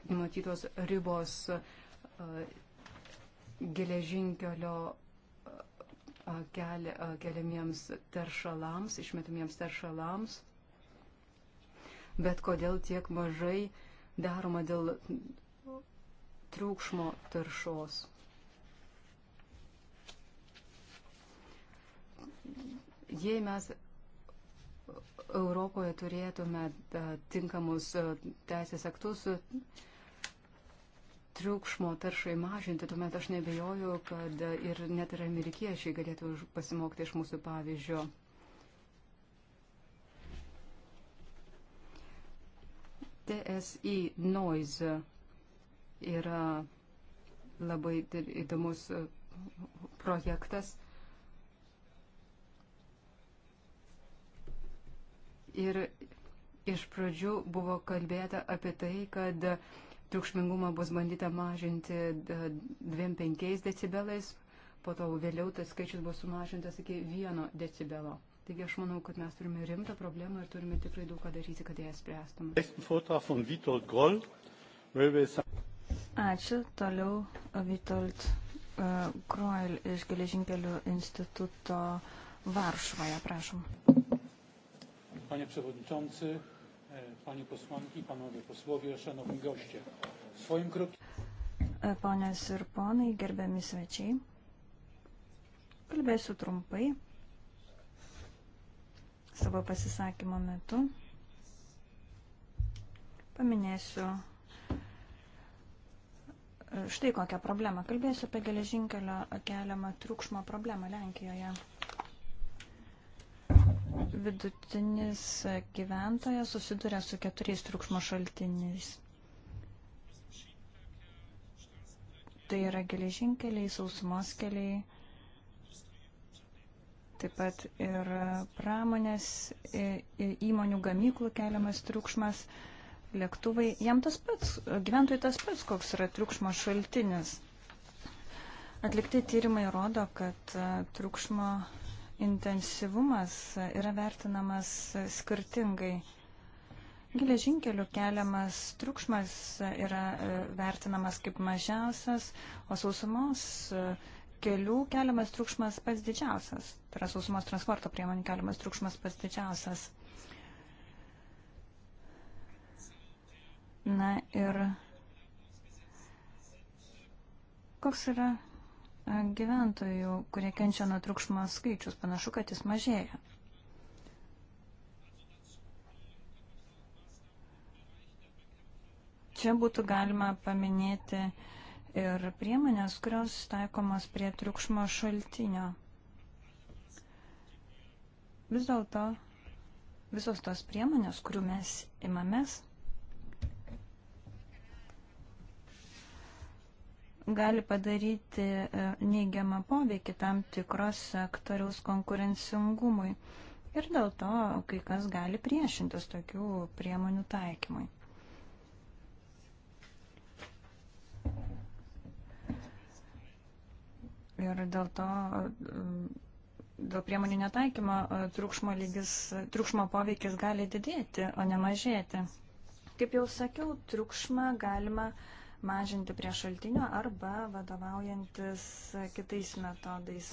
numatytos ribos geležinkelio keliamiems teršalams, išmetamiems teršalams, bet kodėl tiek mažai daroma dėl triukšmo taršos. Jei mes Europoje turėtume e, tinkamus e, teisės aktus e, triukšmo taršai mažinti, tuomet aš nebejoju, kad ir net ir amerikiečiai galėtų pasimokti iš mūsų pavyzdžio. TSI Noise yra labai įdomus e, projektas. Ir iš pradžių buvo kalbėta apie tai, kad triukšmingumą bus bandyta mažinti 2-5 decibelais, po to vėliau tas skaičius buvo sumažintas iki 1 decibelo. Taigi aš manau, kad mes turime rimtą problemą ir turime tikrai daug ką daryti, kad ją spręstume. Ačiū. Toliau uh, Vitold uh, Kroil iš Geležinkelių instituto Varšuvoje. Prašom. Panie Przewodniczący, e, Panie Posłanki, Panowie Posłowie, Szanowni Goście. Swoim krótkim... E, Ponios ir ponai, gerbiami svečiai, kalbėsiu trumpai savo pasisakymo metu. Paminėsiu štai kokią problemą. Kalbėsiu apie geležinkelio keliamą triukšmo problemą Lenkijoje. Vidutinis gyventojas susiduria su keturiais triukšmo šaltiniais. Tai yra geležinkeliai, sausumos keliai, taip pat ir pramonės įmonių gamyklų keliamas triukšmas. triukšmas lėktuvai, jam tas pats, gyventojai tas pats, koks yra triukšmo šaltinis. Atlikti tyrimai rodo, kad e, triukšmo intensyvumas e, yra vertinamas e, skirtingai. Geležinkelių keliamas triukšmas yra vertinamas kaip mažiausias, o sausumos kelių keliamas triukšmas pats didžiausias. Tai yra sausumos transporto priemonių keliamas triukšmas pats didžiausias. Na ir koks yra gyventojų, kurie kenčia nuo triukšmo skaičius? Panašu, kad jis mažėja. Čia būtų galima paminėti ir priemonės, kurios taikomos prie triukšmo šaltinio. Vis dėlto visos tos priemonės, kurių mes imamės, gali padaryti e, neigiamą poveikį tam tikros sektoriaus konkurencingumui. Ir dėl to kai kas gali priešintis tokių priemonių taikymui. Ir dėl to, e, dėl priemonių netaikymo, e, triukšmo, lygis, triukšmo poveikis gali didėti, o ne mažėti. Kaip jau sakiau, triukšmą galima uh, mažinti prie šaltinio arba vadovaujantis kitais metodais.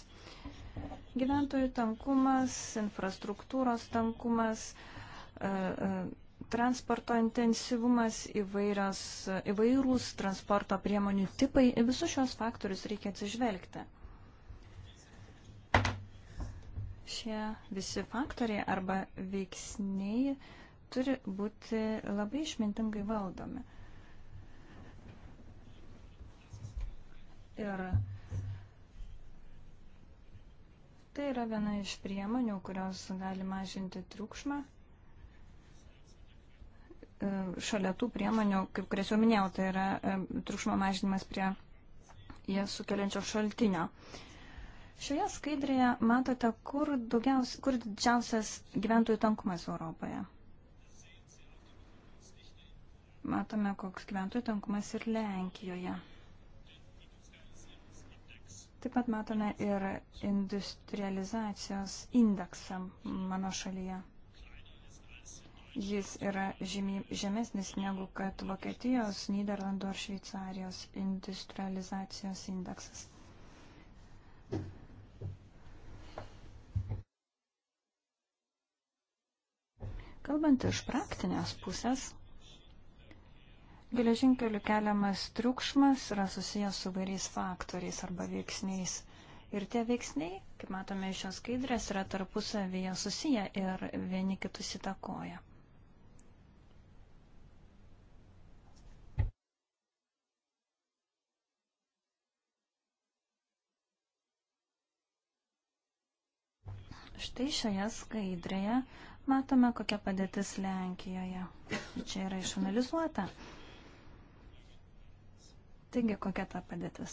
Gyventojų tankumas, infrastruktūros tankumas, e, e, transporto intensyvumas, įvairios, įvairūs transporto priemonių tipai, į visus šios faktorius reikia atsižvelgti. Šie visi faktoriai arba veiksniai turi būti labai išmintingai valdomi. Ir tai yra viena iš priemonių, kurios gali mažinti triukšmą. E, šalia tų priemonių, kaip kurias jau minėjau, tai yra e, triukšmo mažinimas prie jie sukeliančio šaltinio. Šioje skaidrėje matote, kur, daugiaus, kur didžiausias gyventojų tankumas Europoje. Matome, koks gyventojų tankumas ir Lenkijoje. Taip pat matome ir industrializacijos indeksą mano šalyje. Jis yra žymiai žemesnis negu kad Vokietijos, Niderlandų ar Šveicarijos industrializacijos indeksas. Kalbant iš praktinės pusės, Geležinkelių keliamas triukšmas yra susijęs su vairiais faktoriais arba veiksniais. Ir tie veiksniai, kaip matome iš šios skaidrės, yra tarpusavyje susiję ir vieni kitus įtakoja. Štai šioje skaidrėje matome, kokia padėtis Lenkijoje. Čia yra išanalizuota. Taigi, kokia ta padėtis?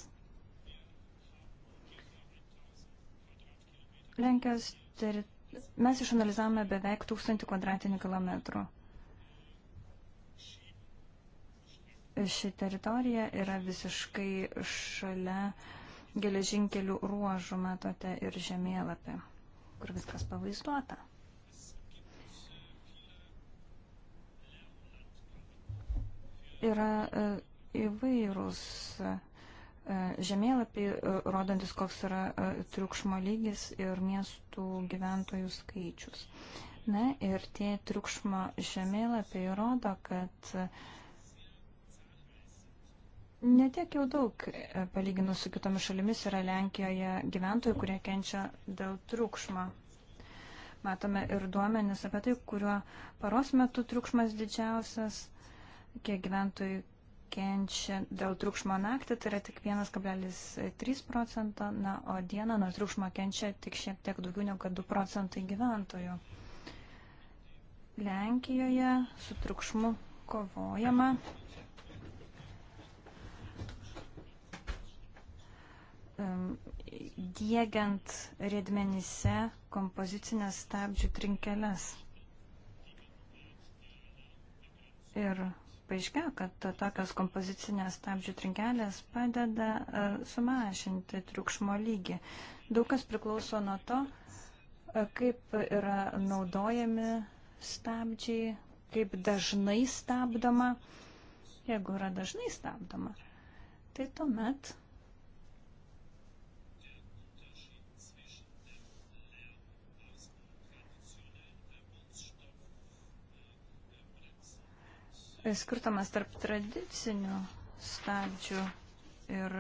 Lenkijos teritorija. Mes išanalizavome beveik 1000 kvadratinių kilometrų. Ši teritorija yra visiškai šalia geležinkelių ruožų, matote, ir žemėlapį, kur viskas pavaizduota. Yra e, įvairūs e, žemėlapiai, e, rodantis, koks yra e, triukšmo lygis ir miestų gyventojų skaičius. Na ir tie triukšmo žemėlapiai rodo, kad netiek jau daug, palyginus su kitomis šalimis, yra Lenkijoje gyventojų, kurie kenčia dėl triukšmo. Matome ir duomenis apie tai, kuriuo paros metu triukšmas didžiausias, kiek gyventojų kenčia dėl triukšmo naktį, tai yra tik 1,3 procento, na, o dieną nuo triukšmo kenčia tik šiek tiek daugiau negu 2 procentai gyventojų. Lenkijoje su triukšmu kovojama. diegiant riedmenyse kompozicinės stabdžių trinkeles. Ir paaiškėjo, kad tokios kompozicinės stabdžių trinkelės padeda e, sumažinti triukšmo lygį. Daug kas priklauso nuo to, e, kaip yra naudojami stabdžiai, kaip dažnai stabdoma. Jeigu yra dažnai stabdoma, tai tuomet E, skirtumas tarp tradicinių stabdžių ir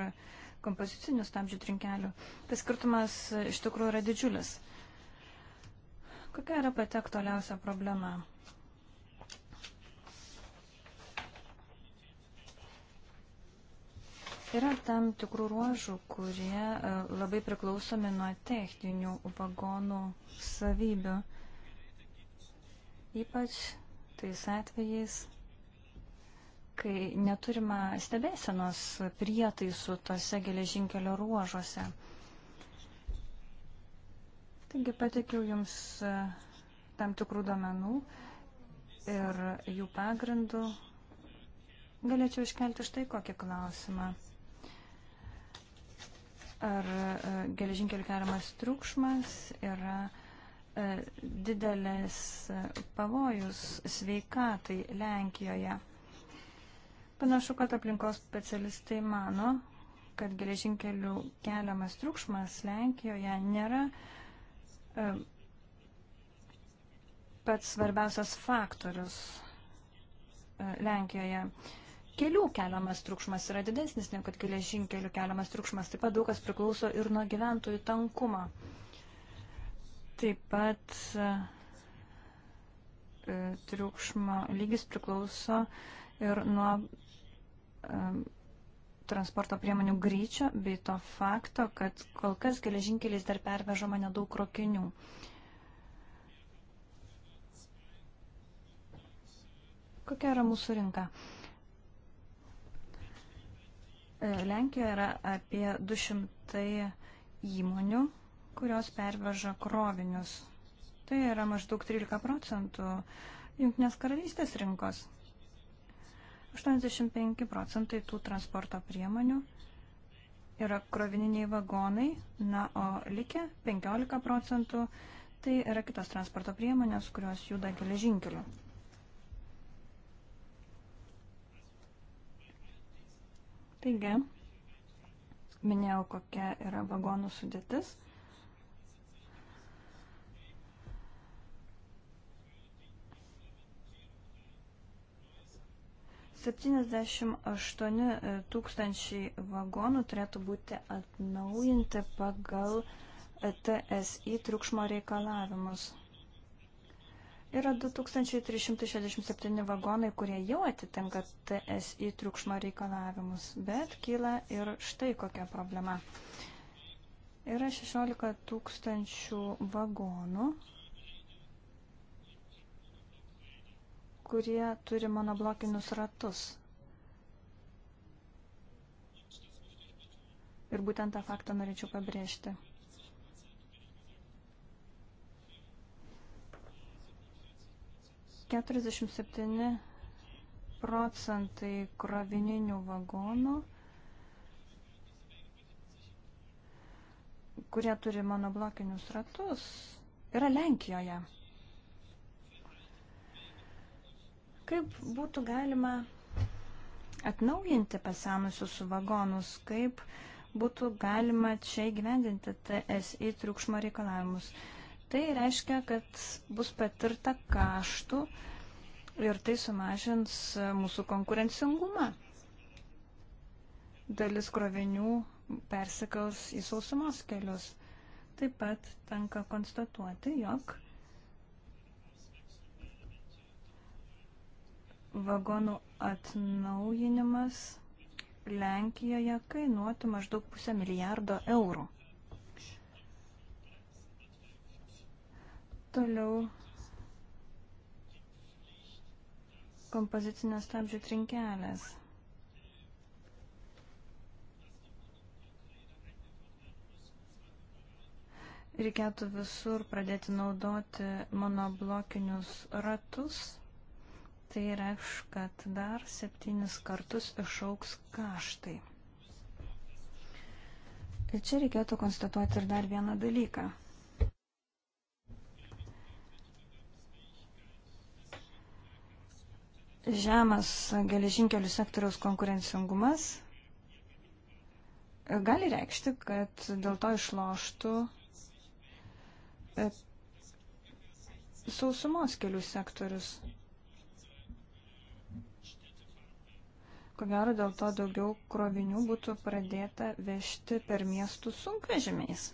kompozicinių stabdžių trinkelių. Tas skirtumas e, iš tikrųjų yra didžiulis. Kokia yra pati aktualiausia problema? Yra tam tikrų ruožų, kurie e, labai priklausomi nuo techninių vagonų savybių. Ypač tais atvejais, kai neturime stebėsenos prietaisų tose geležinkelio ruožuose. Taigi patikiu Jums e, tam tikrų domenų ir jų pagrindų galėčiau iškelti štai kokį klausimą. Ar e, geležinkelių keliamas triukšmas yra e, didelis pavojus sveikatai Lenkijoje. Panašu, kad aplinkos specialistai mano, kad geležinkelių keliamas triukšmas Lenkijoje nėra e, pats svarbiausias faktorius e, Lenkijoje. Kelių keliamas triukšmas yra didesnis negu kad geležinkelių keliamas triukšmas. Taip pat daug kas priklauso ir nuo gyventojų tankumo. Taip pat e, triukšmo lygis priklauso ir nuo Um, transporto priemonių greičio bei to fakto, kad kol kas geležinkeliais dar pervežama nedaug krokinių. Kokia yra mūsų rinka? E, Lenkijoje yra apie 200 įmonių, kurios perveža krovinius. Tai yra maždaug 13 procentų Junktinės karalystės rinkos. 85 procentai tų transporto priemonių yra krovininiai vagonai, na, o likę 15 procentų tai yra kitos transporto priemonės, kurios juda geležinkeliu. Taigi, minėjau, kokia yra vagonų sudėtis. 78 e, tūkstančiai vagonų turėtų būti atnaujinti pagal e, TSI triukšmo reikalavimus. Yra 2367 vagonai, kurie jau atitinka TSI triukšmo reikalavimus, bet kyla ir štai kokia problema. Yra 16 tūkstančių vagonų, kurie turi monoblokinius ratus. Ir būtent tą faktą norėčiau pabrėžti. Keturiasdešimt septyni procentai krovininių vagonų, kurie turi monoblokinius ratus, yra Lenkijoje. Kaip būtų galima atnaujinti pasenusius vagonus, kaip būtų galima čia įgyvendinti TSI triukšmo reikalavimus. Tai reiškia, kad bus patirta kaštų ir tai sumažins mūsų konkurencingumą. Dalis krovinių persikals į sausumos kelius. Taip pat tenka konstatuoti, jog vagonų atnaujinimas Lenkijoje kainuotų maždaug pusę milijardo eurų. Toliau kompozicinės stabdžių trinkelės. Reikėtų visur pradėti naudoti monoblokinius ratus Tai reikš, kad dar septynis kartus išauks kaštai. Ir čia reikėtų konstatuoti ir dar vieną dalyką. žemas geležinkelių sektoriaus konkurencingumas gali reikšti, kad dėl to išloštų e, sausumos kelių sektorius. Ko gero dėl to daugiau krovinių būtų pradėta vežti per miestų sunkvežimiais.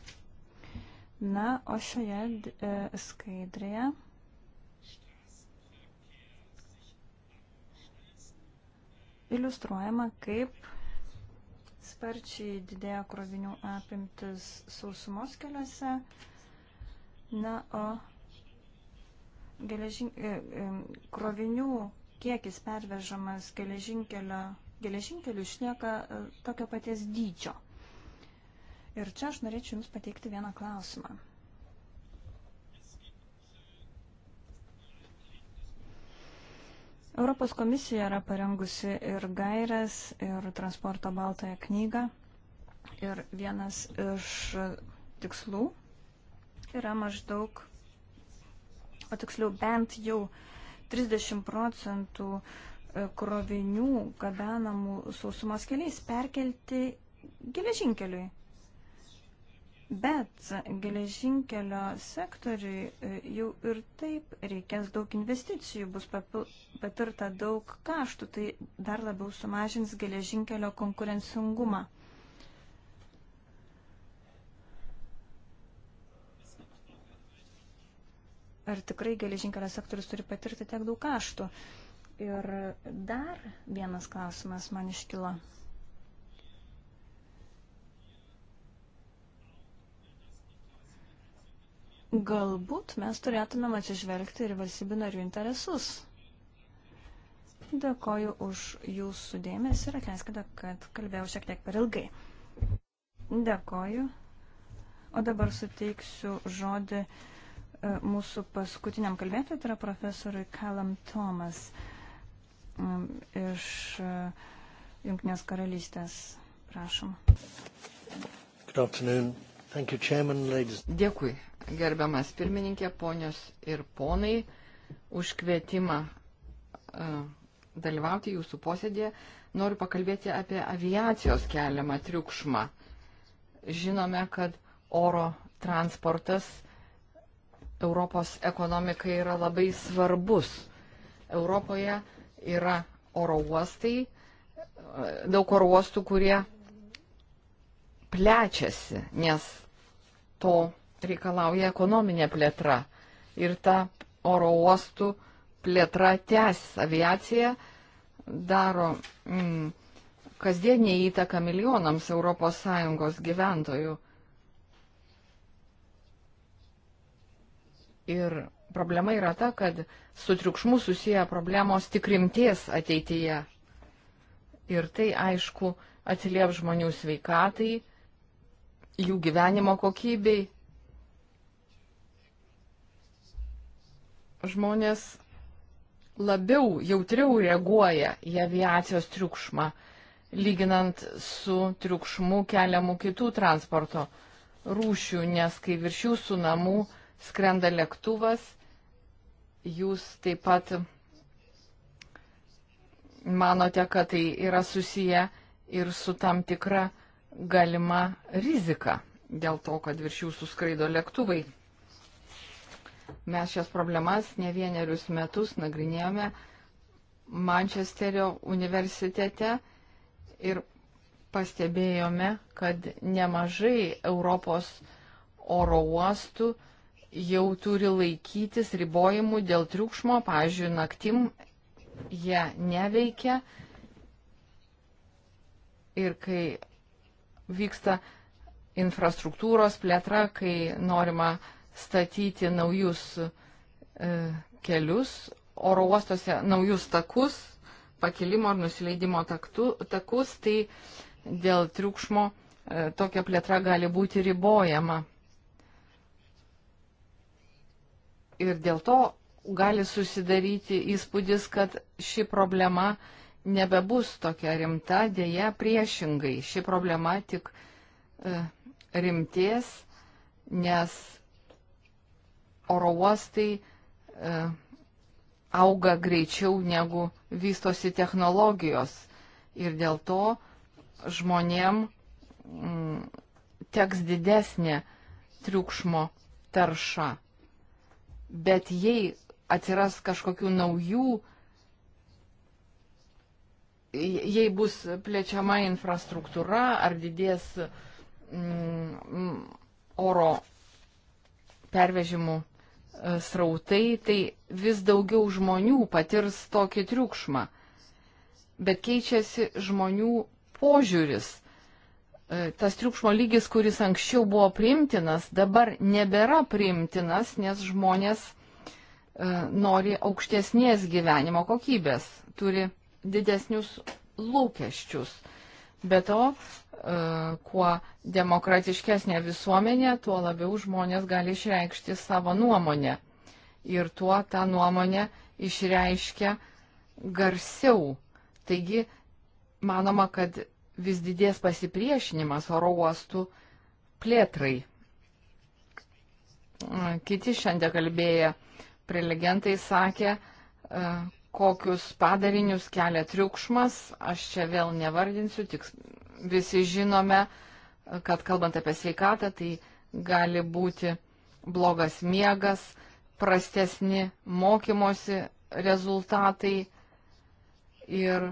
Na, o šioje e, skaidrėje. Iliustruojama, kaip sparčiai didėja krovinių apimtis sausumos keliuose. Na, o geležin, e, e, krovinių kiekis pervežamas geležinkeliu išlieka e, tokio paties dydžio. Ir čia aš norėčiau Jums pateikti vieną klausimą. Europos komisija yra parengusi ir gairias, ir transporto baltąją knygą. Ir vienas iš tikslų yra maždaug, o tiksliau bent jau uh, 30 procentų e, krovinių gabenamų sausumos keliais perkelti geležinkeliui. Bet geležinkelio sektoriui e, jau ir taip reikės daug investicijų, bus patirta daug kaštų, tai dar labiau sumažins geležinkelio konkurencingumą. ar tikrai geležinkelio sektorius turi patirti tiek daug kaštų. Ir dar vienas klausimas man iškilo. Galbūt mes turėtumėm atsižvelgti ir valstybių narių interesus. Dėkoju už jūsų dėmesį ir atleiskite, kad kalbėjau šiek tiek per ilgai. Dėkoju. O dabar suteiksiu žodį E, mūsų paskutiniam kalbėtojui, tai yra profesoriui Kalam Tomas iš e, Junknės karalystės. Prašom. Good afternoon. Thank you, Chairman, ladies. Dėkui, gerbiamas pirmininkė, ponios ir ponai, už kvietimą uh, dalyvauti jūsų posėdėje. Noriu pakalbėti apie aviacijos keliamą triukšmą. Žinome, kad oro transportas uh, Europos ekonomikai yra labai svarbus. Europoje yra oro uostai, daug oro uostų, kurie plečiasi, nes to reikalauja ekonominė plėtra. Ir ta oro uostų plėtra tęs. Aviacija daro mm, kasdienį įtaką milijonams ES gyventojų. Ir problema yra ta, kad su triukšmu susiję problemos tik rimties ateityje. Ir tai, aišku, atsiliep žmonių sveikatai, jų gyvenimo kokybei. Žmonės labiau, jautriau reaguoja į aviacijos triukšmą, lyginant su triukšmu keliamu kitų transporto rūšių, nes kai virš jūsų namų skrenda lėktuvas, jūs taip pat manote, kad tai yra susiję ir su tam tikra galima rizika dėl to, kad virš jūsų skraido lėktuvai. Mes šias problemas ne vienerius metus nagrinėjome Mančesterio universitete ir pastebėjome, kad nemažai Europos oro uostų uh, jau turi laikytis ribojimų dėl triukšmo, pavyzdžiui, naktim jie neveikia ir kai vyksta infrastruktūros plėtra, kai norima statyti naujus e, kelius, oro uostuose naujus takus, pakilimo ar nusileidimo taktu, takus, tai dėl triukšmo e, tokia plėtra gali būti ribojama. Ir dėl to gali susidaryti įspūdis, kad ši problema nebebus tokia rimta, dėja priešingai. Ši problema tik e, rimties, nes oro uostai e, auga greičiau negu vystosi technologijos. Ir dėl to žmonėm mm, teks didesnė triukšmo tarša bet jei atsiras kažkokių naujų, jei bus plečiama infrastruktūra ar didės mm, mm oro pervežimų e, srautai, tai vis daugiau žmonių patirs tokį triukšmą. Bet keičiasi žmonių požiūris E, tas triukšmo lygis, kuris anksčiau buvo priimtinas, dabar nebėra priimtinas, nes žmonės e, nori aukštesnės gyvenimo kokybės, turi didesnius lūkesčius. Be to, e, kuo demokratiškesnė visuomenė, tuo labiau žmonės gali išreikšti savo nuomonę. Ir tuo tą nuomonę išreiškia garsiau. Taigi, manoma, kad vis didės pasipriešinimas oro uostų plėtrai. Kiti šiandien kalbėję prelegentai sakė, kokius padarinius kelia triukšmas, aš čia vėl nevardinsiu, tik visi žinome, kad kalbant apie sveikatą, tai gali būti blogas miegas, prastesni mokymosi rezultatai ir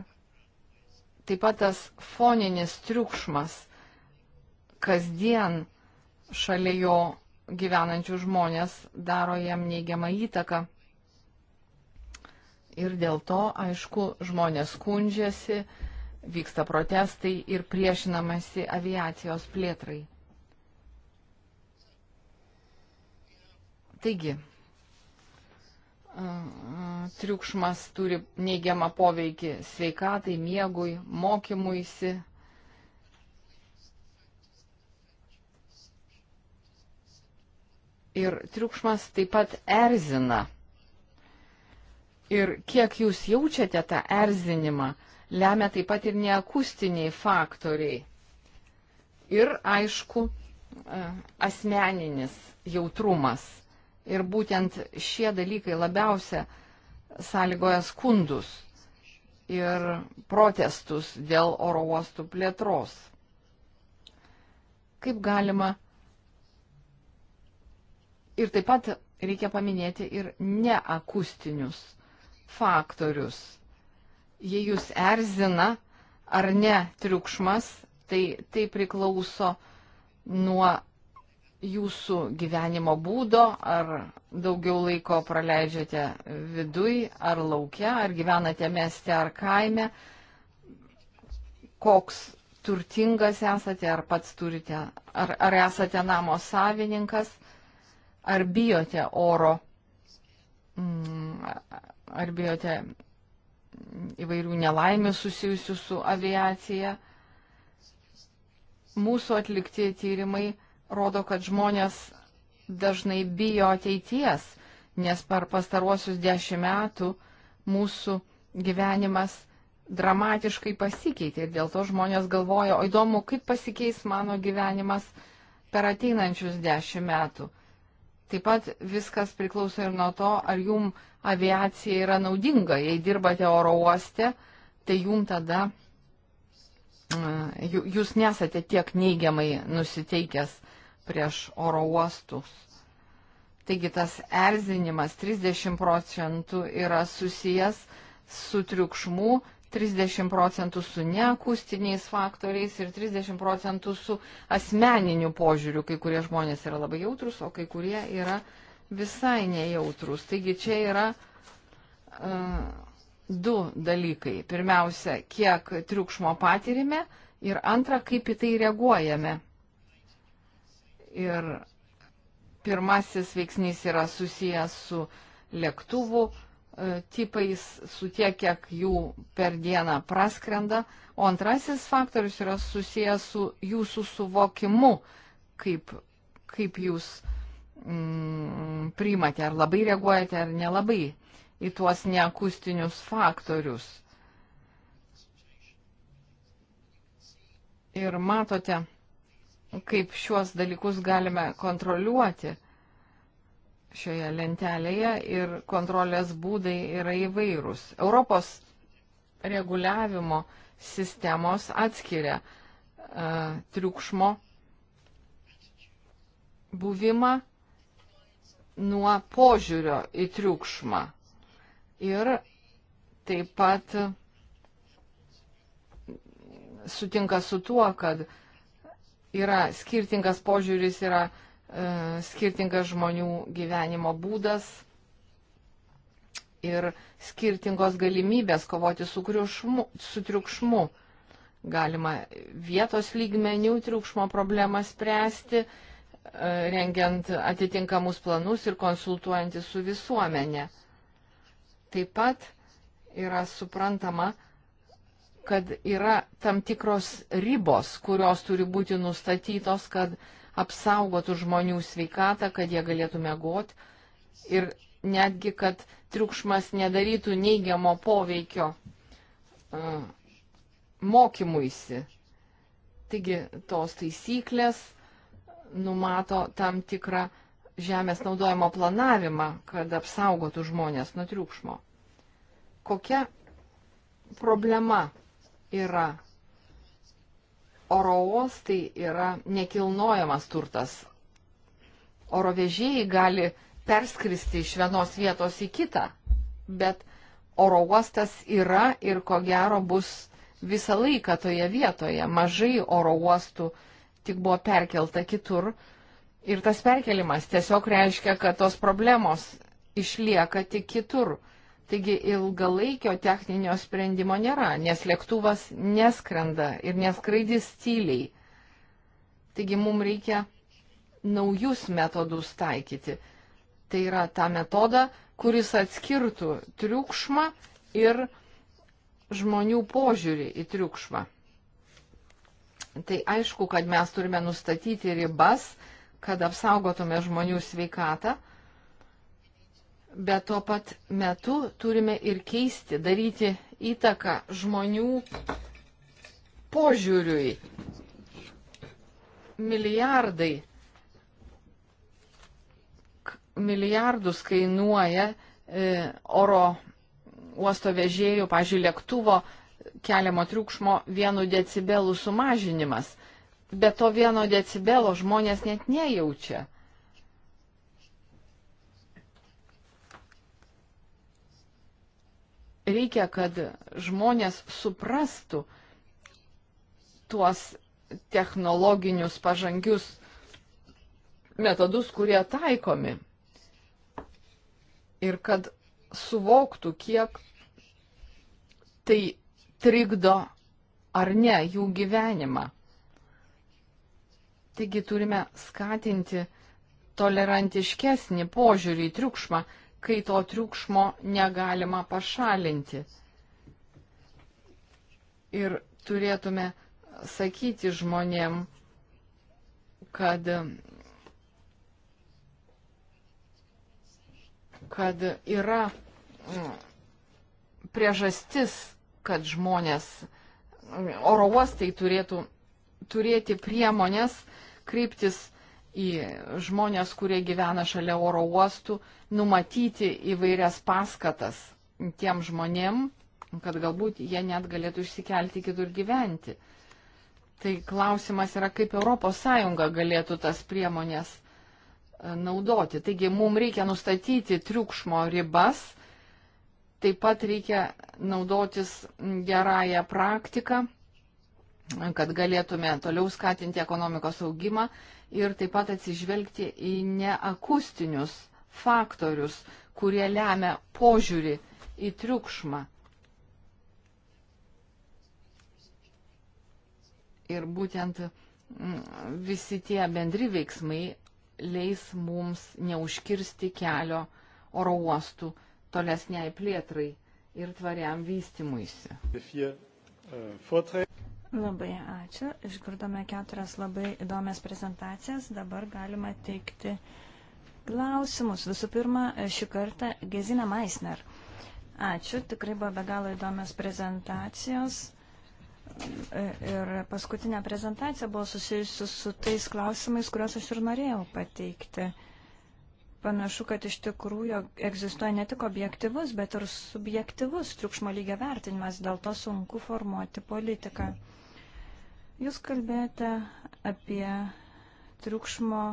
taip pat tas foninis triukšmas kasdien šalia jo gyvenančių žmonės daro jam neigiamą įtaką. Ir dėl to, aišku, žmonės skundžiasi, vyksta protestai ir priešinamasi aviacijos plėtrai. Taigi, triukšmas turi neigiamą poveikį sveikatai, miegui, mokymuisi. Ir triukšmas taip pat erzina. Ir kiek jūs jaučiate tą erzinimą, lemia taip pat ir neakustiniai faktoriai. Ir aišku, e, asmeninis jautrumas Ir būtent šie dalykai labiausia sąlygoja skundus ir protestus dėl oro uostų plėtros. Kaip galima. Ir taip pat reikia paminėti ir neakustinius faktorius. Jei jūs erzina ar ne triukšmas, tai tai priklauso nuo jūsų gyvenimo būdo, ar daugiau laiko praleidžiate viduj, ar laukia, ar gyvenate mieste, ar kaime, koks turtingas esate, ar pats turite, ar, ar esate namo savininkas, ar bijote oro, mm, ar bijote įvairių nelaimių susijusių su aviacija. Mūsų atlikti tyrimai rodo, kad žmonės dažnai bijo ateities, nes per pastaruosius dešimt metų mūsų gyvenimas dramatiškai pasikeitė ir dėl to žmonės galvoja, o įdomu, kaip pasikeis mano gyvenimas per ateinančius dešimt metų. Taip pat viskas priklauso ir nuo to, ar jum aviacija yra naudinga. Jei dirbate oro uoste, tai jum tada jūs nesate tiek neigiamai nusiteikęs prieš oro uostus. Taigi tas erzinimas 30 procentų yra susijęs su triukšmu, 30 procentų su neakustiniais faktoriais ir 30 procentų su asmeniniu požiūriu. Kai kurie žmonės yra labai jautrus, o kai kurie yra visai nejautrus. Taigi čia yra uh, du dalykai. Pirmiausia, kiek triukšmo patirime ir antra, kaip į tai reaguojame. Ir pirmasis veiksnys yra susijęs su lėktuvų e, tipais, su tiek, kiek jų per dieną praskrenda. O antrasis faktorius yra susijęs su jūsų suvokimu, kaip, kaip jūs mm, priimate, ar labai reaguojate, ar nelabai į tuos neakustinius faktorius. Ir matote, kaip šiuos dalykus galime kontroliuoti šioje lentelėje ir kontrolės būdai yra įvairūs. Europos reguliavimo sistemos atskiria uh, triukšmo buvimą nuo požiūrio į triukšmą. Ir taip pat sutinka su tuo, kad uh, yra skirtingas požiūris, yra e, skirtingas žmonių gyvenimo būdas ir skirtingos galimybės kovoti su, kriušmu, su triukšmu. Galima vietos lygmenių triukšmo problemą spręsti, e, rengiant atitinkamus planus ir konsultuojantį su visuomenė. Taip pat yra suprantama, kad yra tam tikros ribos, kurios turi būti nustatytos, kad apsaugotų žmonių sveikatą, kad jie galėtų mėgoti ir netgi, kad triukšmas nedarytų neigiamo poveikio uh, mokymuisi. Taigi tos taisyklės numato tam tikrą žemės naudojimo planavimą, kad apsaugotų žmonės nuo triukšmo. Kokia problema yra oro uostai, yra nekilnojamas turtas. Oro vežėjai gali perskristi iš vienos vietos į kitą, bet oro uostas yra ir ko gero bus visą laiką toje vietoje. Mažai oro uostų tik buvo perkelta kitur. Ir tas perkelimas tiesiog reiškia, kad tos problemos išlieka tik kitur. Taigi ilgalaikio techninio sprendimo nėra, nes lėktuvas neskrenda ir neskraidys tyliai. Taigi mums reikia naujus metodus taikyti. Tai yra tą metodą, kuris atskirtų triukšmą ir žmonių požiūrį į triukšmą. Tai aišku, kad mes turime nustatyti ribas, kad apsaugotume žmonių sveikatą bet tuo pat metu turime ir keisti, daryti įtaką žmonių požiūriui. Milijardai, milijardus kainuoja e, oro uosto vežėjų, pažiūrėjau, lėktuvo keliamo triukšmo vienu decibelu sumažinimas. Be to vieno decibelo žmonės net nejaučia. reikia, kad žmonės suprastų tuos technologinius pažangius metodus, kurie taikomi. Ir kad suvoktų, kiek tai trikdo ar ne jų gyvenimą. Taigi turime skatinti tolerantiškesnį požiūrį į triukšmą kai to triukšmo negalima pašalinti. Ir turėtume sakyti žmonėm, kad, kad yra mm, priežastis, kad žmonės mm, oro uostai turėtų turėti priemonės kreiptis į žmonės, kurie gyvena šalia oro uostų, numatyti įvairias paskatas tiem žmonėm, kad galbūt jie net galėtų išsikelti kitur gyventi. Tai klausimas yra, kaip ES galėtų tas priemonės e, naudoti. Taigi mums reikia nustatyti triukšmo ribas, taip pat reikia naudotis gerąją praktiką kad galėtume toliau skatinti ekonomikos augimą ir taip pat atsižvelgti į neakustinius faktorius, kurie lemia požiūrį į triukšmą. Ir būtent mm, visi tie bendri veiksmai leis mums neužkirsti kelio oro uostų tolesniai plėtrai ir tvariam vystimuisi. Euh, Labai ačiū. Išgirdome keturias labai įdomias prezentacijas. Dabar galima teikti klausimus. Visų pirma, šį kartą Gezina Meisner. Ačiū. Tikrai buvo be galo įdomios prezentacijos. Ir paskutinė prezentacija buvo susijusi su tais klausimais, kuriuos aš ir norėjau pateikti. Panašu, kad iš tikrųjų egzistuoja ne tik objektivus, bet ir subjektivus triukšmo lygio vertinimas, dėl to sunku formuoti politiką. Mm. Jūs kalbėjote apie triukšmo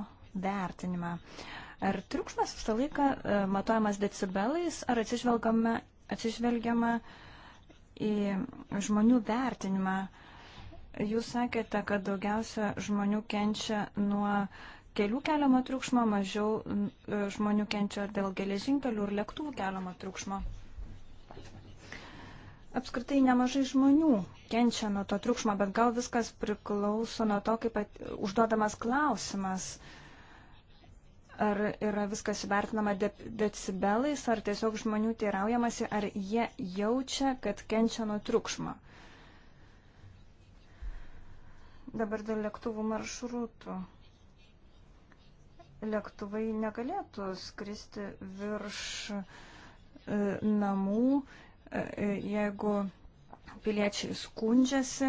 vertinimą. Ar triukšmas visą laiką e, matuojamas decibelais, ar atsižvelgiama į žmonių vertinimą? Jūs sakėte, kad daugiausia žmonių kenčia nuo kelių keliamo triukšmo, mažiau e, žmonių kenčia dėl geležinkelių ir lėktuvų keliamo triukšmo. Apskritai nemažai žmonių kenčia nuo to triukšmo, bet gal viskas priklauso nuo to, kaip at, užduodamas klausimas, ar yra viskas įvertinama de decibelais, ar tiesiog žmonių teiraujamasi, ar jie jaučia, kad kenčia nuo triukšmo. Dabar dėl lėktuvų maršrutų. Lėktuvai negalėtų skristi virš e, namų E, jeigu piliečiai skundžiasi,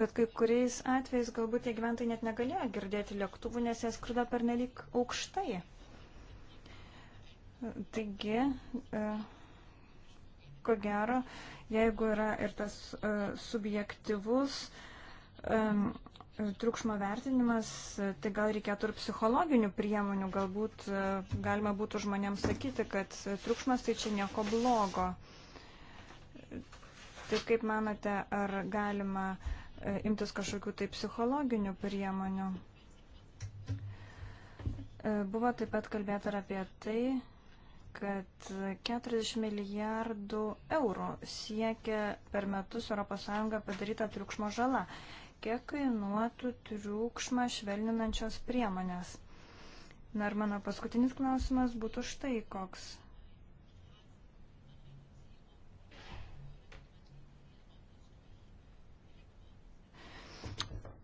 bet kai kuriais atvejais galbūt tie gyventojai net negalėjo girdėti lėktuvų, nes jie skrido per nelik aukštai. Taigi, e, ko gero, jeigu yra ir tas e, subjektivus triukšmo vertinimas, tai gal reikėtų ir psichologinių priemonių, galbūt e, galima būtų žmonėms sakyti, kad triukšmas tai čia nieko blogo. Tai kaip manote, ar galima e, imtis kažkokių tai psichologinių priemonių? E, buvo taip pat kalbėta ir apie tai, kad 40 milijardų eurų siekia per metus ES padaryta triukšmo žala kiek kainuotų triukšmą švelninančios priemonės. Na ir mano paskutinis klausimas būtų štai koks.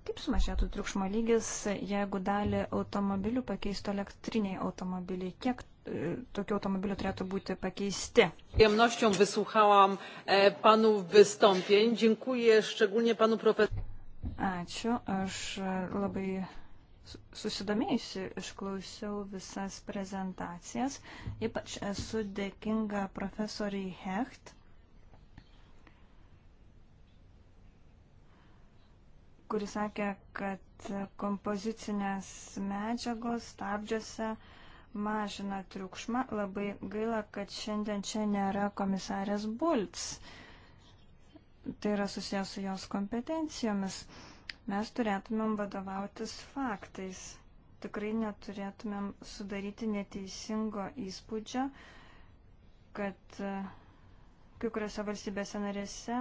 Kaip sumažėtų triukšmo lygis, jeigu dalį automobilių pakeistų elektriniai automobiliai? Kiek e, tokių automobilių turėtų būti pakeisti? Jemnością wysłuchałam e, panów wystąpień. Dziękuję szczególnie panu profesorowi. Ačiū. Aš labai susidomėjusi išklausiau visas prezentacijas. Ypač esu dėkinga profesoriai Hecht, kuris sakė, kad kompozicinės medžiagos stabdžiuose mažina triukšmą. Labai gaila, kad šiandien čia nėra komisarės Bults. Uh, tai yra susijęs su jos kompetencijomis. Mes turėtumėm vadovautis faktais. Tikrai neturėtumėm sudaryti neteisingo įspūdžio, kad e, kai kuriuose valstybėse narėse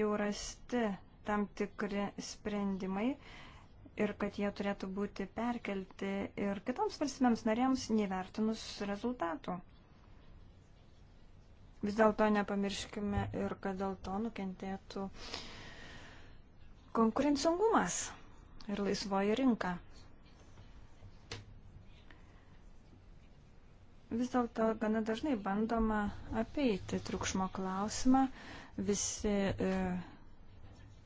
jau rasti tam tikri sprendimai ir kad jie turėtų būti perkelti ir kitoms valstybėms narėms nevertinus rezultatų. Vis dėlto nepamirškime ir kad dėl to nukentėtų konkurencingumas ir laisvoji rinka. Vis dėlto gana dažnai bandoma apeiti triukšmo klausimą. Visi e,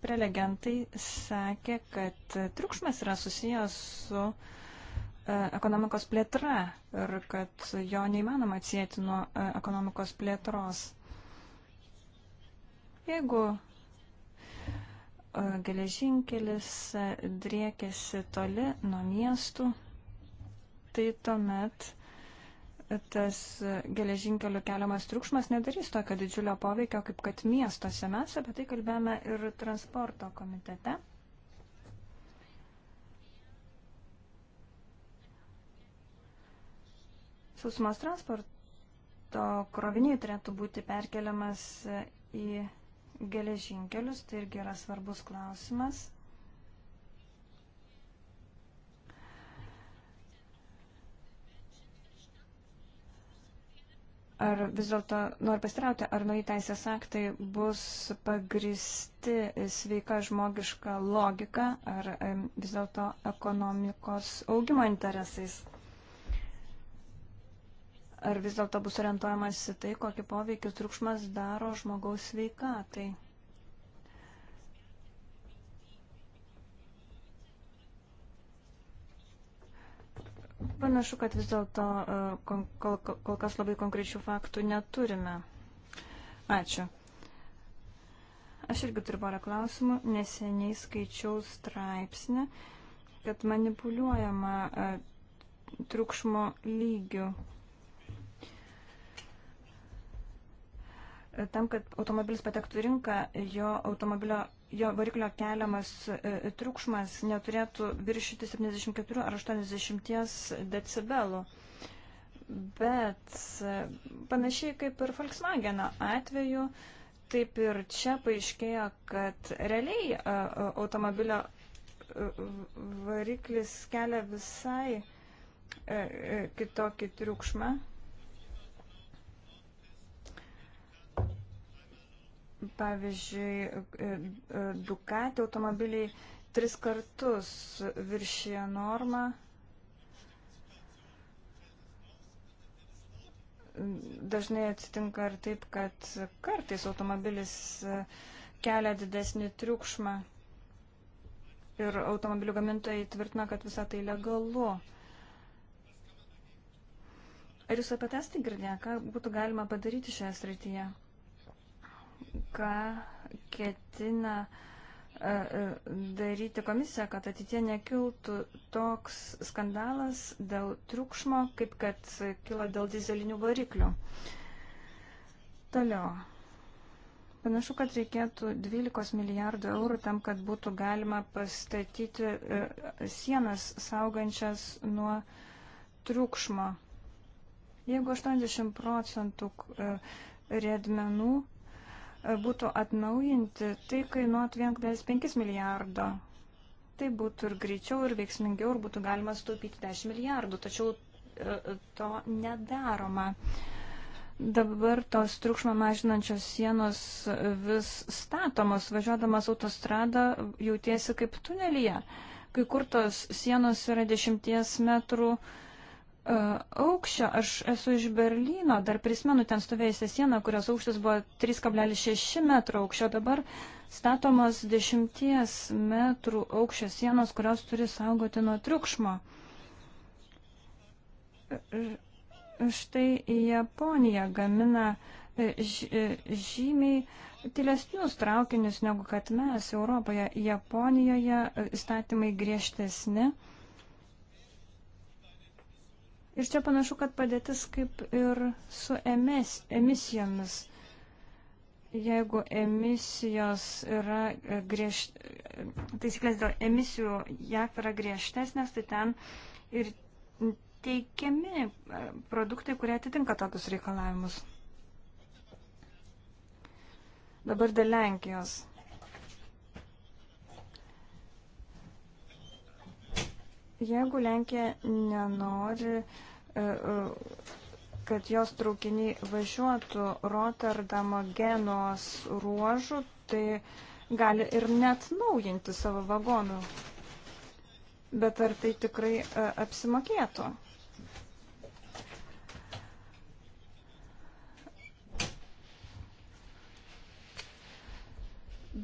prelegentai sakė, kad triukšmas yra susijęs su e, E, ekonomikos plėtra ir kad jo neįmanoma atsijėti nuo e, ekonomikos plėtros. Jeigu e, geležinkelis driekėsi toli nuo miestų, tai tuomet tas geležinkelių keliamas triukšmas nedarys tokio didžiulio poveikio, kaip kad miestuose mes apie tai kalbėjome ir transporto komitete. Sausumos transporto kroviniai turėtų būti perkeliamas į geležinkelius, tai irgi yra svarbus klausimas. Ar vis dėlto noriu pasirauti, ar nauji teisės aktai bus pagristi sveika žmogiška logika, ar vis dėlto ekonomikos augimo interesais? Ar vis dėlto bus orientuojamas į tai, kokį poveikį triukšmas daro žmogaus sveikatai? Panašu, kad vis dėlto e, kol, kol kas labai konkrečių faktų neturime. Ačiū. Aš irgi turiu porą klausimų. Neseniai skaičiau straipsnį, kad manipuliuojama e, triukšmo lygių Tam, kad automobilis patektų rinką, jo automobilio jo variklio keliamas e, triukšmas neturėtų viršyti 74 ar 80 decibelų. Bet e, panašiai kaip ir Volkswagen atveju, taip ir čia paaiškėjo, kad realiai e, automobilio variklis kelia visai kitokį triukšmą. Pavyzdžiui, e, e, Ducati automobiliai tris kartus viršyje normą. Dažnai atsitinka ir taip, kad kartais automobilis e, kelia didesnį triukšmą ir automobilių gamintojai tvirtina, kad visą tai legalu. Ar jūs apie testą girdėjote, ką būtų galima padaryti šioje srityje? ką ketina e, e, daryti komisija, kad ateitie nekiltų toks skandalas dėl triukšmo, kaip kad kilo dėl dizelinių variklių. Toliau. Panašu, kad reikėtų 12 milijardų eurų tam, kad būtų galima pastatyti e, sienas saugančias nuo triukšmo. Jeigu 80 procentų riedmenų būtų atnaujinti, tai kainuotų 1,5 milijardo. Tai būtų ir greičiau, ir veiksmingiau, ir būtų galima sutaupyti 10 milijardų, tačiau e, e, to nedaroma. Dabar tos triukšmą mažinančios sienos vis statomos, važiuodamas autostradą jautiesi kaip tunelyje. Kai kur tos sienos yra 10 metrų uh, aukščio, aš esu iš Berlyno, dar prisimenu ten stovėjusią sieną, kurios aukštis buvo 3,6 metrų aukščio, dabar statomos 10 metrų aukščio sienos, kurios turi saugoti nuo triukšmo. Štai Japonija gamina e, e, žymiai tylesnius traukinius negu kad mes Europoje, Japonijoje e, įstatymai griežtesni. Ne? Ir čia panašu, kad padėtis kaip ir su emis, emisijomis. Jeigu emisijos yra e, griež... E, taisyklės dėl emisijų JAF yra griežtesnės, tai ten ir teikiami e, produktai, kurie atitinka tokius reikalavimus. Dabar dėl Lenkijos. Jeigu Lenkija nenori, e, e, kad jos traukiniai važiuotų Rotterdamo genos ruožų, tai gali ir net naujinti savo vagonų. Bet ar tai tikrai e, apsimokėtų?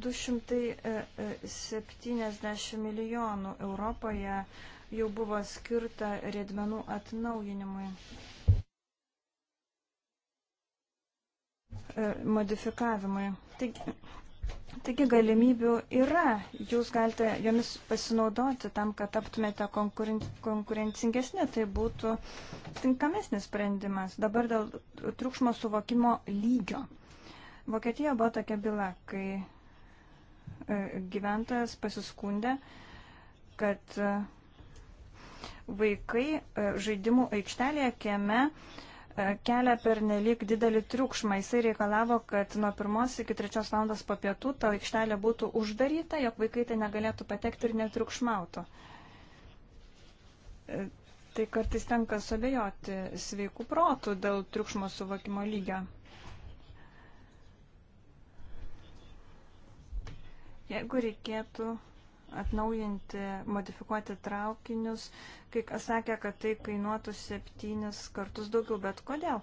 Du šimtai septyniasdešimt milijonų Europoje uh, jau buvo skirta riedmenų atnaujinimui, e, modifikavimui. Taigi, taigi galimybių yra, jūs galite jomis pasinaudoti tam, kad taptumėte konkuren, konkurencingesni, tai būtų tinkamesnis sprendimas dabar dėl triukšmo suvokimo lygio. Vokietija buvo tokia byla, kai e, gyventojas pasiskundė, kad e, Vaikai e, žaidimų aikštelėje kieme e, kelia per nelik didelį triukšmą. Jisai reikalavo, kad nuo pirmos iki trečios valandos po pietų ta aikštelė būtų uždaryta, jog vaikai tai negalėtų patekti ir netriukšmautų. E, tai kartais tenka sobejoti sveikų protų dėl triukšmo suvokimo lygio. Jeigu reikėtų atnaujinti, modifikuoti traukinius, kai kas sakė, kad tai kainuotų septynis kartus daugiau, bet kodėl?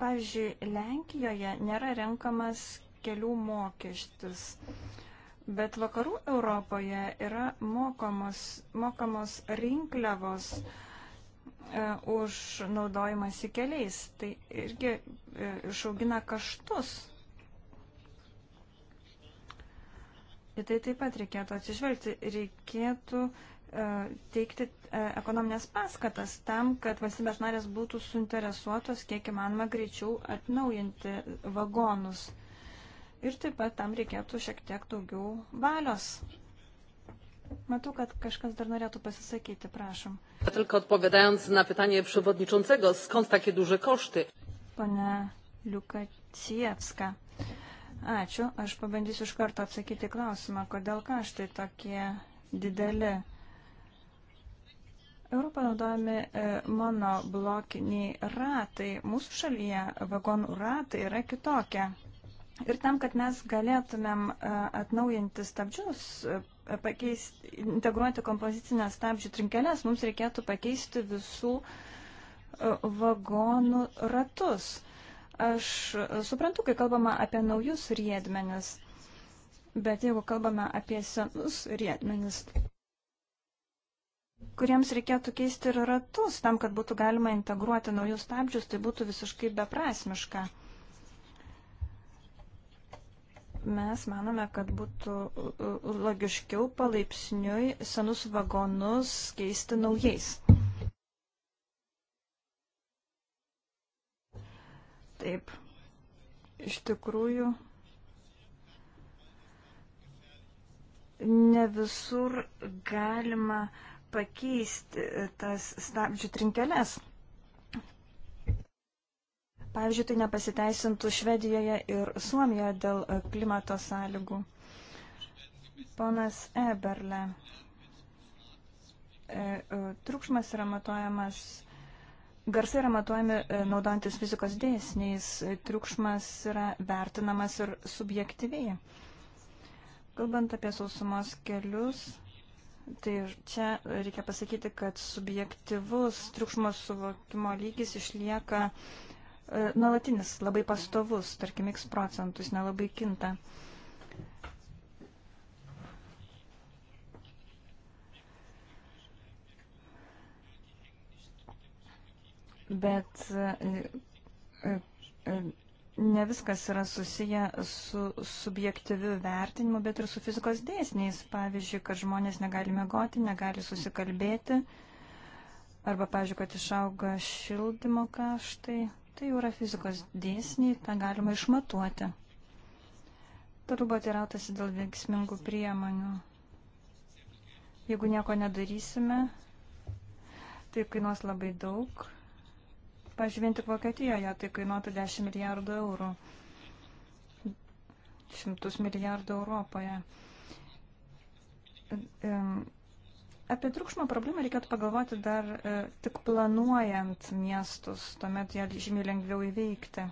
Pavyzdžiui, Lenkijoje nėra renkamas kelių mokestis, bet vakarų Europoje yra mokamos, mokamos rinkliavos e, už naudojimąsi keliais. Tai irgi e, išaugina kaštus Į tai taip pat reikėtų atsižvelgti. Reikėtų e, teikti e, ekonominės paskatas tam, kad valstybės narės būtų suinteresuotos kiek įmanoma greičiau atnaujinti vagonus. Ir taip pat tam reikėtų šiek tiek daugiau valios. Matau, kad kažkas dar norėtų pasisakyti, prašom. Tylko odpowiadając na pytanie przewodniczącego, skąd takie duże koszty? Pane Liukaciewska. Ačiū. Aš pabandysiu iš karto atsakyti klausimą, kodėl kaštai tokie dideli. Europą naudojami e, mono blokiniai ratai. Mūsų šalyje vagonų ratai yra kitokie. Ir tam, kad mes galėtumėm e, atnaujinti stabdžius, e, pakeisti, integruoti kompozicinę stabdžių trinkelės, mums reikėtų pakeisti visų vagonų ratus. Aš suprantu, kai kalbama apie naujus riedmenis, bet jeigu kalbame apie senus riedmenis, kuriems reikėtų keisti ir ratus, tam, kad būtų galima integruoti naujus stabdžius, tai būtų visiškai beprasmiška. Mes manome, kad būtų logiškiau palaipsniui senus vagonus keisti naujais. taip. Iš tikrųjų, ne visur galima pakeisti tas stabdžių trinkelės. Pavyzdžiui, tai nepasiteisintų Švedijoje ir Suomijoje dėl klimato sąlygų. Ponas Eberle. E, e, Trukšmas yra matuojamas Garsai yra matuojami e, naudojantis fizikos dėsniais, e, triukšmas yra vertinamas ir subjektyviai. Kalbant apie sausumos kelius, tai čia reikia pasakyti, kad subjektyvus triukšmo suvokimo lygis išlieka e, nuolatinis, labai pastovus, tarkim, x procentus, nelabai kinta. Uh, bet e, e, e, ne viskas yra susiję su subjektyviu vertinimu, bet ir su fizikos dėsniais. Pavyzdžiui, kad žmonės negali mėgoti, negali susikalbėti, arba, pavyzdžiui, kad išauga šildymo kaštai. Tai jau yra fizikos dėsniai, tą galima išmatuoti. Toliau buvo teirautasi dėl veiksmingų priemonių. Jeigu nieko nedarysime, tai kainuos labai daug Pažiūrėjant tik Vokietijoje, tai kainuotų 10 milijardų eurų, šimtus milijardų Europoje. Apie triukšmo problemą reikėtų pagalvoti dar e, tik planuojant miestus, tuomet jie žymiai lengviau įveikti.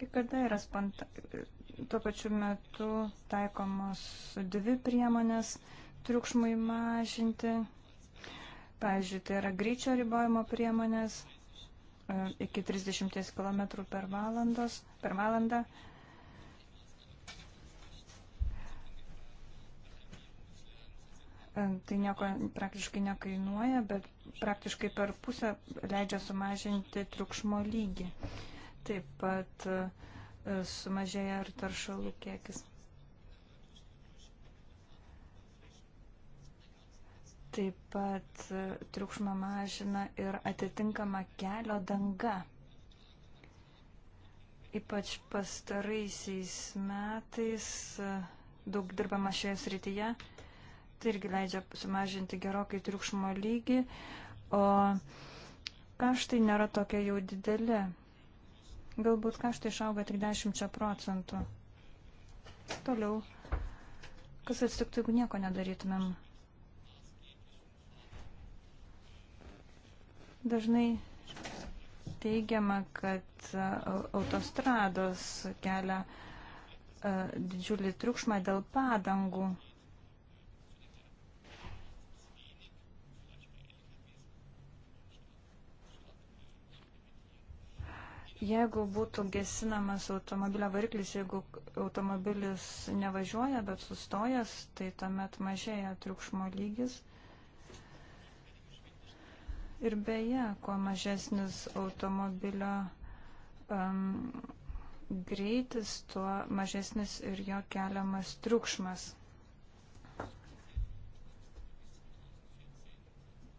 Kai kada yra spanta, tuo pačiu metu taikomos dvi priemonės triukšmui mažinti Pavyzdžiui, tai yra greičio ribojimo priemonės e, iki 30 km per, valandos, per valandą. E, tai nieko praktiškai nekainuoja, bet praktiškai per pusę leidžia sumažinti triukšmo lygį. Taip pat e, sumažėja ir taršalų kiekis. Taip pat e, triukšmą mažina ir atitinkama kelio danga. Ypač pastaraisiais metais e, daug dirbama šioje srityje. Tai irgi leidžia sumažinti gerokai triukšmo lygį, o kaštai nėra tokie jau dideli. Galbūt kaštai išauga 30 procentų. Toliau, kas atsitiktų, jeigu nieko nedarytumėm? Dažnai teigiama, kad e, autostrados kelia e, didžiulį triukšmą dėl padangų. Jeigu būtų gesinamas automobilio variklis, jeigu automobilis nevažiuoja, bet sustojęs, tai tuomet mažėja triukšmo lygis. Ir beje, kuo mažesnis automobilio um, greitis, tuo mažesnis ir jo keliamas triukšmas.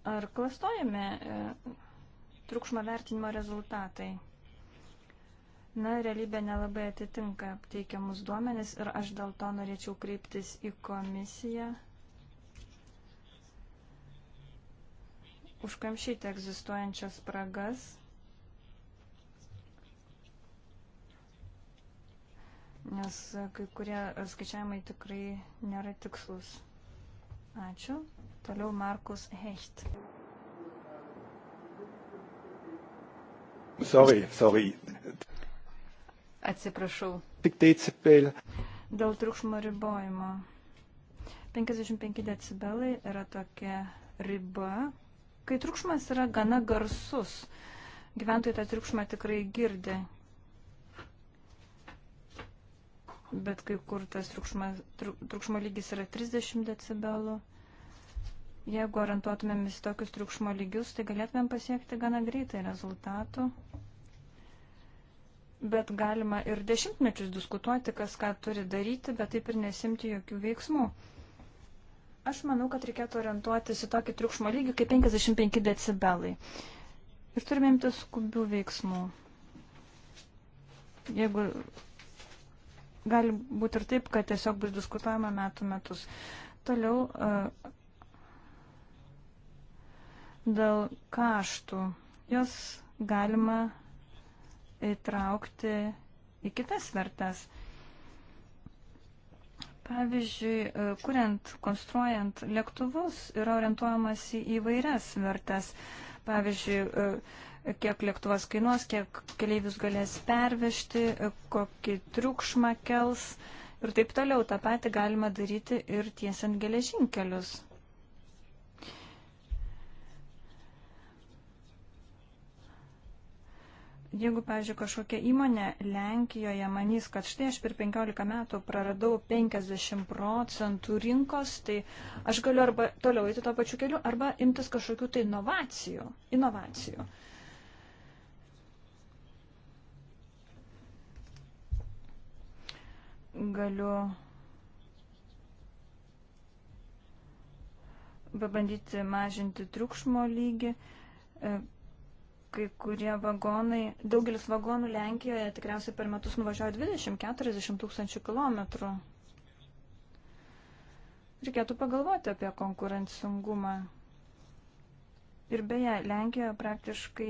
Ar klastojame e, triukšmo vertinimo rezultatai? Na, realybė nelabai atitinka apteikiamus duomenis ir aš dėl to norėčiau kreiptis į komisiją užkamšyti egzistuojančias spragas. Nes kai kurie skaičiavimai tikrai nėra tikslus. Ačiū. Toliau Markus Hecht. Sorry, sorry. Atsiprašau. Tik decibel. Dėl triukšmo ribojimo. 55 decibelai yra tokia riba, kai triukšmas yra gana garsus, gyventojai tą triukšmą tikrai girdi. Bet kai kur tas triukšmas, triukšmo lygis yra 30 decibelų. Jeigu orientuotumėmės į tokius triukšmo lygius, tai galėtumėm pasiekti gana greitai rezultatų. Bet galima ir dešimtmečius diskutuoti, kas ką turi daryti, bet taip ir nesimti jokių veiksmų. Aš manau, kad reikėtų orientuotis į tokį triukšmo lygį kaip 55 decibelai. Ir turime imti skubių veiksmų. Jeigu gali būti ir taip, kad tiesiog bus diskutuojama metų metus. Toliau e, dėl kaštų. Jos galima įtraukti į kitas vertas. Pavyzdžiui, e, kuriant, konstruojant lėktuvus yra orientuojamas į įvairias vertas. Pavyzdžiui, e, kiek lėktuvas kainuos, kiek keleivius galės pervežti, e, kokį triukšmą kels ir taip toliau. Ta pati galima daryti ir tiesiant geležinkelius. Jeigu, pavyzdžiui, kažkokia įmonė Lenkijoje manys, kad štai aš per 15 metų praradau 50 procentų rinkos, tai aš galiu arba toliau eiti to pačiu keliu, arba imtis kažkokių tai inovacijų. inovacijų. Galiu pabandyti mažinti triukšmo lygį e, kai kurie vagonai, daugelis vagonų Lenkijoje tikriausiai per metus nuvažiuoja 20-40 tūkstančių kilometrų. Reikėtų pagalvoti apie konkurencingumą. Ir beje, Lenkijoje praktiškai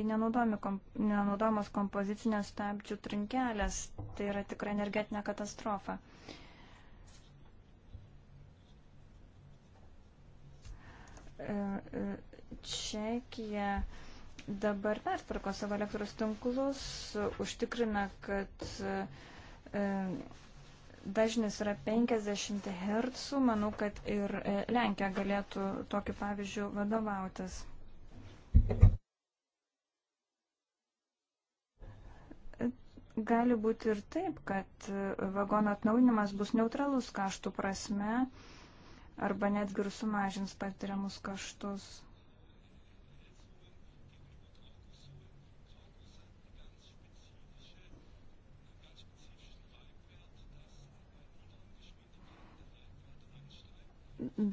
kom, nenaudomas kompozicinės stabdžių trinkelės. Tai yra tikra energetinė katastrofa. Čekija. E, e, Čekija dabar pertvarko savo elektros tinklus, užtikrina, kad e, dažnis yra 50 Hz, manau, kad ir e, Lenkija galėtų tokiu pavyzdžiu vadovautis. Gali būti ir taip, kad e, vagono atnaujinimas bus neutralus kaštų prasme arba netgi ir sumažins patiriamus kaštus.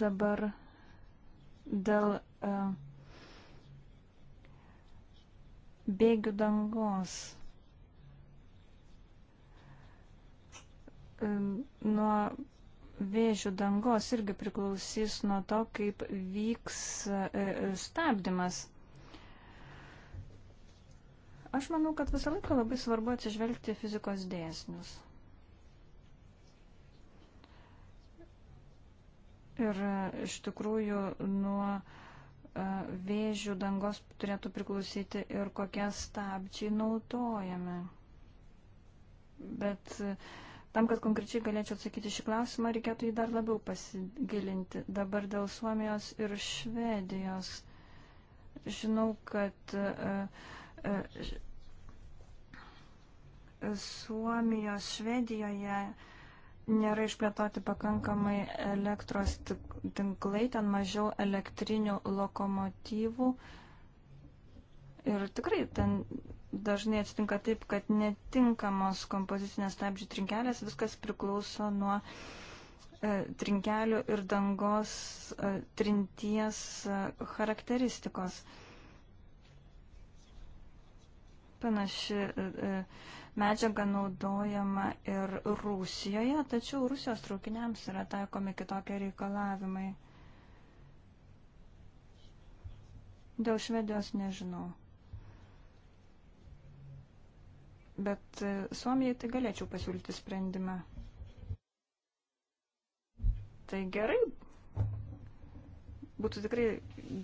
Dabar dėl e, bėgių dangos. E, nuo vėžių dangos irgi priklausys nuo to, kaip vyks e, stabdymas. Aš manau, kad visą laiką labai svarbu atsižvelgti fizikos dėsnius. Ir e, iš tikrųjų nuo e, vėžių dangos turėtų priklausyti ir kokie stabdžiai naudojami. Bet e, tam, kad konkrečiai galėčiau atsakyti šį klausimą, reikėtų jį dar labiau pasigilinti. Dabar dėl Suomijos ir Švedijos. Žinau, kad Suomijos, Švedijoje nėra išplėtoti pakankamai elektros tinklai, ten mažiau elektrinių lokomotyvų. Ir tikrai ten dažnai atsitinka taip, kad netinkamos kompozicinės stabdžių trinkelės, viskas priklauso nuo e, trinkelių ir dangos e, trinties e, charakteristikos. Panaši. E, e, medžiaga naudojama ir Rusijoje, tačiau Rusijos traukiniams yra taikomi kitokie reikalavimai. Dėl Švedijos nežinau. Bet Suomijai tai galėčiau pasiūlyti sprendimą. Tai gerai. Būtų tikrai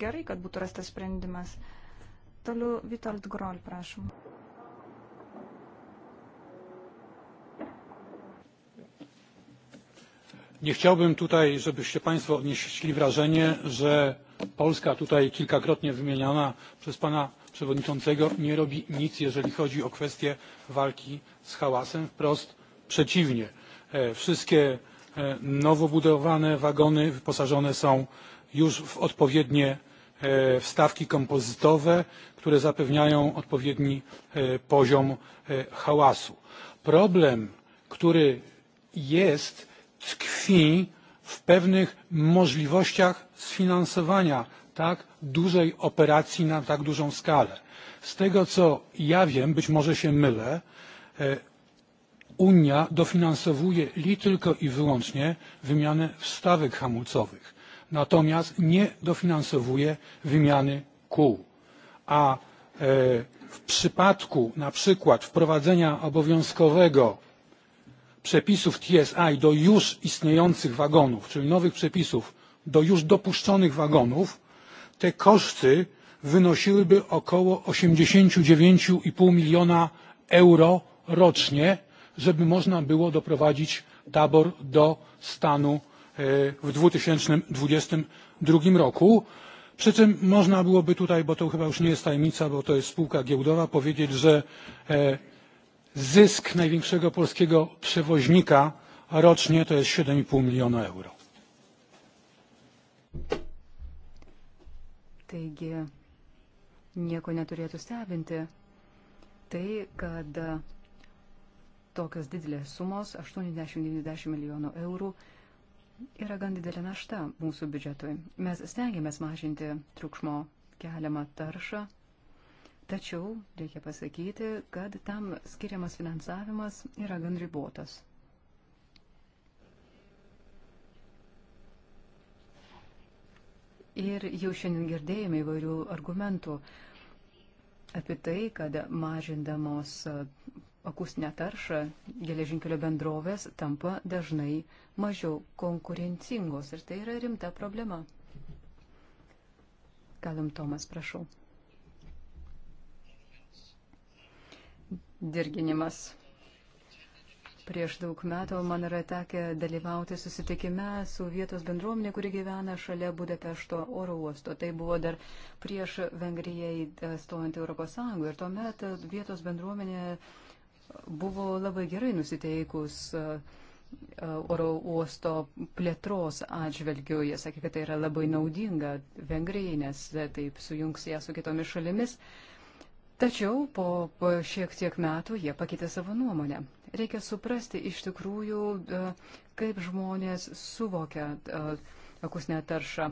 gerai, kad būtų rastas sprendimas. Toliau Vitald Grol, prašom. Nie chciałbym tutaj, żebyście Państwo odnieśli wrażenie, że Polska tutaj kilkakrotnie wymieniana przez Pana Przewodniczącego nie robi nic, jeżeli chodzi o kwestię walki z hałasem. Wprost przeciwnie. E, wszystkie e, nowo budowane wagony wyposażone są już w odpowiednie e, wstawki kompozytowe, które zapewniają odpowiedni poziom hałasu. Problem, który jest, tkwi w pewnych możliwościach sfinansowania tak dużej operacji na tak dużą skalę. Z tego co ja wiem, być może się mylę, e, Unia dofinansowuje li tylko i wyłącznie wymianę wstawek hamulcowych, natomiast nie dofinansowuje wymiany kół. A e, w przypadku na przykład wprowadzenia obowiązkowego przepisów TSI do już istniejących wagonów, czyli nowych przepisów do już dopuszczonych wagonów, te koszty wynosiłyby około 89,5 miliona euro rocznie, żeby można było doprowadzić tabor do stanu e, w 2022 roku. Przy czym można byłoby tutaj, bo to chyba już nie jest tajemnica, bo to jest spółka giełdowa, powiedzieć, że e, Zysk największego polskiego przewoźnika rocznie to jest 7,5 miliona euro. Taigi nieko neturėtų stebinti tai, kad tokios didelės sumos, 80-90 milijonų eurų, yra gan didelė našta mūsų biudžetui. Mes stengiamės mažinti triukšmo keliamą taršą Tačiau reikia pasakyti, kad tam skiriamas finansavimas yra gan ribotas. Ir jau šiandien girdėjome įvairių argumentų apie tai, kad mažindamos akustinę taršą geležinkelio bendrovės tampa dažnai mažiau konkurencingos. Ir tai yra rimta problema. Kalim Tomas, prašau. dirginimas. Prieš daug metų man yra tekę dalyvauti susitikime su vietos bendruomenė, kuri gyvena šalia Budapešto oro uosto. Tai buvo dar prieš Vengrijai stojant Europos Sąjungą. Ir tuomet vietos bendruomenė buvo labai gerai nusiteikus e, oro uosto plėtros atžvelgiu. Jie sakė, kad tai yra labai naudinga Vengrijai, nes taip sujungs ją su kitomis šalimis. Uh, Tačiau po, po šiek tiek metų jie pakeitė savo nuomonę. Reikia suprasti iš tikrųjų, e, kaip žmonės suvokia e, akustinę taršą.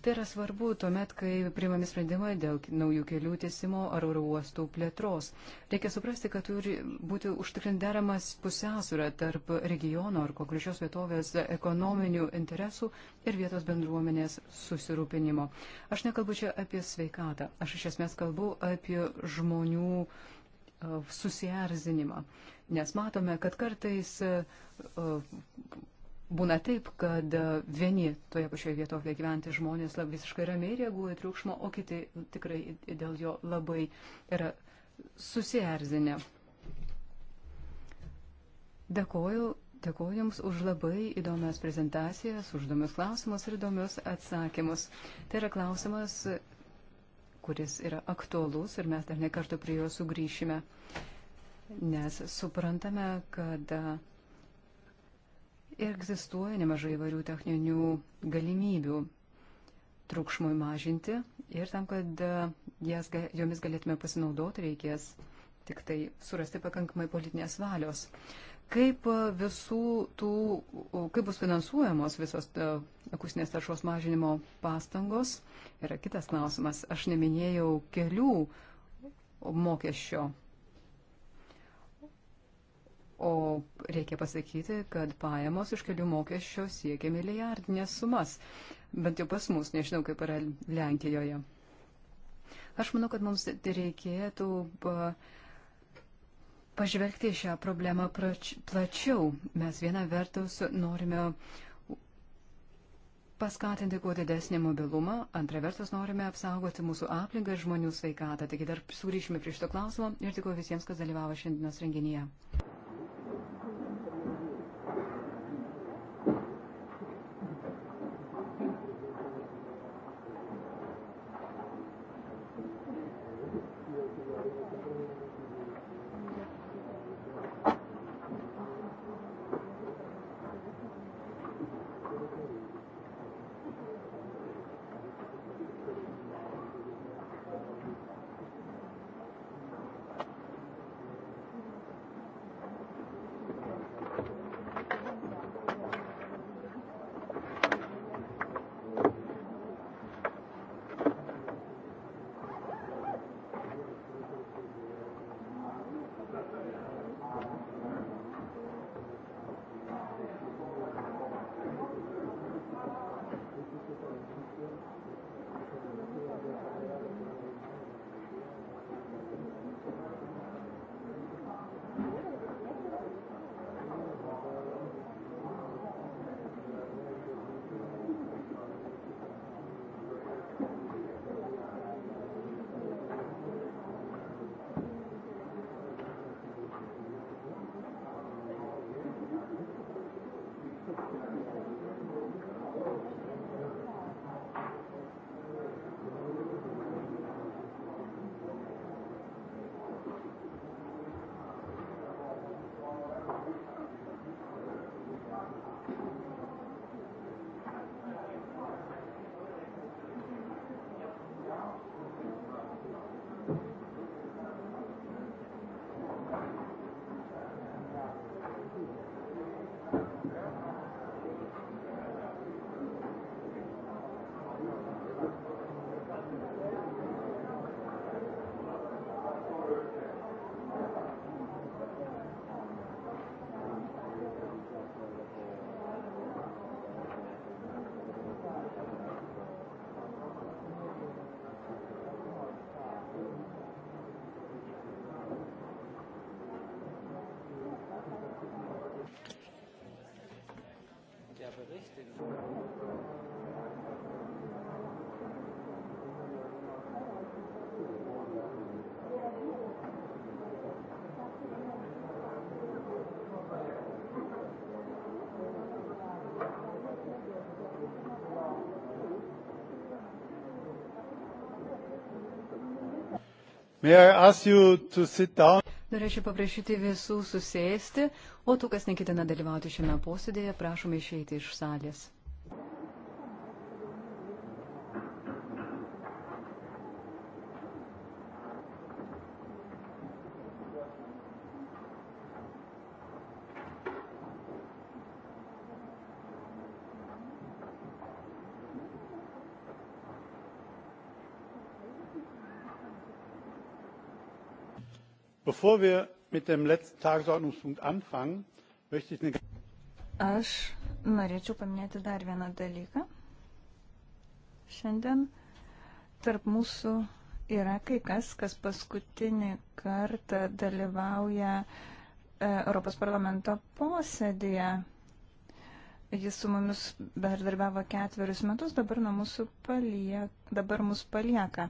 Tai yra svarbu tuomet, kai priimami sprendimai dėl naujų kelių tiesimo ar oro uostų plėtros. Reikia suprasti, kad turi būti užtikrinderamas pusiausvyrą tarp regiono ar konkrečios vietovės ekonominių interesų ir vietos bendruomenės susirūpinimo. Aš nekalbu čia apie sveikatą, aš iš esmės kalbu apie žmonių susierzinimą, nes matome, kad kartais būna taip, kad vieni toje pačioje vietovėje gyventi žmonės visiškai ramiai reaguoja triukšmo, o kiti tikrai dėl jo labai yra susierzinę. Dėkoju, dėkoju Jums už labai įdomias prezentacijas, už įdomius klausimus ir įdomius atsakymus. Tai yra klausimas, kuris yra aktuolus ir mes dar nekartą prie jo sugrįšime, nes suprantame, kad Ir egzistuoja nemažai įvairių techninių galimybių triukšmui mažinti ir tam, kad e, jas, jomis galėtume pasinaudoti, reikės tik tai surasti pakankamai politinės valios. Kaip, e, visų tų, kaip bus finansuojamos visos e, akustinės taršos mažinimo pastangos, yra kitas klausimas. Aš neminėjau kelių mokesčio O reikia pasakyti, kad pajamos iš kelių mokesčio siekia milijardinės sumas, bent jau pas mus, nežinau kaip yra Lenkijoje. Aš manau, kad mums reikėtų pažvelgti šią problemą plačiau. Mes vieną vertus norime paskatinti kuo didesnį mobilumą, antra vertus norime apsaugoti mūsų aplinką ir žmonių sveikatą. Taigi dar sugrįšime prie šito klausimo ir tikiu visiems, kas dalyvavo šiandienos renginyje. してるんだ。May I ask you to sit down? Norėčiau paprašyti visų susėsti, o tų, kas nekitina dalyvauti šiame posėdėje, prašome išeiti iš salės. Bevor wir mit dem letzten Tagesordnungspunkt anfangen, möchte ich eine Aš norėčiau paminėti dar vieną dalyką. Šiandien tarp mūsų yra kai kas, kas paskutinį kartą dalyvauja e, Europos parlamento posėdėje. Jis su mumis bendradarbiavo ketverius metus, dabar, mūsų palieka, dabar mūsų palieka.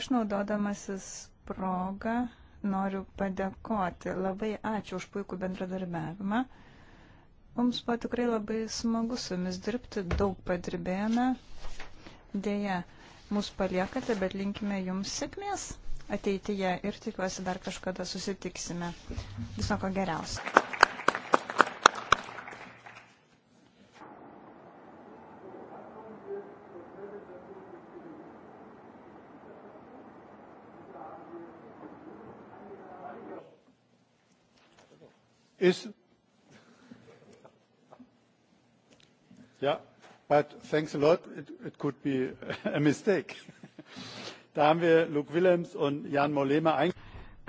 Aš naudodamasis progą noriu padėkoti. Labai ačiū už puikų bendradarbiavimą. Mums buvo tikrai labai smagu su jumis dirbti, daug padirbėjome. Deja, mūsų paliekate, bet linkime jums sėkmės ateityje ir tikiuosi dar kažkada susitiksime. Viso ko geriausio. is yeah but thanks a lot it, it could be a mistake da haben wir Luke Willems und Jan Molema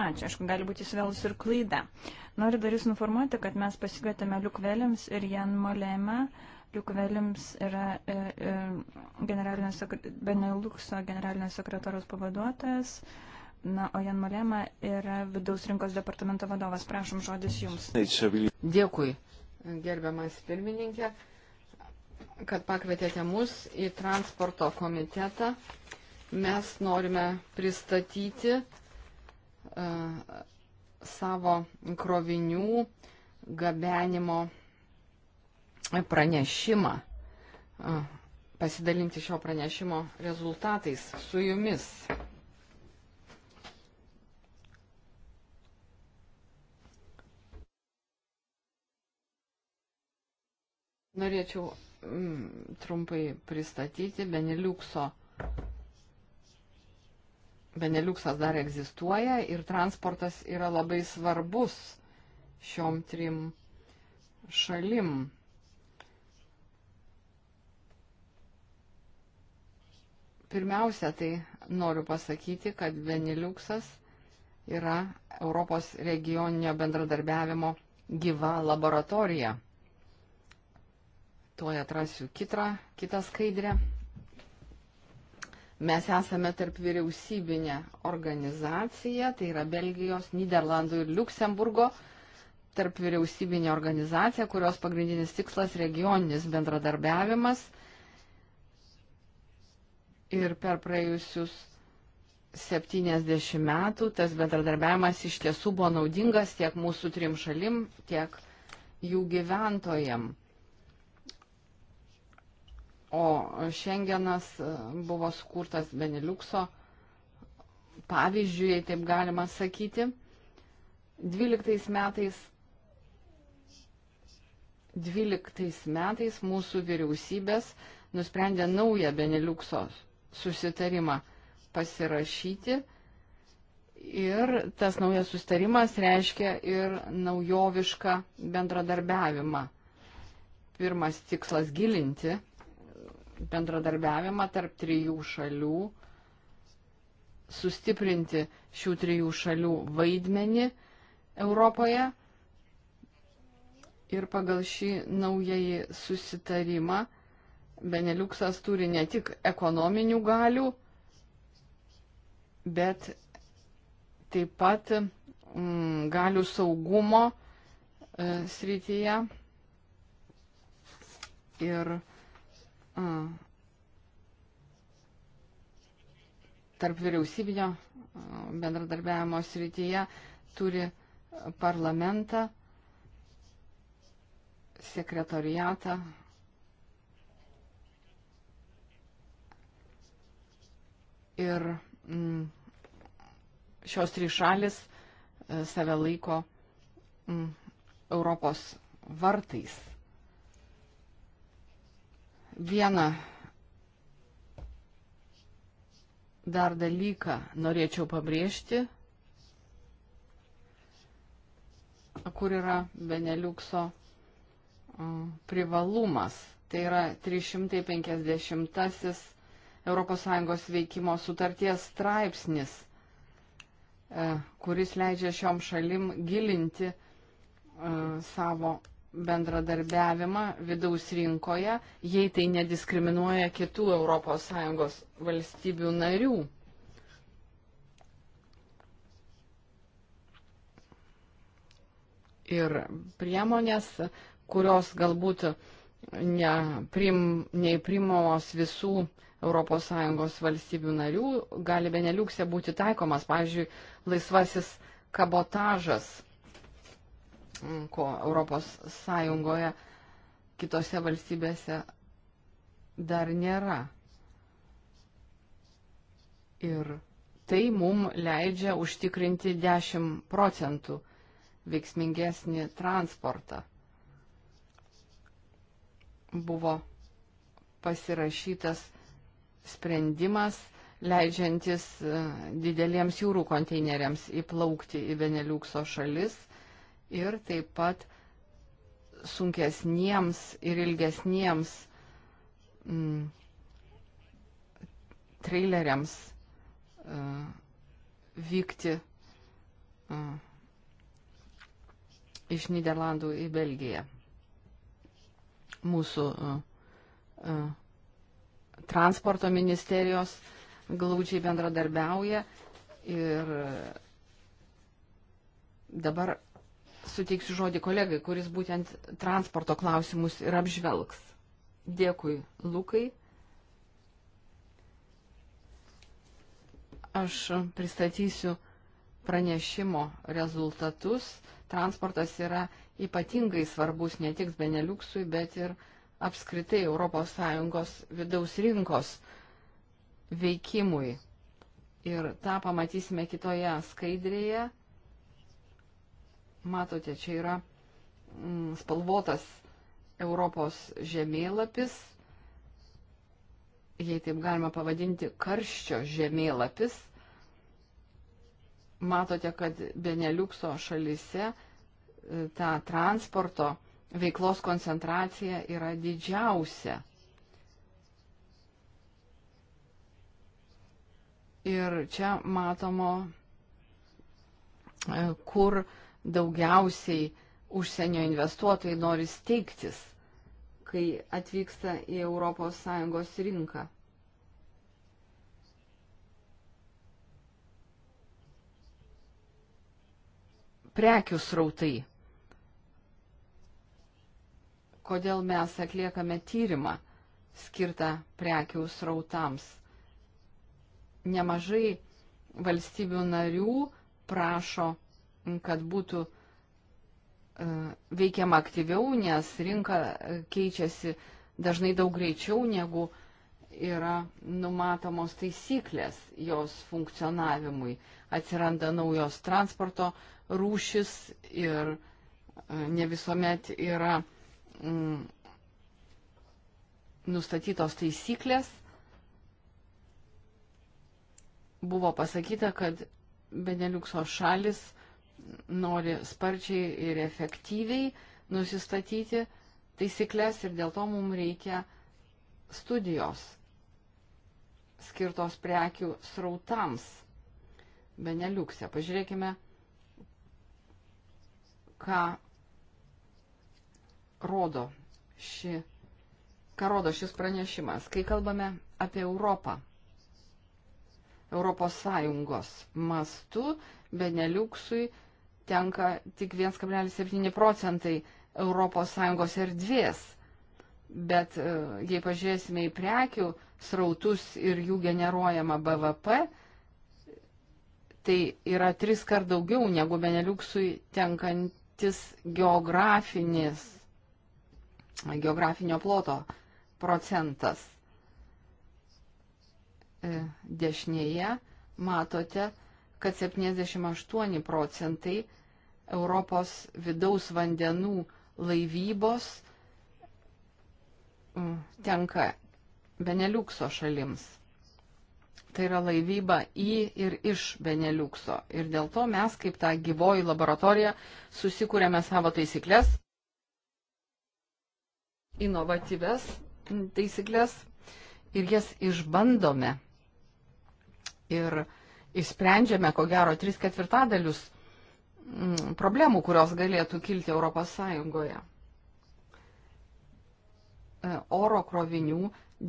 Ačiū, aišku, gali būti įsivėlus ir klaida. Noriu dar jūs informuoti, kad mes pasikvietėme Liuk Vėliams ir Jan Molema. Liuk Vėliams yra e, e, generalinio sekre... Beneluxo generalinio sekretoriaus pavaduotojas. E, Na, o Jan Molema yra vidaus rinkos departamento vadovas. Prašom, žodis jums. Dėkui, gerbiamas pirmininkė, kad pakvietėte mus į transporto komitetą. Mes norime pristatyti uh, savo krovinių gabenimo pranešimą, uh, pasidalinti šio pranešimo rezultatais su jumis. Norėčiau mm, trumpai pristatyti Beniliukso. Beneliuksas dar egzistuoja ir transportas yra labai svarbus šiom trim šalim. Pirmiausia, tai noriu pasakyti, kad Beniliuksas yra Europos regioninio bendradarbiavimo gyva laboratorija. Tuoj atrasiu kitą, kitą skaidrę. Mes esame tarp vyriausybinė organizacija, tai yra Belgijos, Niderlandų ir Luksemburgo tarp vyriausybinė organizacija, kurios pagrindinis tikslas regioninis bendradarbiavimas. Ir per praėjusius 70 metų tas bendradarbiavimas iš tiesų buvo naudingas tiek mūsų trim šalim, tiek jų gyventojams o Šengenas e, buvo sukurtas Beniliukso pavyzdžiui, jei taip galima sakyti. 12 metais, 12 metais mūsų vyriausybės nusprendė naują Beniliukso susitarimą pasirašyti. Ir tas naujas sustarimas reiškia ir naujovišką bendradarbiavimą. Pirmas tikslas - gilinti bendradarbiavimą tarp trijų šalių, sustiprinti šių trijų šalių vaidmenį Europoje ir pagal šį naująjį susitarimą Beneliuksas turi ne tik ekonominių galių, bet taip pat mm, galių saugumo e, srityje ir e, tarp vyriausybinio bendradarbiavimo srityje turi parlamentą, sekretariatą. Ir mm, šios trys šalis e, save laiko mm, Europos vartais. Vieną dar dalyką norėčiau pabrėžti, kur yra Beneliukso privalumas. Tai yra 350 ES veikimo sutarties straipsnis, e, kuris leidžia šiom šalim gilinti e, savo bendradarbiavimą vidaus rinkoje, jei tai nediskriminuoja kitų ES valstybių narių. Ir priemonės, kurios galbūt neprim, neįprimamos visų ES valstybių narių, gali beneliuksė būti taikomas, pavyzdžiui, laisvasis kabotažas ko Europos Sąjungoje kitose valstybėse dar nėra. Ir tai mum leidžia užtikrinti 10 procentų veiksmingesnį transportą. Buvo pasirašytas sprendimas, leidžiantis e, dideliems jūrų konteineriams įplaukti į Beneliukso šalis – ir taip pat sunkesniems ir ilgesniems mm, traileriams uh, vykti uh, iš Niderlandų į Belgiją. Mūsų uh, uh, transporto ministerijos glaudžiai bendradarbiauja ir dabar suteiksiu žodį kolegai, kuris būtent transporto klausimus ir apžvelgs. Dėkui, Lukai. Aš pristatysiu pranešimo rezultatus. Transportas yra ypatingai svarbus ne tik Beneliuksui, bet ir apskritai ES vidaus rinkos veikimui. Ir tą pamatysime kitoje skaidrėje Matote, čia yra mm, spalvotas Europos žemėlapis, jei taip galima pavadinti, karščio žemėlapis. Matote, kad Beneliukso šalise e, ta transporto veiklos koncentracija yra didžiausia. Ir čia matomo, e, kur uh, daugiausiai užsienio investuotojai nori steigtis, kai atvyksta į ES rinką. Prekių srautai. Kodėl mes atliekame tyrimą skirtą prekių srautams? Nemažai valstybių narių prašo kad būtų e, veikiama aktyviau, nes rinka keičiasi dažnai daug greičiau negu yra numatomos taisyklės jos funkcionavimui. Atsiranda naujos transporto rūšis ir e, ne visuomet yra mm, nustatytos taisyklės. Buvo pasakyta, kad Beneliukso šalis nori sparčiai ir efektyviai nusistatyti taisyklės ir dėl to mums reikia studijos skirtos prekių srautams Beneliukse. Pažiūrėkime, ką rodo, ši, ką rodo šis pranešimas. Kai kalbame apie Europą, Europos Sąjungos mastu, Beneliuksui tenka tik 1,7 procentai ES erdvės. Bet e, jei pažiūrėsime į prekių srautus ir jų generuojamą BVP, tai yra tris kart daugiau negu Beneliuksui tenkantis geografinis, geografinio ploto procentas. E, dešinėje matote, kad 78 procentai Europos vidaus vandenų laivybos mm, tenka Beneliukso šalims. Tai yra laivyba į ir iš Beneliukso. Ir dėl to mes, kaip ta gyvoji laboratorija, susikūrėme savo taisyklės, inovatyves taisyklės ir jas išbandome. Ir Įsprendžiame, ko gero, tris ketvirtadalius mm, problemų, kurios galėtų kilti Europos Sąjungoje. E, oro krovinių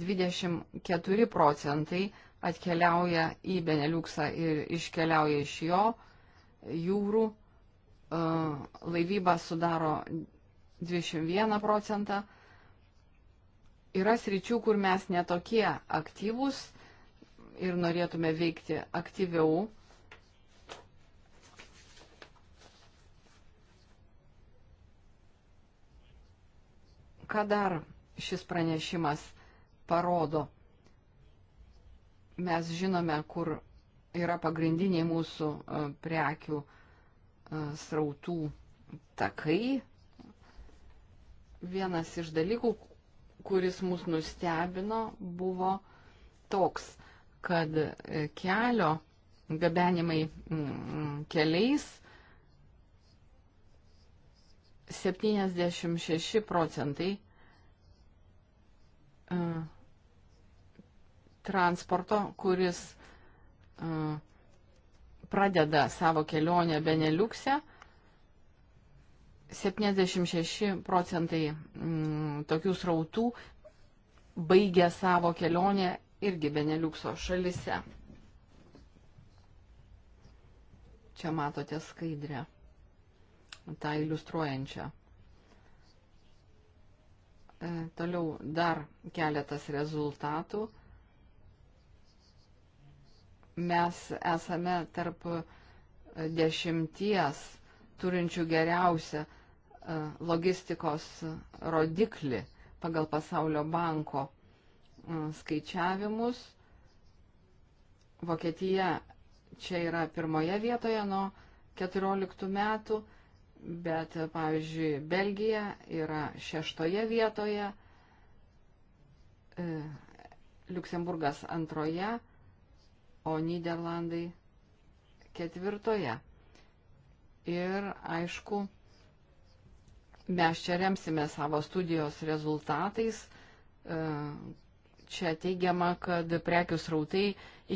24 procentai atkeliauja į Beneliuksą ir iškeliauja iš jo. Jūrų e, laivyba sudaro 21 procentą. Yra sričių, kur mes netokie aktyvūs ir norėtume veikti aktyviau. Ką dar šis pranešimas parodo? Mes žinome, kur yra pagrindiniai mūsų e, prekių e, srautų takai. Vienas iš dalykų, kuris mus nustebino, buvo toks kad e, kelio gabenimai mm, mm, keliais 76 procentai e, transporto, kuris e, pradeda savo kelionę Beneliukse, 76 procentai mm, tokių srautų baigia savo kelionę irgi Beneliukso šalise. Čia matote skaidrę, tą iliustruojančią. E, toliau dar keletas rezultatų. Mes esame tarp e, dešimties turinčių geriausią e, logistikos rodiklį pagal Pasaulio banko Mm, skaičiavimus. Vokietija čia yra pirmoje vietoje nuo 14 metų, bet, pavyzdžiui, Belgija yra šeštoje vietoje, e, Luksemburgas antroje, o Niderlandai ketvirtoje. Ir, aišku, mes čia remsime savo studijos rezultatais, e, Čia teigiama, kad prekių srautai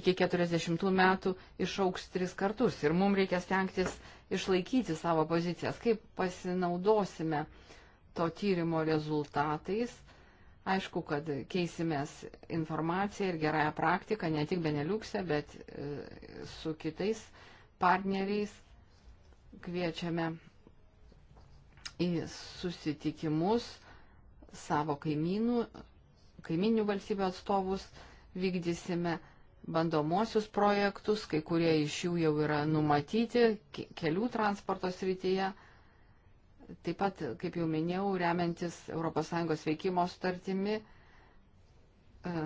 iki 40 metų išauks tris kartus ir mums reikia stengtis išlaikyti savo pozicijas. Kaip pasinaudosime to tyrimo rezultatais? Aišku, kad keisimės informaciją ir gerąją praktiką ne tik Beneliukse, bet e, su kitais partneriais kviečiame į susitikimus savo kaimynų kaiminių valstybių atstovus, vykdysime bandomosius projektus, kai kurie iš jų jau yra numatyti kelių transporto srityje. Taip pat, kaip jau minėjau, remiantis ES veikimo sutartimi, e,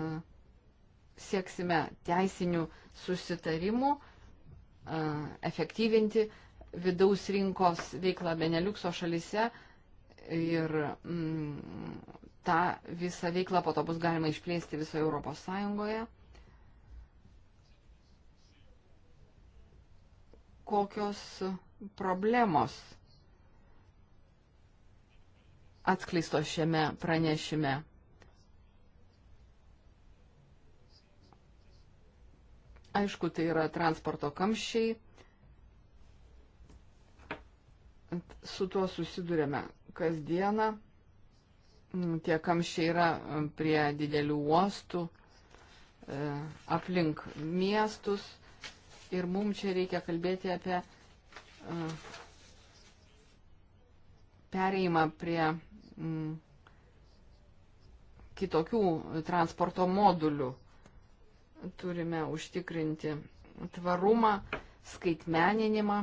sieksime teisinių susitarimų, e, efektyvinti vidaus rinkos veiklą Beneliukso šalise ir mm, tą visą veiklą po to bus galima išplėsti visoje Europos Sąjungoje. Kokios problemos atskleisto šiame pranešime? Aišku, tai yra transporto kamščiai. Su tuo susidurėme kasdieną tie kamščiai yra e, prie didelių uostų, e, aplink miestus ir mums čia reikia kalbėti apie e, pereimą prie mm, kitokių transporto modulių. Turime užtikrinti tvarumą, skaitmeninimą,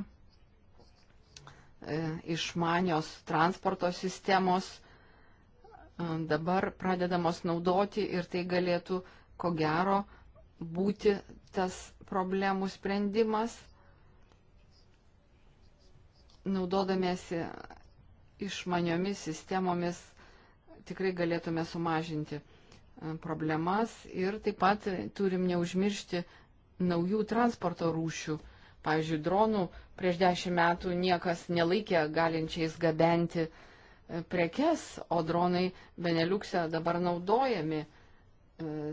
išmanios transporto sistemos dabar pradedamos naudoti ir tai galėtų, ko gero, būti tas problemų sprendimas, naudodamėsi išmaniomis sistemomis tikrai galėtume sumažinti problemas ir taip pat turim neužmiršti naujų transporto rūšių. Pavyzdžiui, dronų prieš dešimt metų niekas nelaikė galinčiais gabenti uh, prekes, o dronai Beneliukse dabar naudojami e,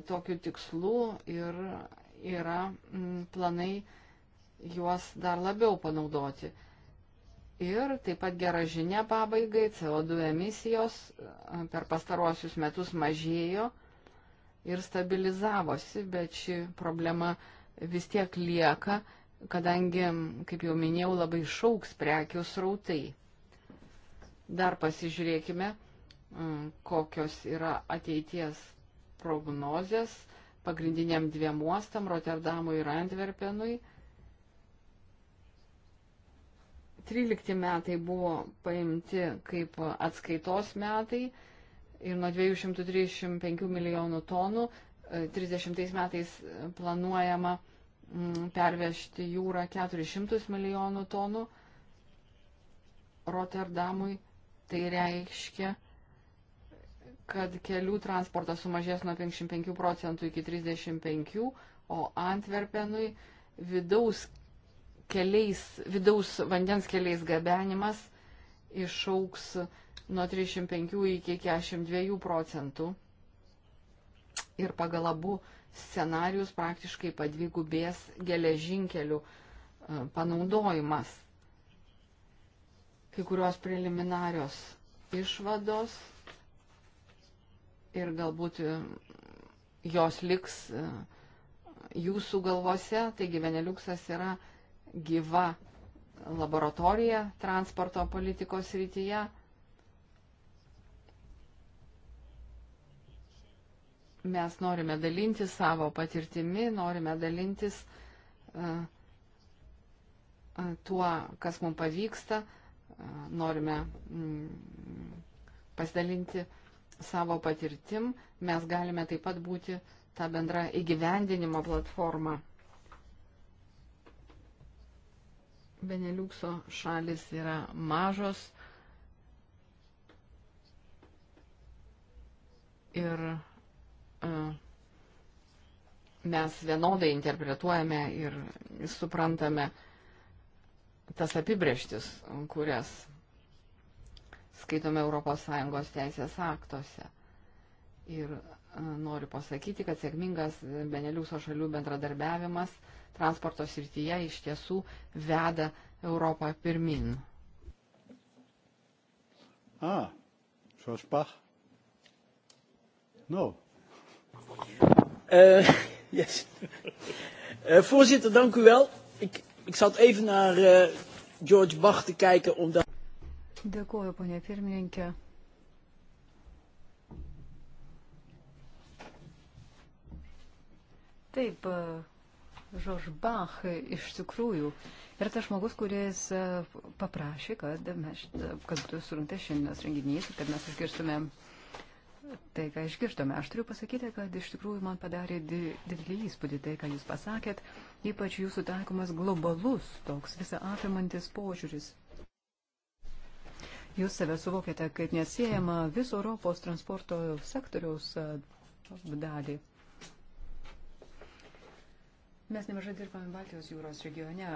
tokiu tikslu ir yra m, mm, planai juos dar labiau panaudoti. Ir taip pat gera žinia pabaigai, CO2 emisijos e, per pastaruosius metus mažėjo ir stabilizavosi, bet ši problema vis tiek lieka, kadangi, kaip jau minėjau, labai šauks prekių srautai. Dar pasižiūrėkime, mm, kokios yra ateities prognozės pagrindiniam dviem uostam - Rotterdamui ir Antverpenui. 13 metai buvo paimti kaip atskaitos metai ir nuo 235 milijonų tonų 30 e, metais e, planuojama mm, pervežti jūrą 400 milijonų tonų Rotterdamui Tai reiškia, kad kelių transportas sumažės nuo 55 procentų iki 35, o Antverpenui vidaus, keliais, vidaus vandens keliais gabenimas išauks nuo 35 iki 42 procentų. Ir pagal abu scenarius praktiškai padvigubės geležinkelių e, panaudojimas kai kurios preliminarios išvados ir galbūt e, jos liks e, jūsų galvose. Taigi Veneliuksas yra gyva laboratorija transporto politikos rytyje. Mes norime dalintis savo patirtimi, norime dalintis uh, tuo, kas mums pavyksta, uh, norime mm, pasidalinti savo patirtim, mes galime taip pat būti tą bendrą įgyvendinimo platformą. Beneliukso šalis yra mažos ir e, mes vienodai interpretuojame ir suprantame, tas apibrieštis, kurias skaitome ES teisės aktuose. Ir e, noriu pasakyti, kad sėkmingas Beneliuso šalių bendradarbiavimas transporto srityje iš tiesų veda Europą pirmin. Ah, Schwarzbach? No. Uh, yes. Uh, voorzitter, dank u wel. Ik, Ik zat even naar uh, George Bach te kijken omdat. Dėkuoju, ponė pirmininkė. Taip, eh, George Bach eh, iš tikrųjų yra tas žmogus, kuris paprašė, kad, mes, kad būtų surinktas šiandienos renginys, kad mes išgirstumėm uh, tai, ką išgirdome. Aš turiu pasakyti, kad iš tikrųjų man padarė didelį įspūdį tai, ką jūs pasakėt, ypač jūsų taikomas globalus toks visą apimantis požiūris. Jūs save suvokėte kaip nesėjama viso Europos transporto sektoriaus dalį. Mes nemažai dirbame Baltijos jūros regione,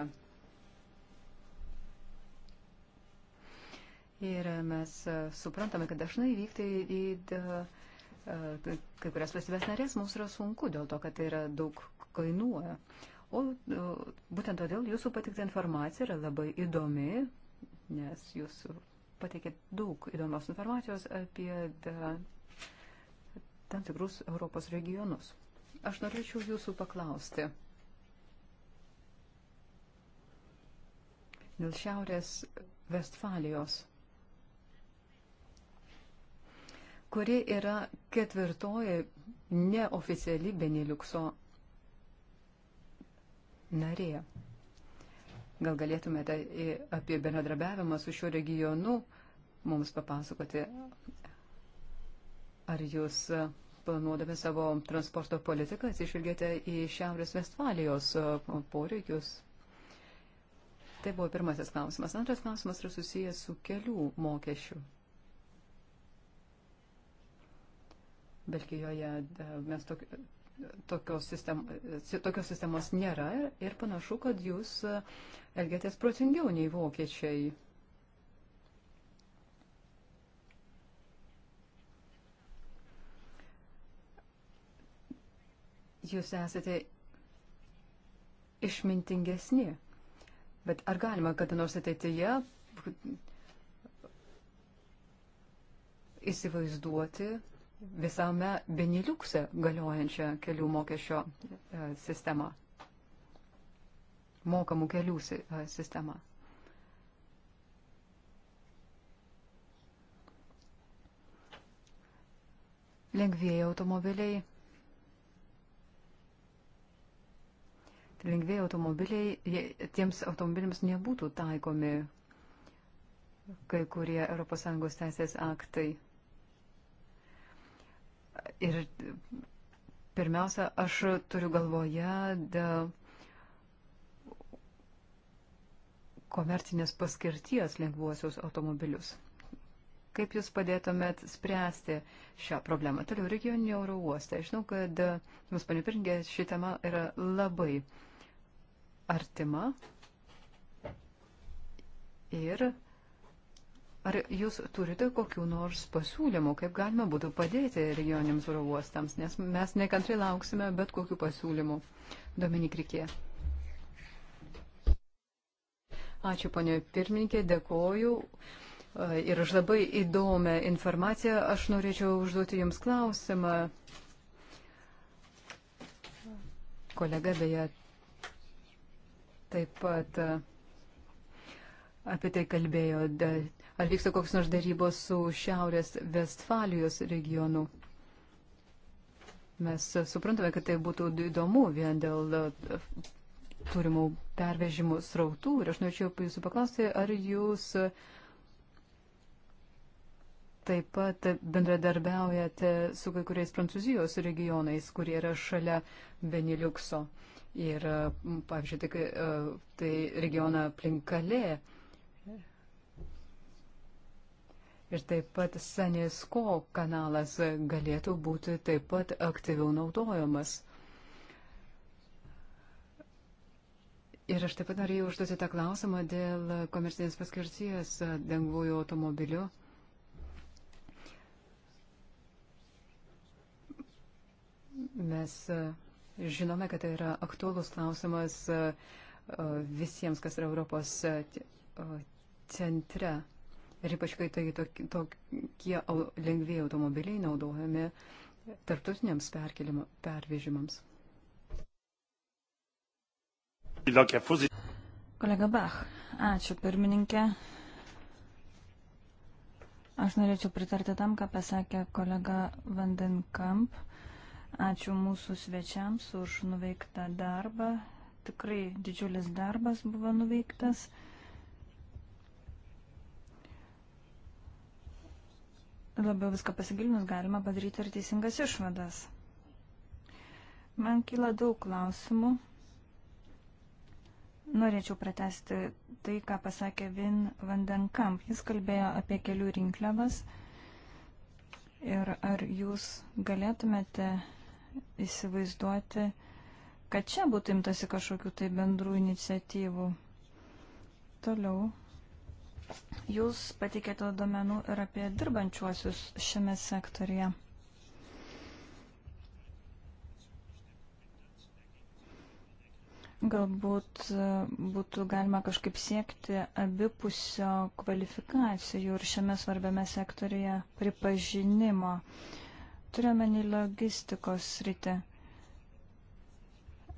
Ir mes e, suprantame, kad dažnai vykti į e, kai kurias valstybės narės mums yra sunku dėl to, kad tai yra daug kainuoja. O e, būtent todėl jūsų patikta informacija yra labai įdomi, nes jūs pateikėt daug įdomios informacijos apie da, tam tikrus Europos regionus. Aš norėčiau jūsų paklausti. Dėl Šiaurės Vestfalijos kuri yra ketvirtoji neoficiali Beniliukso narė. Gal galėtumėte apie bendradarbiavimą su šiuo regionu mums papasakoti, ar jūs planuodami savo transporto politiką atsižvelgėte į Šiaurės Vestfalijos poreikius? Tai buvo pirmasis klausimas. Antras klausimas yra susijęs su kelių mokesčių Belgijoje e, mes tok, tokios, sistem, tokios sistemos nėra ir panašu, kad jūs e, elgėtės protingiau nei vokiečiai. Jūs esate išmintingesni. Bet ar galima kada nors ateityje įsivaizduoti, visame Beniliukse galiojančią kelių mokesčio e, sistemą, mokamų kelių e, sistemą. Lengvieji automobiliai. Lengvieji automobiliai, tiems automobiliams nebūtų taikomi kai kurie ES teisės aktai. Ir pirmiausia, aš turiu galvoje de komercinės paskirties lengvuosius automobilius. Kaip Jūs padėtumėt spręsti šią problemą? Toliau regioninė euro uostė. Žinau, kad Jums, panipirinkė, ši tema yra labai artima. Ir Ar jūs turite kokių nors pasiūlymų, kaip galima būtų padėti regioniams oro uostams, nes mes nekantrai lauksime bet kokių pasiūlymų. Dominik Rikė. Ačiū, ponio pirmininkė, dėkoju. E, ir už labai įdomią informaciją aš norėčiau užduoti Jums klausimą. Kolega beje taip pat e, apie tai kalbėjo ar vyksta koks nors darybos su Šiaurės Vestfalijos regionu. Mes suprantame, kad tai būtų įdomu vien dėl turimų pervežimų srautų ir aš norėčiau jūsų paklausti, ar jūs taip pat bendradarbiaujate su kai kuriais Prancūzijos regionais, kurie yra šalia Beniliukso. Ir, pavyzdžiui, tai, e, tai regioną aplink Kalė. Ir taip pat Sanesko kanalas galėtų būti taip pat aktyviau naudojamas. Ir aš taip pat norėjau užduoti tą klausimą dėl komercinės paskirties lengvųjų automobilių. Mes e, žinome, kad tai yra aktuolus klausimas e, visiems, kas yra Europos e, centre. Ir ypač, kai tai tokie, tokie lengvėjai automobiliai naudojami tarptautiniams pervežimams. Kolega Bach, ačiū pirmininkė. Aš norėčiau pritarti tam, ką pasakė kolega Vandenkamp. Ačiū mūsų svečiams už nuveiktą darbą. Tikrai didžiulis darbas buvo nuveiktas. labiau viską pasigilinus galima padaryti ir teisingas išvadas. Man kyla daug klausimų. Norėčiau pratesti tai, ką pasakė Vin Vandenkamp. Jis kalbėjo apie kelių rinkliavas. Ir ar jūs galėtumėte įsivaizduoti, kad čia būtų imtasi kažkokių tai bendrų iniciatyvų? Toliau Jūs patikėte domenų ir apie dirbančiuosius šiame sektorija. Galbūt e, būtų galima kažkaip siekti abipusio kvalifikacijų ir šiame svarbiame sektorija pripažinimo. Turiuomenį logistikos rytį.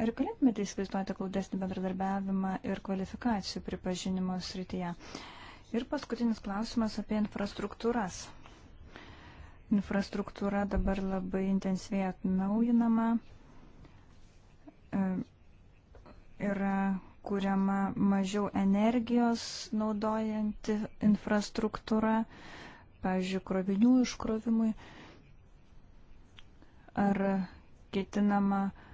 Ar galėtumėte įsivaizduoti glaudesnį bendradarbiavimą ir kvalifikacijų pripažinimo srityje? Uh, Ir paskutinis klausimas apie infrastruktūras. Infrastruktūra dabar labai intensyviai atnaujinama, e, yra kuriama mažiau energijos naudojanti infrastruktūra, pavyzdžiui, krovinių iškrovimui. Ar ketinama uh,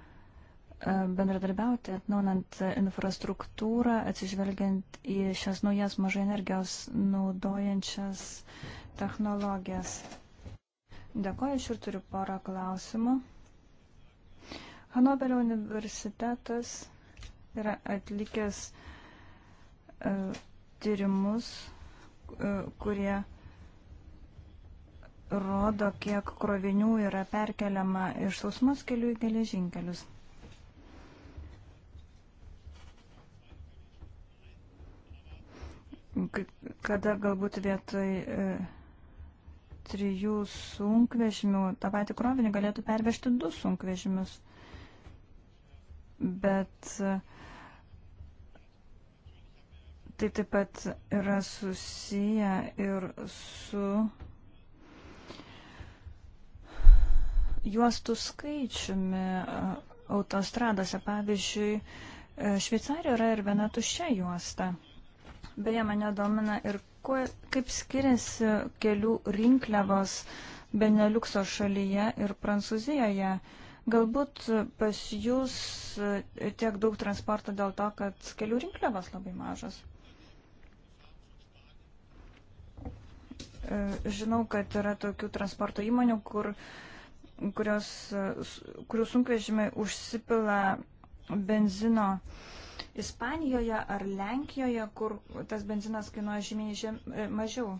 E, bendradarbiauti, atnaunant infrastruktūrą, atsižvelgiant į šias naujas mažai energijos naudojančias technologijas. Dėkoju, aš ir turiu porą klausimų. Hanoverio universitetas yra atlikęs e, tyrimus, e, kurie rodo, kiek krovinių yra perkeliama iš sausmos kelių į geležinkelius. kada galbūt vietoj e, trijų sunkvežimių tą patį krovinį galėtų pervežti du sunkvežimius. Bet e, tai taip pat yra susiję ir su juostų skaičiumi e, autostradose. Pavyzdžiui, Šveicarijoje yra ir viena tuščia juosta. Beje, mane domina ir kuo, kaip skiriasi kelių rinkliavos Beneliukso šalyje ir Prancūzijoje. Galbūt pas jūs e, tiek daug transporto dėl to, kad kelių rinkliavos labai mažos. E, žinau, kad yra tokių transporto įmonių, kur, kurios, e, kurių sunkvežimiai užsipila benzino uh, Ispanijoje ar Lenkijoje, kur tas benzinas kainuoja žymiai žem, e, mažiau.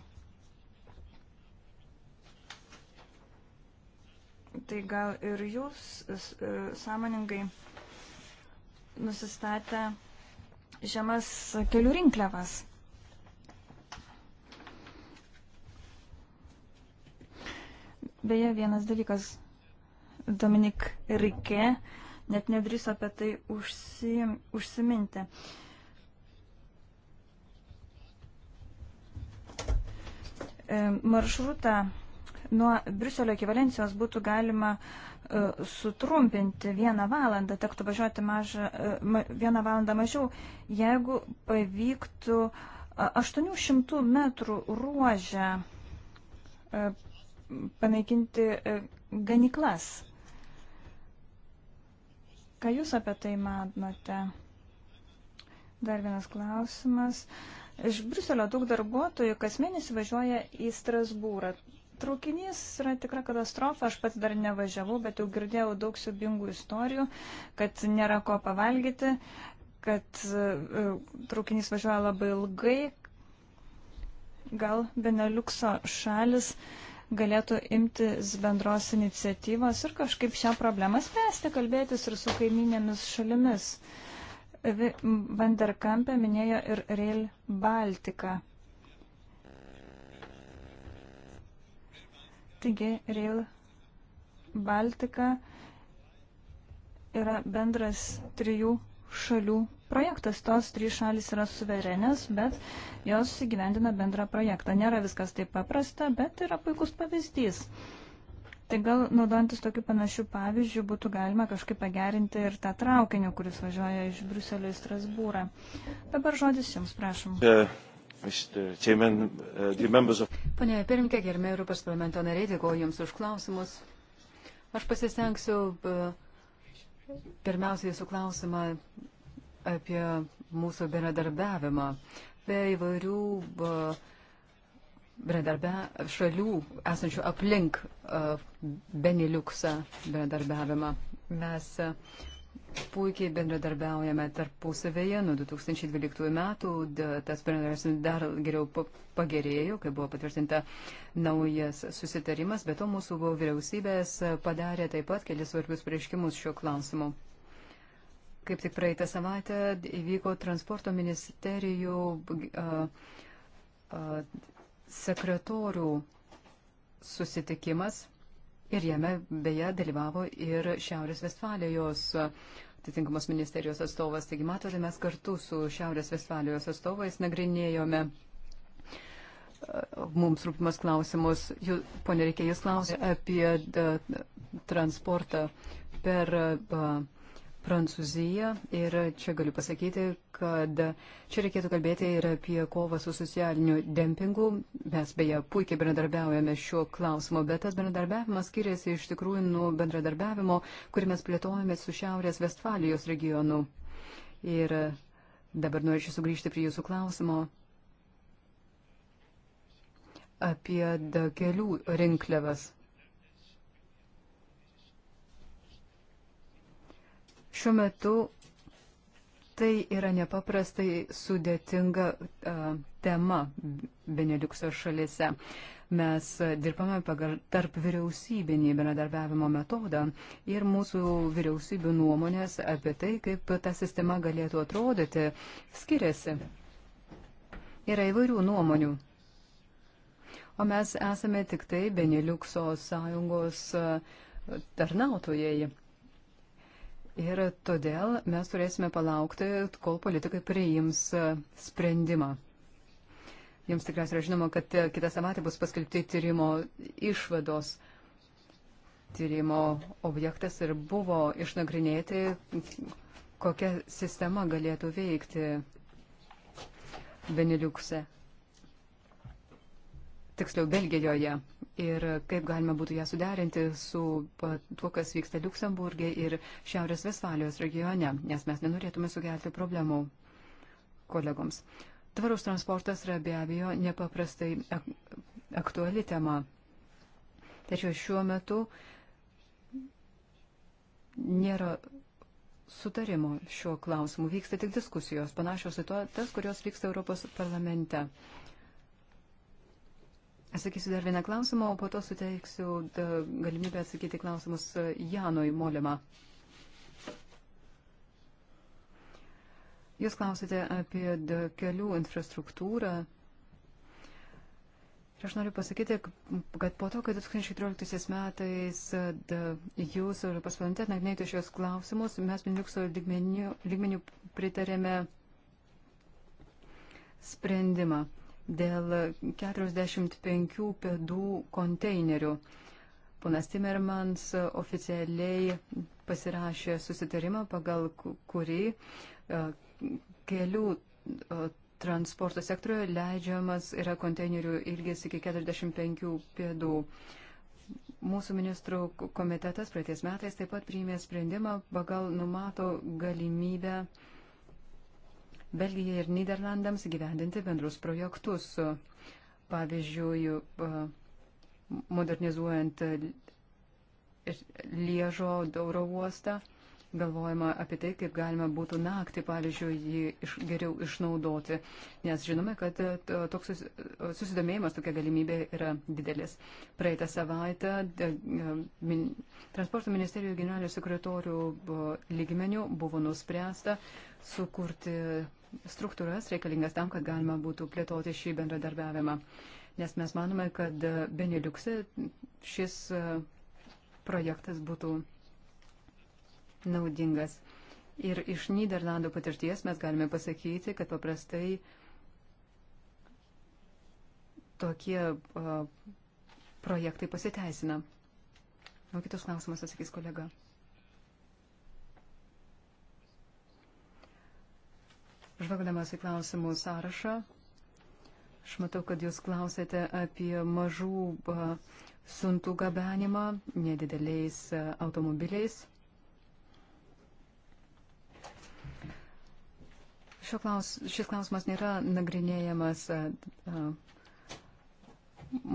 Tai gal ir jūs e, e, sąmoningai nusistatę žemas kelių rinkliavas. Beje, vienas dalykas, Dominik Rike net nedrįso apie tai užsim, užsiminti. E, maršrutą nuo Briuselio iki Valencijos būtų galima e, sutrumpinti vieną valandą, tektų važiuoti mažą, e, vieną valandą mažiau, jeigu pavyktų 800 metrų ruožę panaikinti ganiklas. Ką Jūs apie tai manote? Dar vienas klausimas. Iš Bruselio daug darbuotojų kas mėnesį važiuoja į Strasbūrą. Traukinys yra tikra katastrofa, aš pats dar nevažiavau, bet jau girdėjau daug siubingų istorijų, kad nėra ko pavalgyti, kad e, traukinys važiuoja labai ilgai. Gal Beneliukso šalis uh, galėtų imtis bendros iniciatyvos ir kažkaip šią problemą spręsti, kalbėtis ir su kaiminėmis šalimis. Vanderkampė minėjo ir Rail Baltica. Taigi, Rail Baltica yra bendras trijų šalių projektas. Tos trys šalis yra suverenės, bet jos įgyvendina bendrą projektą. Nėra viskas taip paprasta, bet yra puikus pavyzdys. Tai gal naudojantis tokiu panašiu pavyzdžiu būtų galima kažkaip pagerinti ir tą traukinį, kuris važiuoja iš Bruselio į Strasbūrą. Dabar žodis Jums, prašom. Uh, uh, Pane pirmininkė, gerbėjai Europos parlamento nariai, dėkoju Jums už klausimus. Aš pasistengsiu uh, Pirmiausia, jūsų klausimą apie mūsų bendradarbiavimą. Be įvairių bendradarbiavimą šalių esančių aplink Beniliuksą bendradarbiavimą. Mes uh, puikiai bendradarbiaujame tarpusavėje nuo 2012 metų. Tas bendradarbiavimas dar geriau pagerėjo, kai buvo patvirtinta naujas susitarimas, bet to mūsų vyriausybės padarė taip pat kelis svarbius prieškimus šiuo klausimu. Kaip tik praeitą savaitę įvyko transporto ministerijų a, a, sekretorių susitikimas Ir jame beje dalyvavo ir Šiaurės Vestfalijos atitinkamos ministerijos atstovas. Taigi matote, mes kartu su Šiaurės Vestfalijos atstovais nagrinėjome e, mums rūpimas klausimus. Pone Reikė, jūs klausė apie e, transportą per. Uh, Prancūziją ir čia galiu pasakyti, kad čia reikėtų kalbėti ir apie kovą su socialiniu dempingu. Mes beje puikiai bendradarbiaujame šiuo klausimu, bet tas bendradarbiavimas skiriasi iš tikrųjų nuo bendradarbiavimo, kurį mes plėtojame su Šiaurės Vestfalijos regionu. Ir dabar norėčiau sugrįžti prie jūsų klausimo apie kelių rinkliavas. Šiuo metu tai yra nepaprastai sudėtinga uh, tema Beneliukso šalise. Mes dirbame pagal tarp vyriausybinį bendradarbiavimo metodą ir mūsų vyriausybių nuomonės apie tai, kaip ta sistema galėtų atrodyti, skiriasi. Yra įvairių nuomonių. O mes esame tik tai Beneliukso sąjungos tarnautojai. Ir todėl mes turėsime palaukti, kol politikai priims e, sprendimą. Jums tikriausiai yra žinoma, kad e, kitą savaitę bus paskelbti tyrimo išvados. Tyrimo objektas ir buvo išnagrinėti, kokia sistema galėtų veikti Beniliukse tiksliau Belgijoje, ir kaip galima būtų ją suderinti su tuo, kas vyksta Luksemburgė ir Šiaurės Vesvalijos regione, nes mes nenorėtume sugelti problemų kolegoms. Tvarus transportas yra be abejo nepaprastai ak aktuali tema. Tačiau šiuo metu nėra sutarimo šiuo klausimu. Vyksta tik diskusijos, panašios į to, tas, kurios vyksta Europos parlamente. Uh, Atsakysiu dar vieną klausimą, o po to suteiksiu e, galimybę atsakyti klausimus e, Janui Molima. Jūs klausite apie kelių infrastruktūrą. Ir aš noriu pasakyti, kad po to, kad 2014 metais e, jūs Europos parlamente nagrinėjote šios klausimus, mes Beniliukso lygmenių pritarėme sprendimą dėl 45 pėdų konteinerių. Ponas Timmermans oficialiai pasirašė susitarimą, pagal kurį e, kelių e, transporto sektoriuje leidžiamas yra konteinerių ilgis iki 45 pėdų. Mūsų ministrų komitetas praeities metais taip pat priėmė sprendimą, pagal numato galimybę uh, Belgijai ir Niderlandams gyvendinti bendrus projektus. Pavyzdžiui, modernizuojant Liežo oro uostą, galvojama apie tai, kaip galima būtų naktį, pavyzdžiui, jį iš, geriau išnaudoti, nes žinome, kad toks susidomėjimas tokia galimybė yra didelis. Praeitą savaitę min, transporto ministerijų generalinio sekretorių lygmenių buvo nuspręsta sukurti struktūras reikalingas tam, kad galima būtų plėtoti šį bendradarbiavimą. Nes mes manome, kad Beniliukse šis e, projektas būtų naudingas. Ir iš Niderlandų patirties mes galime pasakyti, kad paprastai tokie uh, projektai pasiteisina. O kitus klausimus atsakys kolega. Žvelgdamas į klausimų sąrašą, aš matau, kad jūs klausėte apie mažų siuntų gabenimą nedideliais automobiliais. Klaus, šis klausimas nėra nagrinėjamas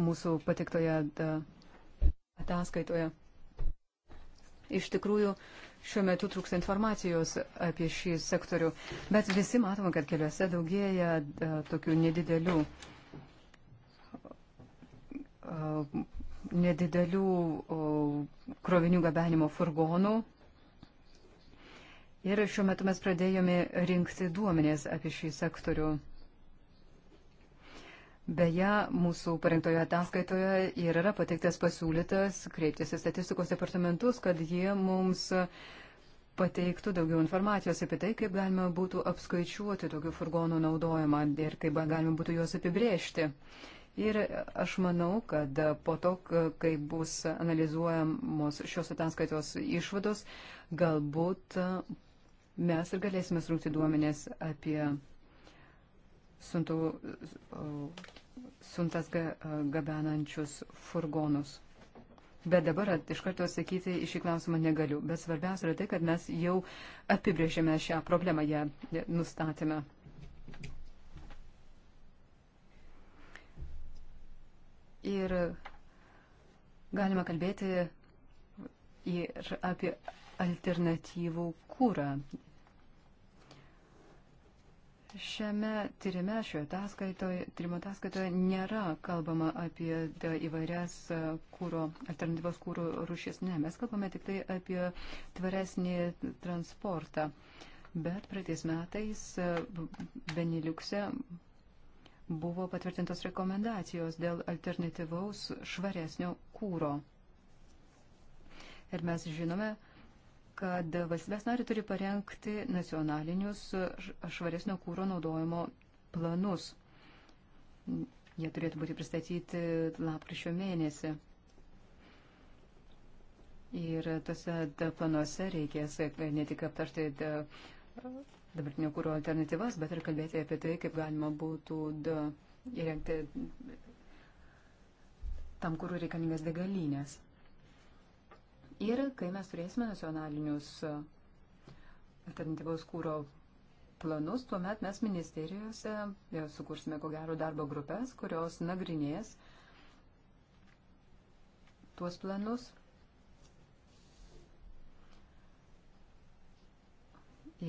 mūsų patiktoje ataskaitoje. Iš tikrųjų, šiuo metu trūksta informacijos apie šį sektorių, bet visi matome, kad keliuose daugėja e, tokių nedidelių, e, nedidelių krovinių gabenimo furgonų. Ir šiuo metu mes pradėjome rinkti duomenės apie šį sektorių. Beje, mūsų parengtoje ataskaitoje ir yra pateiktas pasiūlytas kreiptis į statistikos departamentus, kad jie mums pateiktų daugiau informacijos apie tai, kaip galima būtų apskaičiuoti tokių furgonų naudojimą ir kaip galima būtų juos apibrėžti. Ir aš manau, kad po to, kai bus analizuojamos šios ataskaitos išvados, galbūt mes ir galėsime surinkti duomenės apie suntų suntas gabenančius furgonus. Bet dabar iš karto atsakyti į šį klausimą negaliu. Bet svarbiausia yra tai, kad mes jau apibrėžėme šią problemą, ją nustatėme. Ir galima kalbėti ir apie alternatyvų kūrą. Šiame tyrime, šioje ataskaitoje, tyrimo ataskaitoje nėra kalbama apie e, įvairias e, kūro, alternatyvos kūro rušis. Ne, mes kalbame tik tai apie tvaresnį transportą. Bet praeitais metais e, Beniliukse buvo patvirtintos rekomendacijos dėl alternatyvaus švaresnio kūro. Ir mes žinome, kad valstybės nori turi parengti nacionalinius švaresnio kūro naudojimo planus. Jie turėtų būti pristatyti lapkričio mėnesį. Ir tose planuose reikės ne tik aptarti dabartinio kūro alternatyvas, bet ir kalbėti apie tai, kaip galima būtų įrengti tam, kur reikalingas degalinės. Ir kai mes turėsime nacionalinius e, alternatyvaus kūro planus, tuomet mes ministerijose e, sukursime ko gero darbo grupės, kurios nagrinės tuos planus.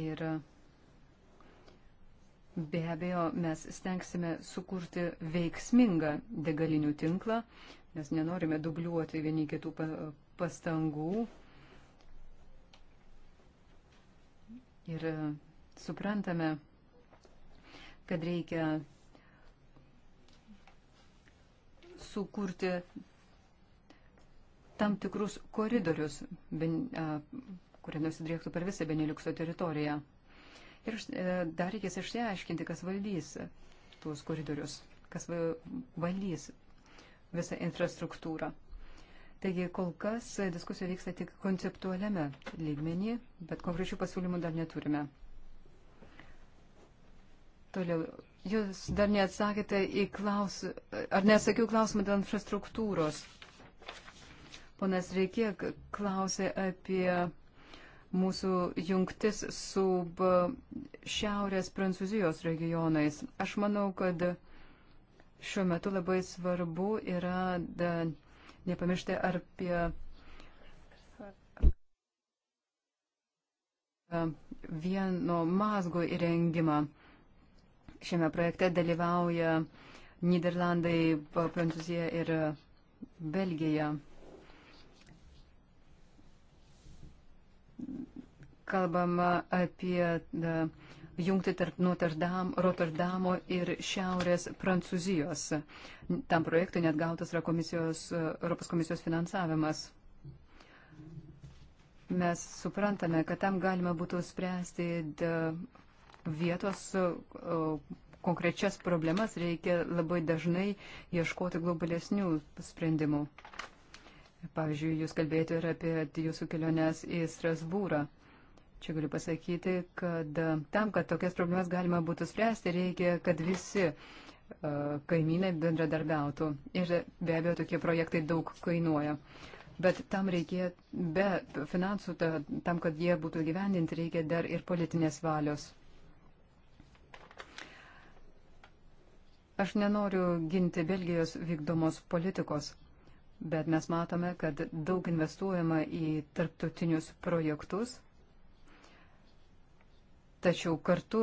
Ir e, Be abejo, mes stengsime sukurti veiksmingą degalinių tinklą, nes nenorime dubliuoti vieni kitų pastangų ir suprantame, kad reikia sukurti tam tikrus koridorius, kurie nusidriektų per visą Beniliukso teritoriją. Ir e, dar reikės išsiaiškinti, kas valdys tuos koridorius, kas valdys visą infrastruktūrą. Taigi kol kas diskusija vyksta tik konceptualiame lygmenį, bet konkrečių pasiūlymų dar neturime. Toliau, jūs dar neatsakėte į klausimą, ar neatsakiau klausimą dėl infrastruktūros. Ponas Reikė klausė apie mūsų jungtis su šiaurės Prancūzijos regionais. Aš manau, kad šiuo metu labai svarbu yra. Da, de nepamiršti apie e, vieno mazgo įrengimą. Šiame projekte dalyvauja Niderlandai, Prancūzija ir Belgija. Kalbama apie da, e, jungti tarp Notardam, Rotterdamo ir Šiaurės Prancūzijos. Tam projektui net gautas yra komisijos, Europos komisijos finansavimas. Mes suprantame, kad tam galima būtų spręsti vietos konkrečias problemas, reikia labai dažnai ieškoti globalesnių sprendimų. Pavyzdžiui, jūs kalbėjote ir apie jūsų keliones į Strasbūrą. Čia galiu pasakyti, kad e, tam, kad tokias problemas galima būtų spręsti, reikia, kad visi uh, kaimynai bendradarbiautų. Ir be abejo, tokie projektai daug kainuoja. Bet tam reikia, be finansų, ta, tam, kad jie būtų gyvendinti, reikia dar ir politinės valios. Aš nenoriu ginti Belgijos vykdomos politikos, bet mes matome, kad daug investuojama į tarptautinius projektus Tačiau kartu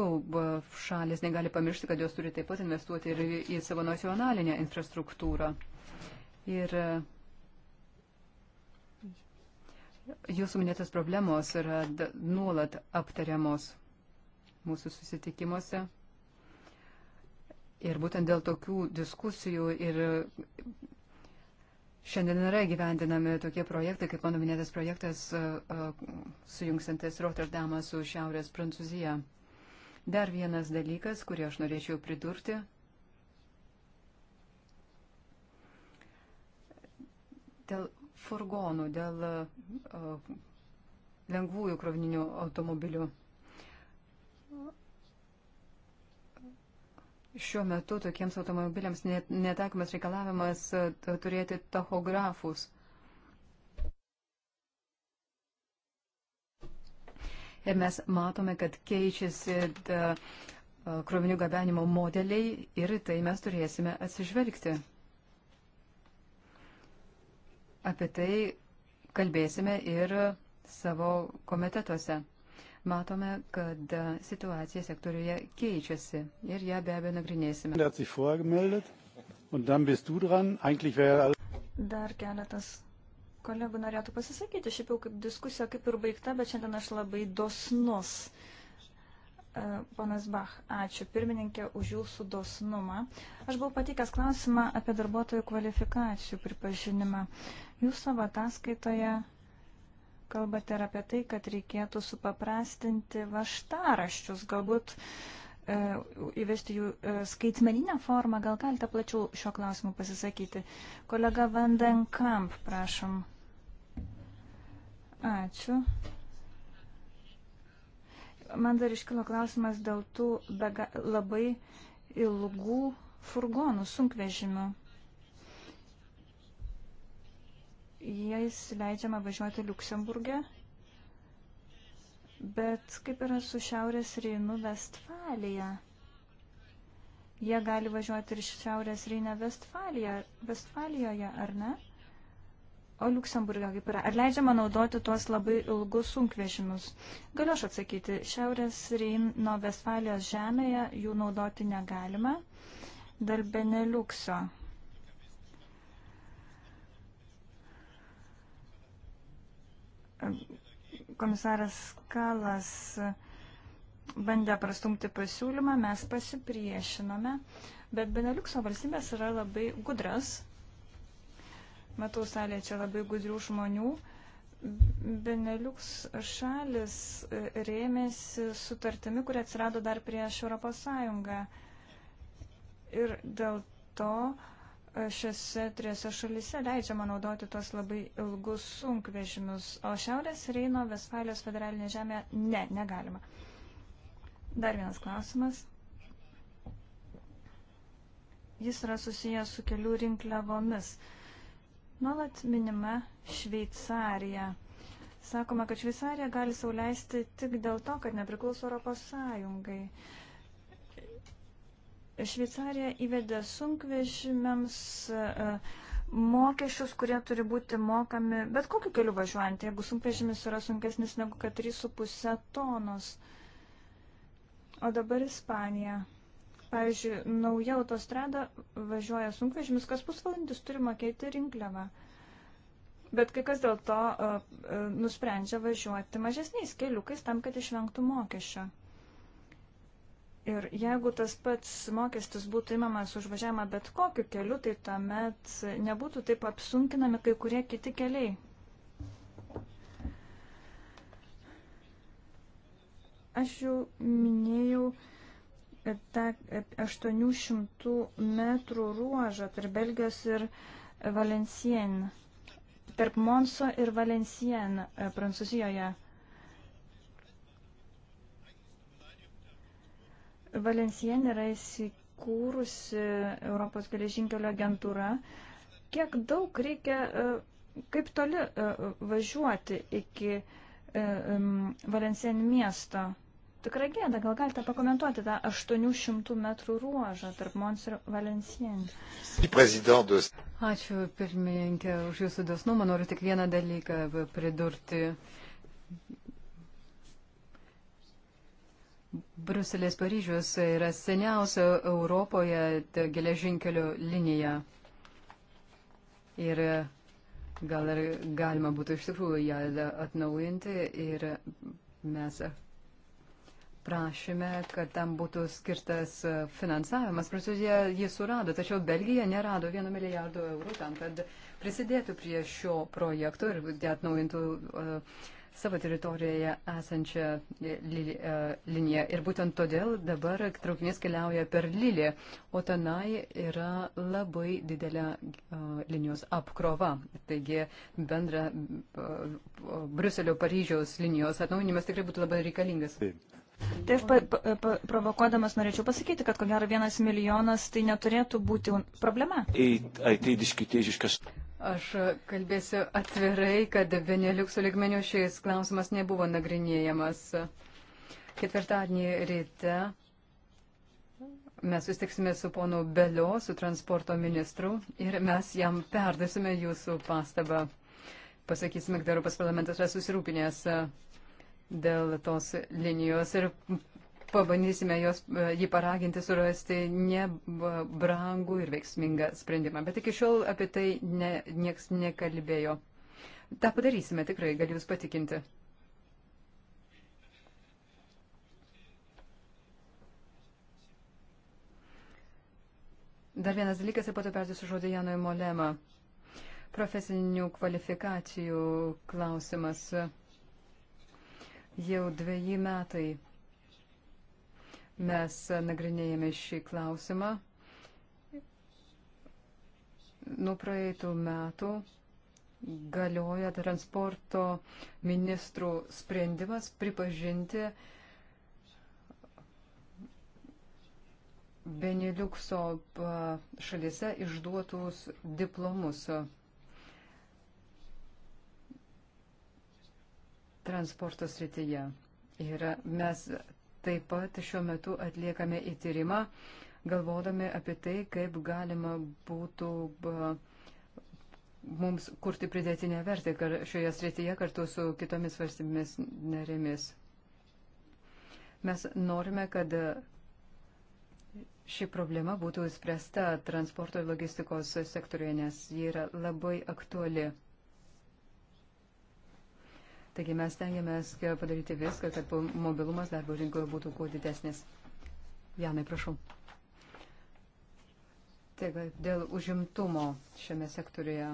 šalis negali pamiršti, kad jos turi taip pat investuoti ir į savo nacionalinę infrastruktūrą. Ir e, jūsų minėtos problemos yra nuolat aptariamos mūsų susitikimuose. Ir būtent dėl tokių diskusijų ir Šiandien yra gyvendinami tokie projektai, kaip mano minėtas projektas sujungsantis Rotterdamą su Šiaurės Prancūzija. Dar vienas dalykas, kurį aš norėčiau pridurti. Dėl furgonų, dėl lengvųjų krovininių automobilių Šiuo metu tokiems automobiliams net, netakomas reikalavimas e, turėti tachografus. Ir mes matome, kad keičiasi e, krovinių gabenimo modeliai ir tai mes turėsime atsižvelgti. Apie tai kalbėsime ir savo komitetuose matome, kad situacija sektoriuje keičiasi ir ją be abejo nagrinėsime. Dar keletas kolegų norėtų pasisakyti. Šiaip jau kaip diskusija kaip ir baigta, bet šiandien aš labai dosnus. E, ponas Bach, ačiū pirmininkė už jūsų dosnumą. Aš buvau patikęs klausimą apie darbuotojų kvalifikacijų pripažinimą. Jūs savo ataskaitoje kalbate ir apie tai, kad reikėtų supaprastinti vaštaraščius, galbūt e, įvesti jų e, skaitmeninę formą, gal galite plačiau šio klausimu pasisakyti. Kolega Vandenkamp, prašom. Ačiū. Man dar iškilo klausimas dėl tų bega, labai ilgų furgonų sunkvežimių. jais leidžiama važiuoti Luksemburgė. Bet kaip yra su Šiaurės Reinu Vestfalija? Jie gali važiuoti ir Šiaurės Reinę Vestfalijoje, ar ne? O Luksemburgė kaip yra? Ar leidžiama naudoti tuos labai ilgus sunkvežimius? Galiu aš atsakyti, Šiaurės Reino Vestfalijos žemėje jų naudoti negalima. Dėl Beneliukso komisaras Kalas bandė prastumti pasiūlymą, mes pasipriešinome, bet Beneliukso valstybės yra labai gudras. Matau salėje čia labai gudrių žmonių. Beneliuks šalis rėmėsi sutartimi, kuri atsirado dar prieš Europos Sąjungą. Ir dėl to uh, šiuose trijose šalyse leidžiama naudoti tuos labai ilgus sunkvežimius, o Šiaurės Reino Vesfalijos federalinė žemė ne, negalima. Dar vienas klausimas. Jis yra susijęs su kelių rinkliavomis. Nuolat minima Šveicarija. Sakoma, kad Šveicarija gali sauliaisti tik dėl to, kad nepriklauso Europos Sąjungai. Uh, Šveicarija įvedė sunkvežimiams e, mokesčius, kurie turi būti mokami bet kokiu keliu važiuojant, jeigu sunkvežimis yra sunkesnis negu 4,5 tonos. O dabar Ispanija. Pavyzdžiui, nauja autostrada važiuoja sunkvežimis, kas pusvalandis turi mokėti rinkliavą. Bet kai kas dėl to uh, uh, nusprendžia važiuoti mažesniais keliukais tam, kad išvengtų mokesčio. Ir jeigu tas pats mokestis būtų imamas už važiavimą bet kokiu keliu, tai tuomet nebūtų taip apsunkinami kai kurie kiti keliai. Aš jau minėjau tą 800 metrų ruožą tarp Belgijos ir Valencien, tarp Monso ir Valencien Prancūzijoje. Valencien yra įsikūrusi Europos geležinkelio agentūra. Kiek daug reikia, e, kaip toli e, važiuoti iki e, Valencien miesto? Tikrai gėda, gal galite pakomentuoti tą 800 metrų ruožą tarp Mons ir Valencien. Ačiū pirmininkė už jūsų dosnumą, noriu tik vieną dalyką pridurti. Bruselės Paryžius yra seniausia Europoje geležinkelio linija. Ir gal ir galima būtų iš tikrųjų ją atnaujinti ir mes prašėme, kad tam būtų skirtas finansavimas. Prancūzija jį surado, tačiau Belgija nerado vieno milijardo eurų tam, kad prisidėtų prie šio projekto ir atnaujintų uh, savo teritorijoje esančią e, liniją. Ir būtent todėl dabar traukinys keliauja per Lilį, o tenai yra labai didelė e, linijos apkrova. Taigi bendra e, Bruselio Paryžiaus linijos atnaujinimas tikrai būtų labai reikalingas. Tai aš pa, pa, pa, provokuodamas norėčiau pasakyti, kad ko gero vienas milijonas tai neturėtų būti problema. Tai Aš kalbėsiu atvirai, kad Beneliuksų ligmenių šis klausimas nebuvo nagrinėjamas. Ketvirtadienį ryte mes susitiksime su ponu Belio, su transporto ministru ir mes jam perdasime jūsų pastabą. Pasakysime, kad Europos parlamentas yra susirūpinęs dėl tos linijos ir pabandysime jos, e, jį paraginti surasti nebrangų ir veiksmingą sprendimą. Bet iki šiol apie tai ne, nieks nekalbėjo. Ta padarysime tikrai, galiu Jūs patikinti. Dar vienas dalykas ir pato perduosiu žodį Janui Molema. Profesinių kvalifikacijų klausimas. Jau dviejį metai Mes nagrinėjame šį klausimą. Nuo praeitų metų galioja transporto ministrų sprendimas pripažinti Beniliukso šalise išduotus diplomus. transporto srityje. Ir mes Taip pat šiuo metu atliekame įtyrimą, galvodami apie tai, kaip galima būtų mums kurti pridėtinę vertę šioje srityje kartu su kitomis valstybėmis narėmis. Mes norime, kad ši problema būtų spręsta transporto ir logistikos sektoriuje, nes ji yra labai aktuali. Taigi mes tengiamės padaryti viską, kad mobilumas darbo rinkoje būtų kuo didesnis. Janai, prašau. Taip, dėl užimtumo šiame sektoriuje.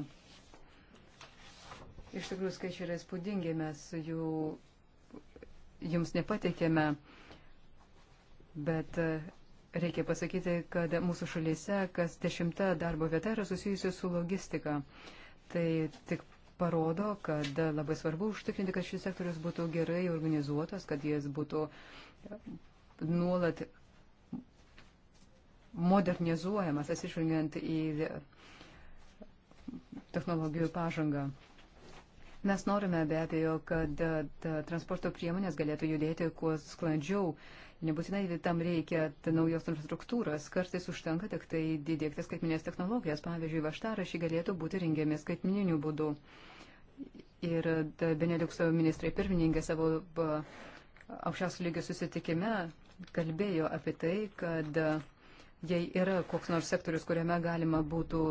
Iš tikrųjų, skaičiai yra įspūdingi, mes jų jums nepateikėme, bet e, reikia pasakyti, kad mūsų šalyse kas dešimta darbo vieta yra susijusi su logistika. Tai tik parodo, kad labai svarbu užtikrinti, kad šis sektorius būtų gerai organizuotas, kad jis būtų nuolat modernizuojamas, atsižvelgiant į technologijų pažangą. Mes norime be abejo, kad e, transporto priemonės galėtų judėti kuo sklandžiau Nebūtinai tam reikia naujos infrastruktūros, kartais užtenka tik tai didėkti skaitminės technologijas. Pavyzdžiui, vaštarašiai galėtų būti rengiami skaitmininiu būdu. Ir e, Beneliukso ministrai pirmininkė savo aukščiausio lygio susitikime kalbėjo apie tai, kad e, jei yra koks nors sektorius, kuriame galima būtų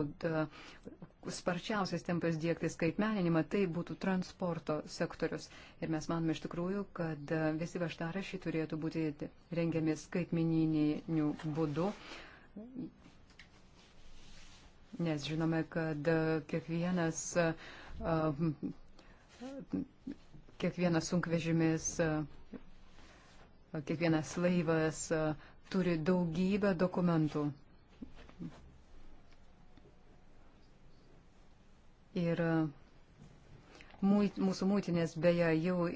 sparčiausias tempas dėkti skaitmeninimą, tai būtų transporto sektorius. Ir mes manome iš tikrųjų, kad visi vaštarašiai turėtų būti rengiami skaitmeniniu būdu. Nes žinome, kad kiekvienas, kiekvienas sunkvežimis, kiekvienas laivas turi daugybę dokumentų. Ir e, mūsų mūtinės beje jau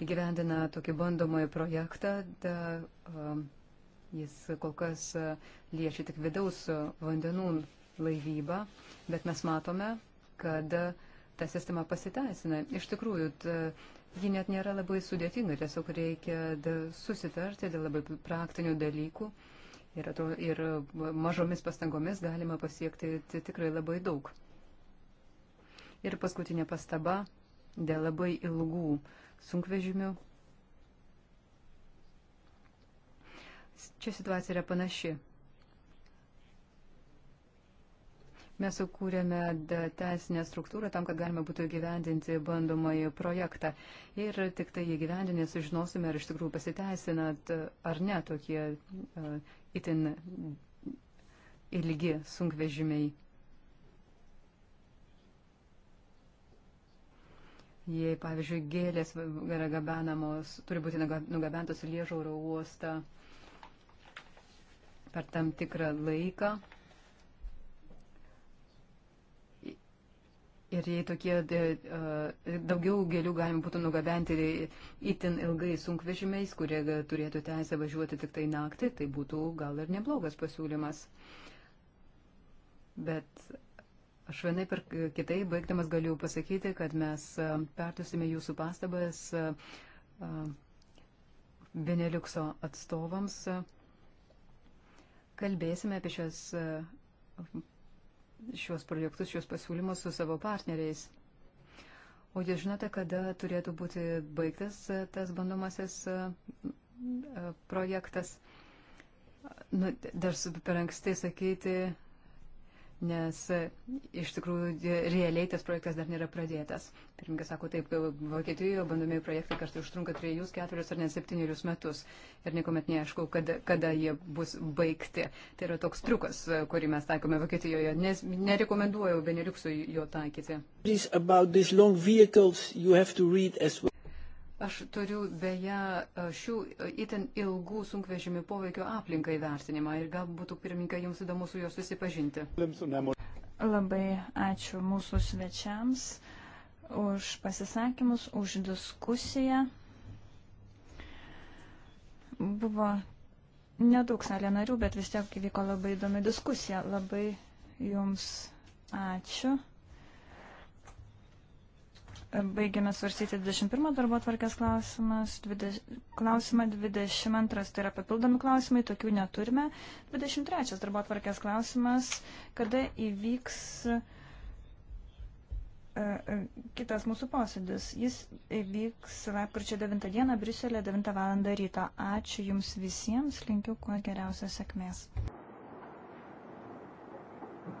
įgyvendina tokį bandomąjį projektą. Da, e, jis kol kas e, liečia tik vidaus vandenų laivybą, bet mes matome, kad ta sistema pasiteisina. Iš tikrųjų, ta, ji net nėra labai sudėtinga, tiesiog reikia da, susitarti dėl labai praktinių dalykų. Ir, atrodo, ir mažomis pastangomis galima pasiekti tikrai labai daug. Ir paskutinė pastaba dėl labai ilgų sunkvežimių. Čia situacija yra panaši. Mes sukūrėme teisinę struktūrą tam, kad galima būtų įgyvendinti bandomąjį projektą. Ir tik tai įgyvendinę sužinosime, ar iš tikrųjų pasiteisina, ar ne tokie uh, itin ilgi sunkvežimiai. Jei, pavyzdžiui, gėlės yra gabenamos, turi būti nugabentos į Liežo oro uostą per tam tikrą laiką. Ir jei tokie e, e, daugiau gėlių galima būtų nugabenti itin ilgai sunkvežimiais, kurie turėtų teisę važiuoti tik tai naktį, tai būtų gal ir neblogas pasiūlymas. Bet Aš vienai per kitai baigdamas galiu pasakyti, kad mes e, pertusime jūsų pastabas e, e, Beneliukso atstovams. Kalbėsime apie šios, šios projektus, šios pasiūlymus su savo partneriais. O jūs žinote, kada turėtų būti baigtas tas bandomasis projektas? Nu, dar per anksti sakyti, nes e, iš tikrųjų realiai tas projektas dar nėra pradėtas. Pirmininkas sako, taip, e, Vokietijoje bandomieji projektai kartais užtrunka trejus, keturis ar net septynerius metus ir niekuomet neaišku, kada, kada jie bus baigti. Tai yra toks triukas, e, kurį mes taikome Vokietijoje, nes nerekomenduoju Beneliuksui jo taikyti. Well. Aš turiu beje e, šių e, itin ilgų sunkvežimių poveikio aplinkai vertinimą ir gal būtų pirmininkai jums įdomu su juos susipažinti. Labai ačiū mūsų svečiams už pasisakymus, už diskusiją. Buvo nedaug salė narių, bet vis tiek įvyko labai įdomi diskusija. Labai jums ačiū. Baigiame svarstyti 21 darbo atvarkės klausimas, 20, klausimą 22, tai yra papildomi klausimai, tokių neturime. 23 darbo atvarkės klausimas, kada įvyks uh, kitas mūsų posėdis. Jis įvyks lapkričio 9 dieną Briuselė 9 val. ryto. Ačiū Jums visiems, linkiu kuo geriausios sėkmės.